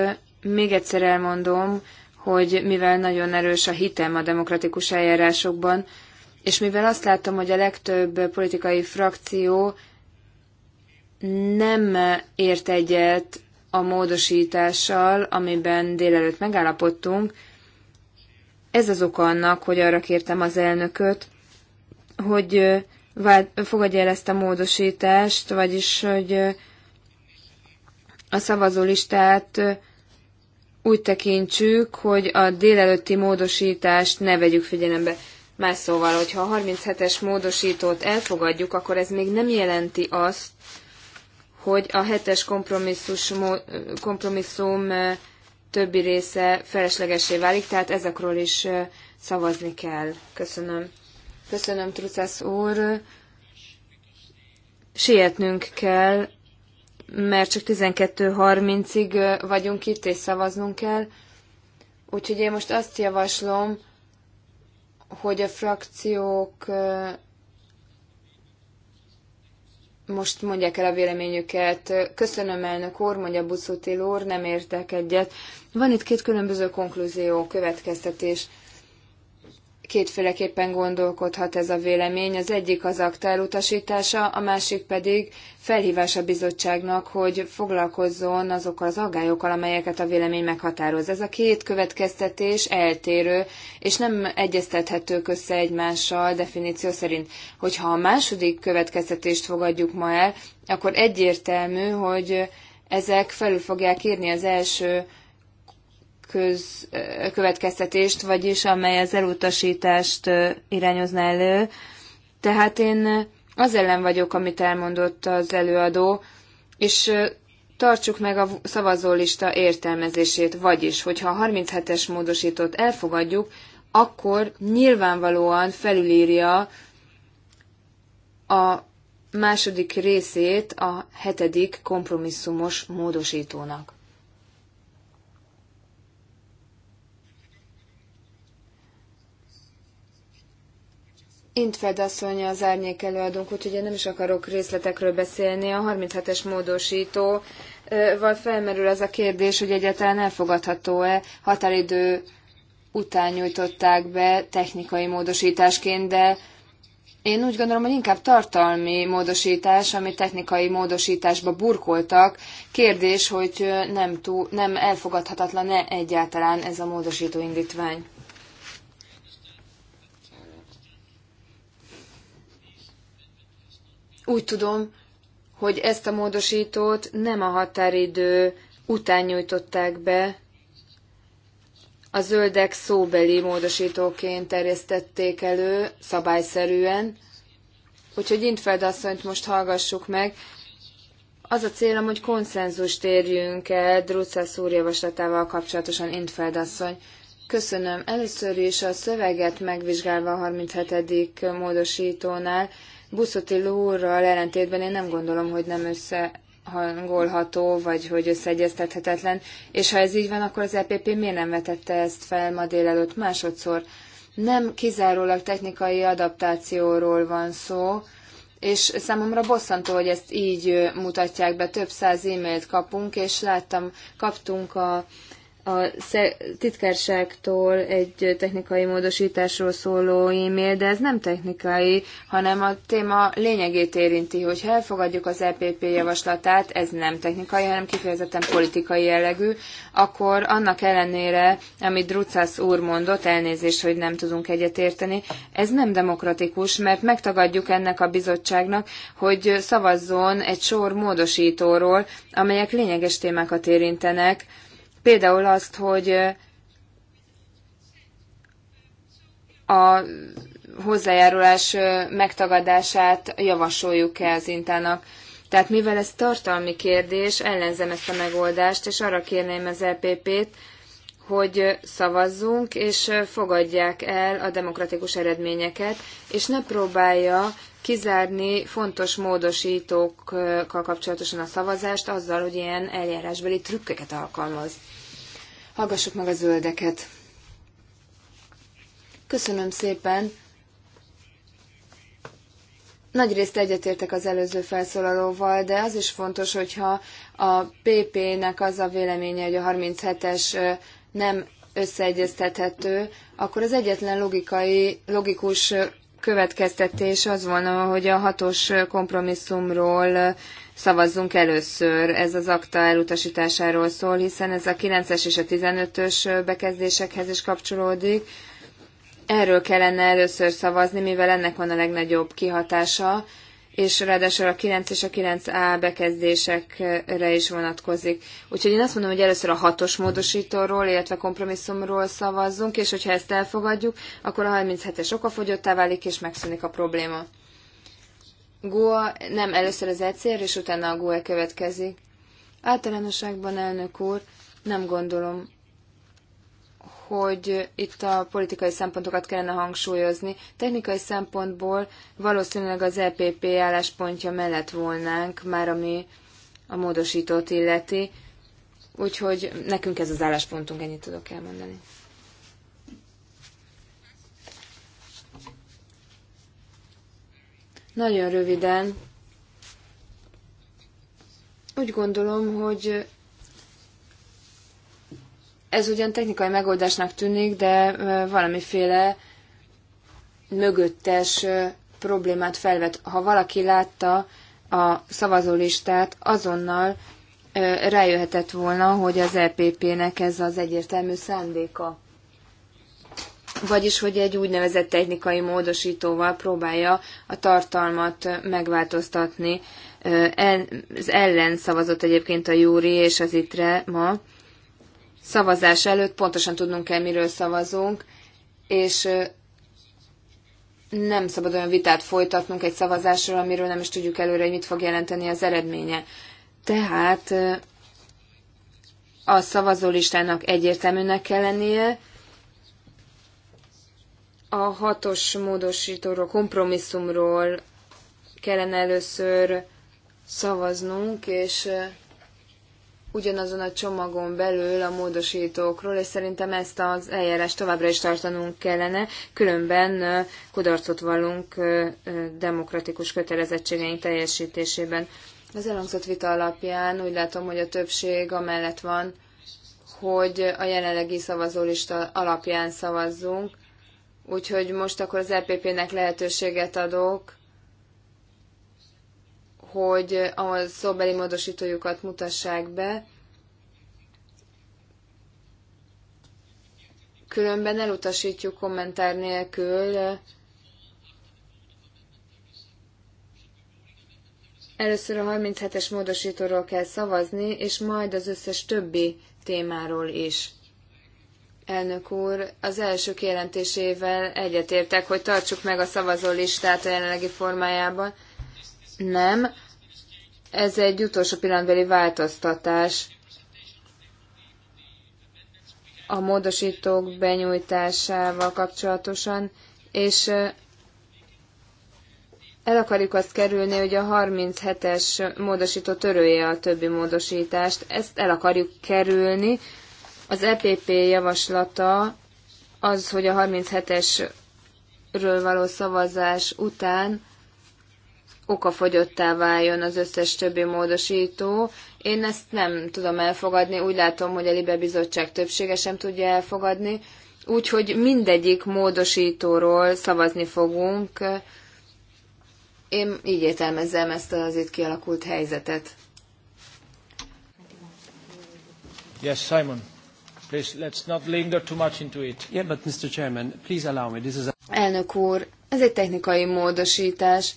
még egyszer elmondom, hogy mivel nagyon erős a hitem a demokratikus eljárásokban, és mivel azt látom, hogy a legtöbb politikai frakció nem ért egyet a módosítással, amiben délelőtt megállapodtunk, ez az oka annak, hogy arra kértem az elnököt, hogy fogadja el ezt a módosítást, vagyis, hogy a szavazólistát úgy tekintsük, hogy a délelőtti módosítást ne vegyük figyelembe. Más szóval, hogyha a 37-es módosítót elfogadjuk, akkor ez még nem jelenti azt, hogy a hetes kompromisszum többi része feleslegesé válik, tehát ezekről is szavazni kell. Köszönöm. Köszönöm, Trucász úr. Sietnünk kell, mert csak 12.30-ig vagyunk itt, és szavaznunk kell. Úgyhogy én most azt javaslom, hogy a frakciók most mondják el a véleményüket. Köszönöm, elnök úr, mondja Buszutil úr, nem értek egyet. Van itt két különböző konklúzió, következtetés kétféleképpen gondolkodhat ez a vélemény. Az egyik az akta elutasítása, a másik pedig felhívás a bizottságnak, hogy foglalkozzon azokkal az aggályokkal, amelyeket a vélemény meghatároz. Ez a két következtetés eltérő, és nem egyeztethetők össze egymással definíció szerint. Hogyha a második következtetést fogadjuk ma el, akkor egyértelmű, hogy ezek felül fogják írni az első köz, következtetést, vagyis amely az elutasítást irányozna elő. Tehát én az ellen vagyok, amit elmondott az előadó, és tartsuk meg a szavazólista értelmezését, vagyis, hogyha a 37-es módosítót elfogadjuk, akkor nyilvánvalóan felülírja a második részét a hetedik kompromisszumos módosítónak. Intfeld asszony az árnyék előadónk, úgyhogy én nem is akarok részletekről beszélni. A 37-es módosító val felmerül az a kérdés, hogy egyáltalán elfogadható-e határidő után nyújtották be technikai módosításként, de én úgy gondolom, hogy inkább tartalmi módosítás, ami technikai módosításba burkoltak. Kérdés, hogy nem, túl, nem elfogadhatatlan-e egyáltalán ez a módosító indítvány. Úgy tudom, hogy ezt a módosítót nem a határidő után nyújtották be, a zöldek szóbeli módosítóként terjesztették elő szabályszerűen, úgyhogy Intfeld asszonyt most hallgassuk meg. Az a célom, hogy konszenzust érjünk el Drucász úr javaslatával kapcsolatosan Intfeld asszony. Köszönöm. Először is a szöveget megvizsgálva a 37. módosítónál Buszotil úrral ellentétben én nem gondolom, hogy nem összehangolható, vagy hogy összeegyeztethetetlen, és ha ez így van, akkor az EPP miért nem vetette ezt fel ma délelőtt másodszor? Nem kizárólag technikai adaptációról van szó, és számomra bosszantó, hogy ezt így mutatják be. Több száz e-mailt kapunk, és láttam, kaptunk a a titkárságtól egy technikai módosításról szóló e-mail, de ez nem technikai, hanem a téma lényegét érinti, hogy ha elfogadjuk az EPP javaslatát, ez nem technikai, hanem kifejezetten politikai jellegű, akkor annak ellenére, amit Drucász úr mondott, elnézést, hogy nem tudunk egyetérteni, ez nem demokratikus, mert megtagadjuk ennek a bizottságnak, hogy szavazzon egy sor módosítóról, amelyek lényeges témákat érintenek, Például azt, hogy a hozzájárulás megtagadását javasoljuk el az intának. Tehát mivel ez tartalmi kérdés, ellenzem ezt a megoldást, és arra kérném az LPP-t, e hogy szavazzunk, és fogadják el a demokratikus eredményeket, és ne próbálja kizárni fontos módosítókkal kapcsolatosan a szavazást azzal, hogy ilyen eljárásbeli trükköket alkalmaz. Hallgassuk meg a zöldeket. Köszönöm szépen. Nagyrészt egyetértek az előző felszólalóval, de az is fontos, hogyha a PP-nek az a véleménye, hogy a 37-es nem összeegyeztethető, akkor az egyetlen logikai, logikus következtetés az volna, hogy a hatos kompromisszumról szavazzunk először. Ez az akta elutasításáról szól, hiszen ez a 9-es és a 15-ös bekezdésekhez is kapcsolódik. Erről kellene először szavazni, mivel ennek van a legnagyobb kihatása, és ráadásul a 9 és a 9A bekezdésekre is vonatkozik. Úgyhogy én azt mondom, hogy először a hatos módosítóról, illetve kompromisszumról szavazzunk, és hogyha ezt elfogadjuk, akkor a 37-es okafogyottá válik, és megszűnik a probléma. GUA, nem először az egyszer, és utána a gua következik. Általánosságban, elnök úr, nem gondolom, hogy itt a politikai szempontokat kellene hangsúlyozni. Technikai szempontból valószínűleg az EPP álláspontja mellett volnánk, már ami a módosítót illeti. Úgyhogy nekünk ez az álláspontunk, ennyit tudok elmondani. Nagyon röviden. Úgy gondolom, hogy ez ugyan technikai megoldásnak tűnik, de valamiféle mögöttes problémát felvet. Ha valaki látta a szavazólistát, azonnal rájöhetett volna, hogy az EPP-nek ez az egyértelmű szándéka vagyis hogy egy úgynevezett technikai módosítóval próbálja a tartalmat megváltoztatni. Ez ellen szavazott egyébként a Júri és az ITRE ma. Szavazás előtt pontosan tudnunk kell, miről szavazunk, és nem szabad olyan vitát folytatnunk egy szavazásról, amiről nem is tudjuk előre, hogy mit fog jelenteni az eredménye. Tehát a szavazólistának egyértelműnek kell lennie, a hatos módosítóról, kompromisszumról kellene először szavaznunk, és ugyanazon a csomagon belül a módosítókról, és szerintem ezt az eljárás továbbra is tartanunk kellene, különben kudarcot vallunk demokratikus kötelezettségeink teljesítésében. Az elhangzott vita alapján úgy látom, hogy a többség amellett van, hogy a jelenlegi szavazólista alapján szavazzunk, Úgyhogy most akkor az EPP-nek lehetőséget adok, hogy a szóbeli módosítójukat mutassák be. Különben elutasítjuk kommentár nélkül. Először a 37-es módosítóról kell szavazni, és majd az összes többi témáról is. Elnök úr, az első kijelentésével egyetértek, hogy tartsuk meg a szavazó listát a jelenlegi formájában. Nem, ez egy utolsó pillanatbeli változtatás. A módosítók benyújtásával kapcsolatosan, és el akarjuk azt kerülni, hogy a 37-es módosító törölje a többi módosítást. Ezt el akarjuk kerülni, az EPP javaslata az, hogy a 37-esről való szavazás után okafogyottá váljon az összes többi módosító. Én ezt nem tudom elfogadni, úgy látom, hogy a Libe Bizottság többsége sem tudja elfogadni, úgyhogy mindegyik módosítóról szavazni fogunk. Én így értelmezem ezt az itt kialakult helyzetet. Yes, Simon. Please, let's not linger too much into it. Yeah, but Mr. Chairman, please allow me. This is a... Elnök úr, ez egy technikai módosítás.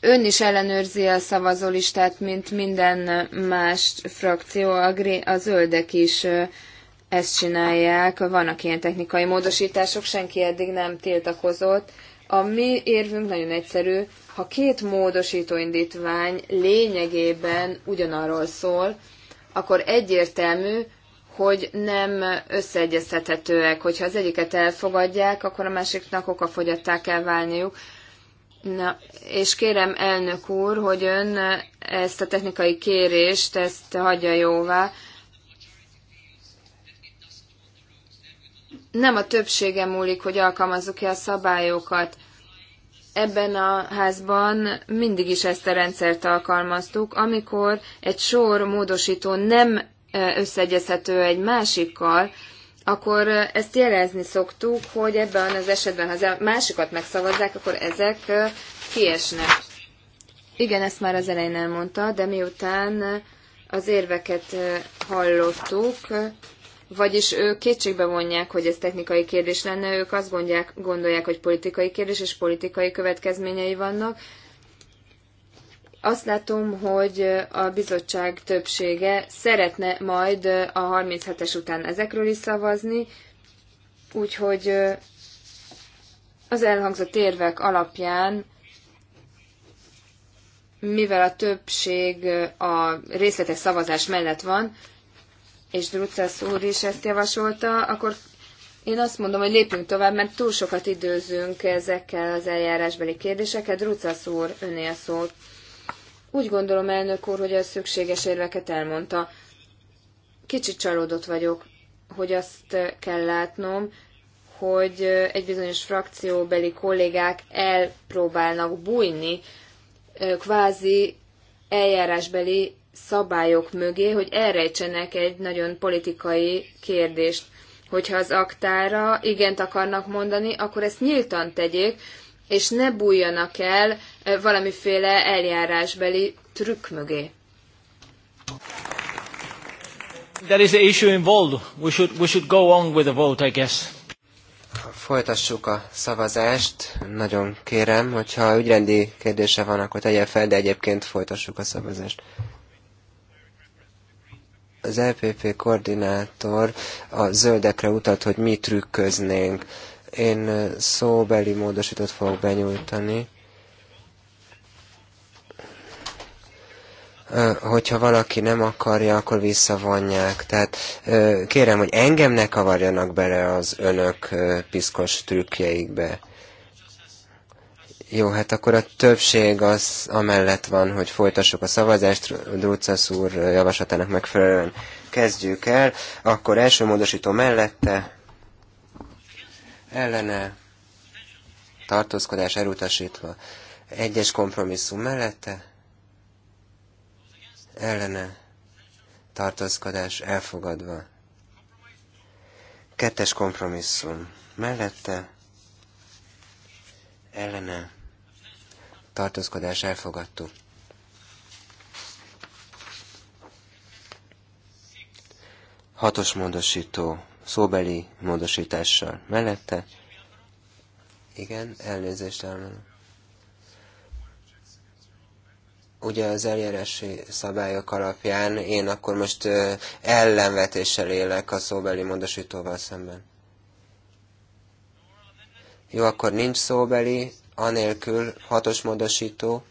Ön is ellenőrzi a szavazólistát, mint minden más frakció, a, gré, a zöldek is ezt csinálják. Vannak ilyen technikai módosítások, senki eddig nem tiltakozott. A mi érvünk nagyon egyszerű, ha két módosítóindítvány indítvány lényegében ugyanarról szól, akkor egyértelmű, hogy nem összeegyeztethetőek. Hogyha az egyiket elfogadják, akkor a másiknak okafogyattá kell válniuk. Na, és kérem elnök úr, hogy ön ezt a technikai kérést, ezt hagyja jóvá. Nem a többsége múlik, hogy alkalmazzuk-e a szabályokat. Ebben a házban mindig is ezt a rendszert alkalmaztuk, amikor egy sor módosító nem összeegyezhető egy másikkal, akkor ezt jelezni szoktuk, hogy ebben az esetben, ha az másikat megszavazzák, akkor ezek kiesnek. Igen, ezt már az elején elmondta, de miután az érveket hallottuk, vagyis ők kétségbe vonják, hogy ez technikai kérdés lenne, ők azt gondolják, gondolják, hogy politikai kérdés és politikai következményei vannak, azt látom, hogy a bizottság többsége szeretne majd a 37-es után ezekről is szavazni, úgyhogy az elhangzott érvek alapján, mivel a többség a részletes szavazás mellett van, és Drucász úr is ezt javasolta, akkor én azt mondom, hogy lépjünk tovább, mert túl sokat időzünk ezekkel az eljárásbeli kérdésekkel. Drucász úr, öné a szót. Úgy gondolom, elnök úr, hogy a szükséges érveket elmondta. Kicsit csalódott vagyok, hogy azt kell látnom, hogy egy bizonyos frakcióbeli kollégák elpróbálnak bújni kvázi eljárásbeli szabályok mögé, hogy elrejtsenek egy nagyon politikai kérdést. Hogyha az aktára igent akarnak mondani, akkor ezt nyíltan tegyék, és ne bújjanak el valamiféle eljárásbeli trükk mögé. That is the issue involved. We should, we should go on with the vote, I guess. Folytassuk a szavazást. Nagyon kérem, hogyha ügyrendi kérdése van, akkor tegye fel, de egyébként folytassuk a szavazást az LPP e koordinátor a zöldekre utat, hogy mi trükköznénk. Én szóbeli módosítót fogok benyújtani. hogyha valaki nem akarja, akkor visszavonják. Tehát kérem, hogy engem ne kavarjanak bele az önök piszkos trükkjeikbe. Jó, hát akkor a többség az amellett van, hogy folytassuk a szavazást Drucas úr javaslatának megfelelően. Kezdjük el, akkor első módosító mellette, ellene tartózkodás elutasítva. Egyes kompromisszum mellette ellene tartózkodás elfogadva. Kettes kompromisszum mellette ellene tartózkodás elfogadtuk. Hatos módosító szóbeli módosítással. Mellette? Igen, elnézést elmondom. Ugye az eljárási szabályok alapján én akkor most ellenvetéssel élek a szóbeli módosítóval szemben. Jó, akkor nincs szóbeli, anélkül hatos módosító.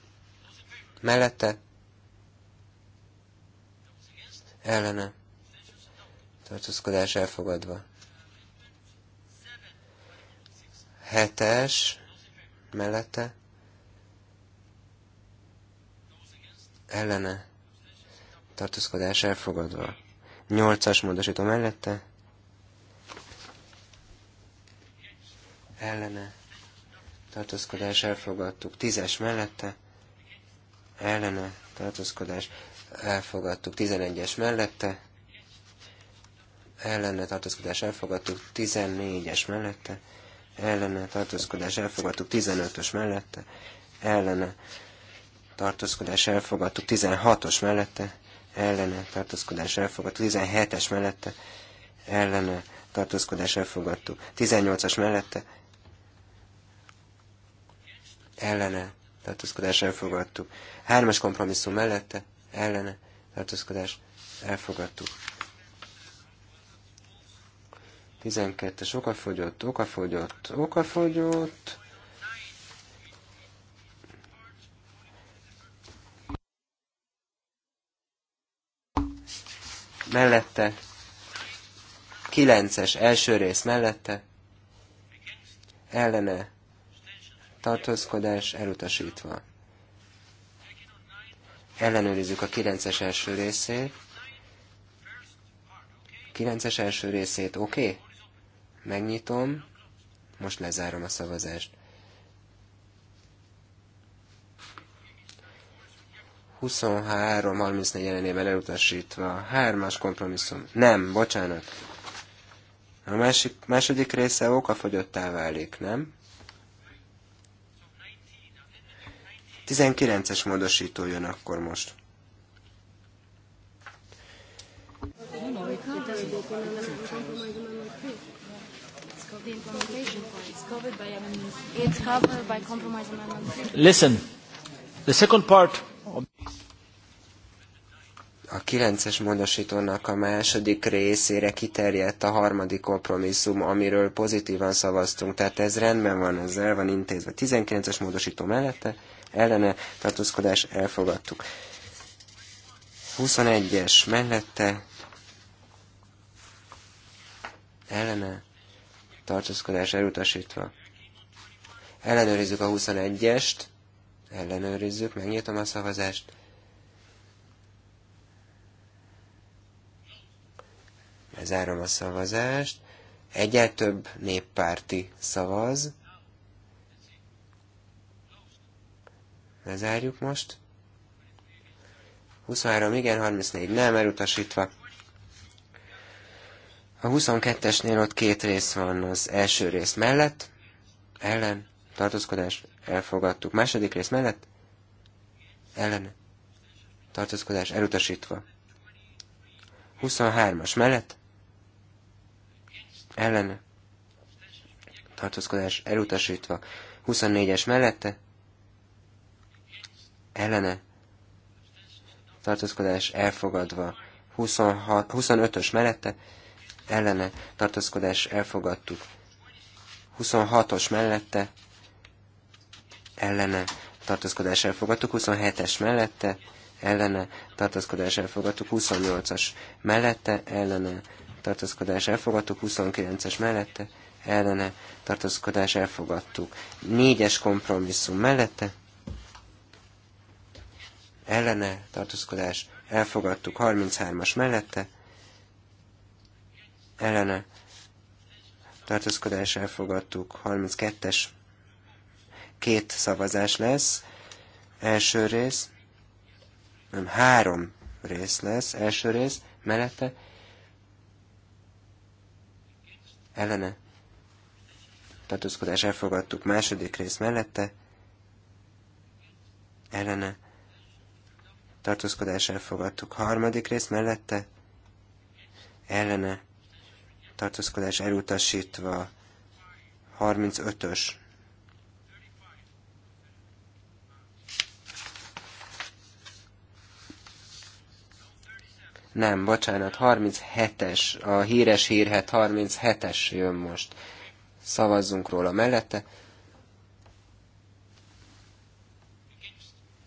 Mellette? Ellene tartózkodás elfogadva. Hetes mellette ellene tartózkodás elfogadva. Nyolcas módosító mellette ellene tartózkodás elfogadtuk. Tízes mellette ellene tartózkodás elfogadtuk. Tizenegyes mellette ellene tartózkodás elfogadtuk 14-es mellette, ellene tartózkodás elfogadtuk 15-ös mellette, ellene tartózkodás elfogadtuk 16-os mellette, ellene tartózkodás elfogadtuk 17-es mellette, ellene tartózkodás elfogadtuk 18-as mellette, ellene tartózkodás elfogadtuk 3-as kompromisszum mellette, ellene tartózkodás elfogadtuk 12-es okafogyott, okafogyott, okafogyott. Mellette. 9-es első rész mellette. Ellene. Tartózkodás elutasítva. Ellenőrizzük a 9-es első részét. 9-es első részét, oké? Okay? Megnyitom, most lezárom a szavazást. 23-34 jelenében elutasítva. Hármas kompromisszum. Nem, bocsánat. A másik, második része okafogyottá válik, nem? 19-es módosító jön akkor most the implementation part. It's covered by It's covered by compromise Listen, the second part. A kilences módosítónak a második részére kiterjedt a harmadik kompromisszum, amiről pozitívan szavaztunk. Tehát ez rendben van, ez el van intézve. 19-es módosító mellette ellene tartózkodás elfogadtuk. 21-es mellette ellene tartózkodás elutasítva. Ellenőrizzük a 21-est, ellenőrizzük, megnyitom a szavazást. Lezárom a szavazást. Egyel több néppárti szavaz. Lezárjuk most. 23 igen, 34 nem, elutasítva. A 22-esnél ott két rész van az első rész mellett, ellen, tartózkodás, elfogadtuk. Második rész mellett, ellen, tartózkodás, elutasítva. 23-as mellett, ellen, tartózkodás, elutasítva. 24-es mellette, ellene, tartózkodás, elfogadva. 26, 25-ös mellette, ellene tartózkodás elfogadtuk. 26-os mellette ellene tartózkodás elfogadtuk, 27-es mellette ellene tartózkodás elfogadtuk, 28-as mellette ellene tartózkodás elfogadtuk, 29-es mellette ellene tartózkodás elfogadtuk. 4-es kompromisszum mellette ellene tartózkodás elfogadtuk, 33-as mellette ellene tartózkodás elfogadtuk. 32-es két szavazás lesz. Első rész, nem, három rész lesz. Első rész, mellette ellene tartózkodás elfogadtuk. Második rész mellette ellene tartózkodás elfogadtuk. Harmadik rész mellette ellene tartózkodás elutasítva. 35-ös. Nem, bocsánat, 37-es, a híres hírhet 37-es jön most. Szavazzunk róla mellette.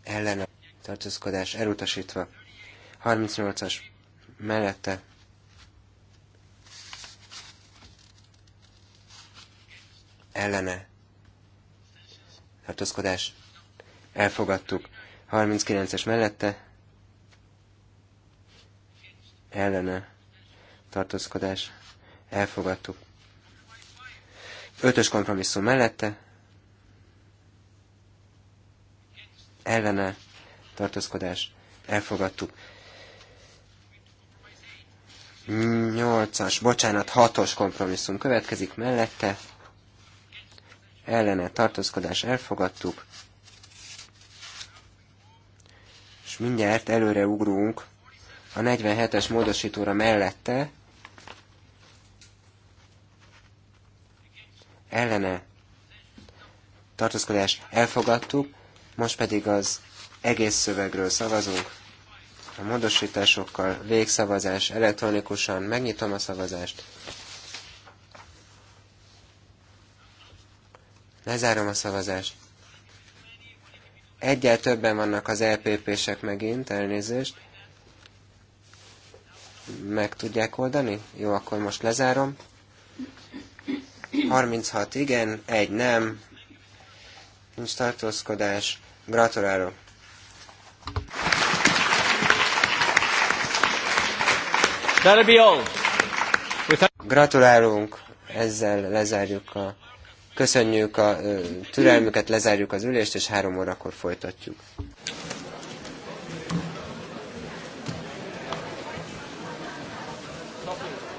Ellene tartózkodás elutasítva. 38-as mellette ellene tartózkodás elfogadtuk. 39-es mellette ellene tartózkodás elfogadtuk. 5-ös kompromisszum mellette ellene tartózkodás elfogadtuk. 8-as, bocsánat, 6-os kompromisszum következik mellette ellene tartózkodás elfogadtuk, és mindjárt előre ugrunk a 47-es módosítóra mellette, ellene tartózkodás elfogadtuk, most pedig az egész szövegről szavazunk. A módosításokkal végszavazás elektronikusan megnyitom a szavazást. Lezárom a szavazást. Egyel többen vannak az LPP-sek e megint, elnézést. Meg tudják oldani? Jó, akkor most lezárom. 36 igen, egy nem. Nincs tartózkodás. Gratulálok! Gratulálunk, ezzel lezárjuk a Köszönjük a türelmüket, lezárjuk az ülést, és három órakor folytatjuk.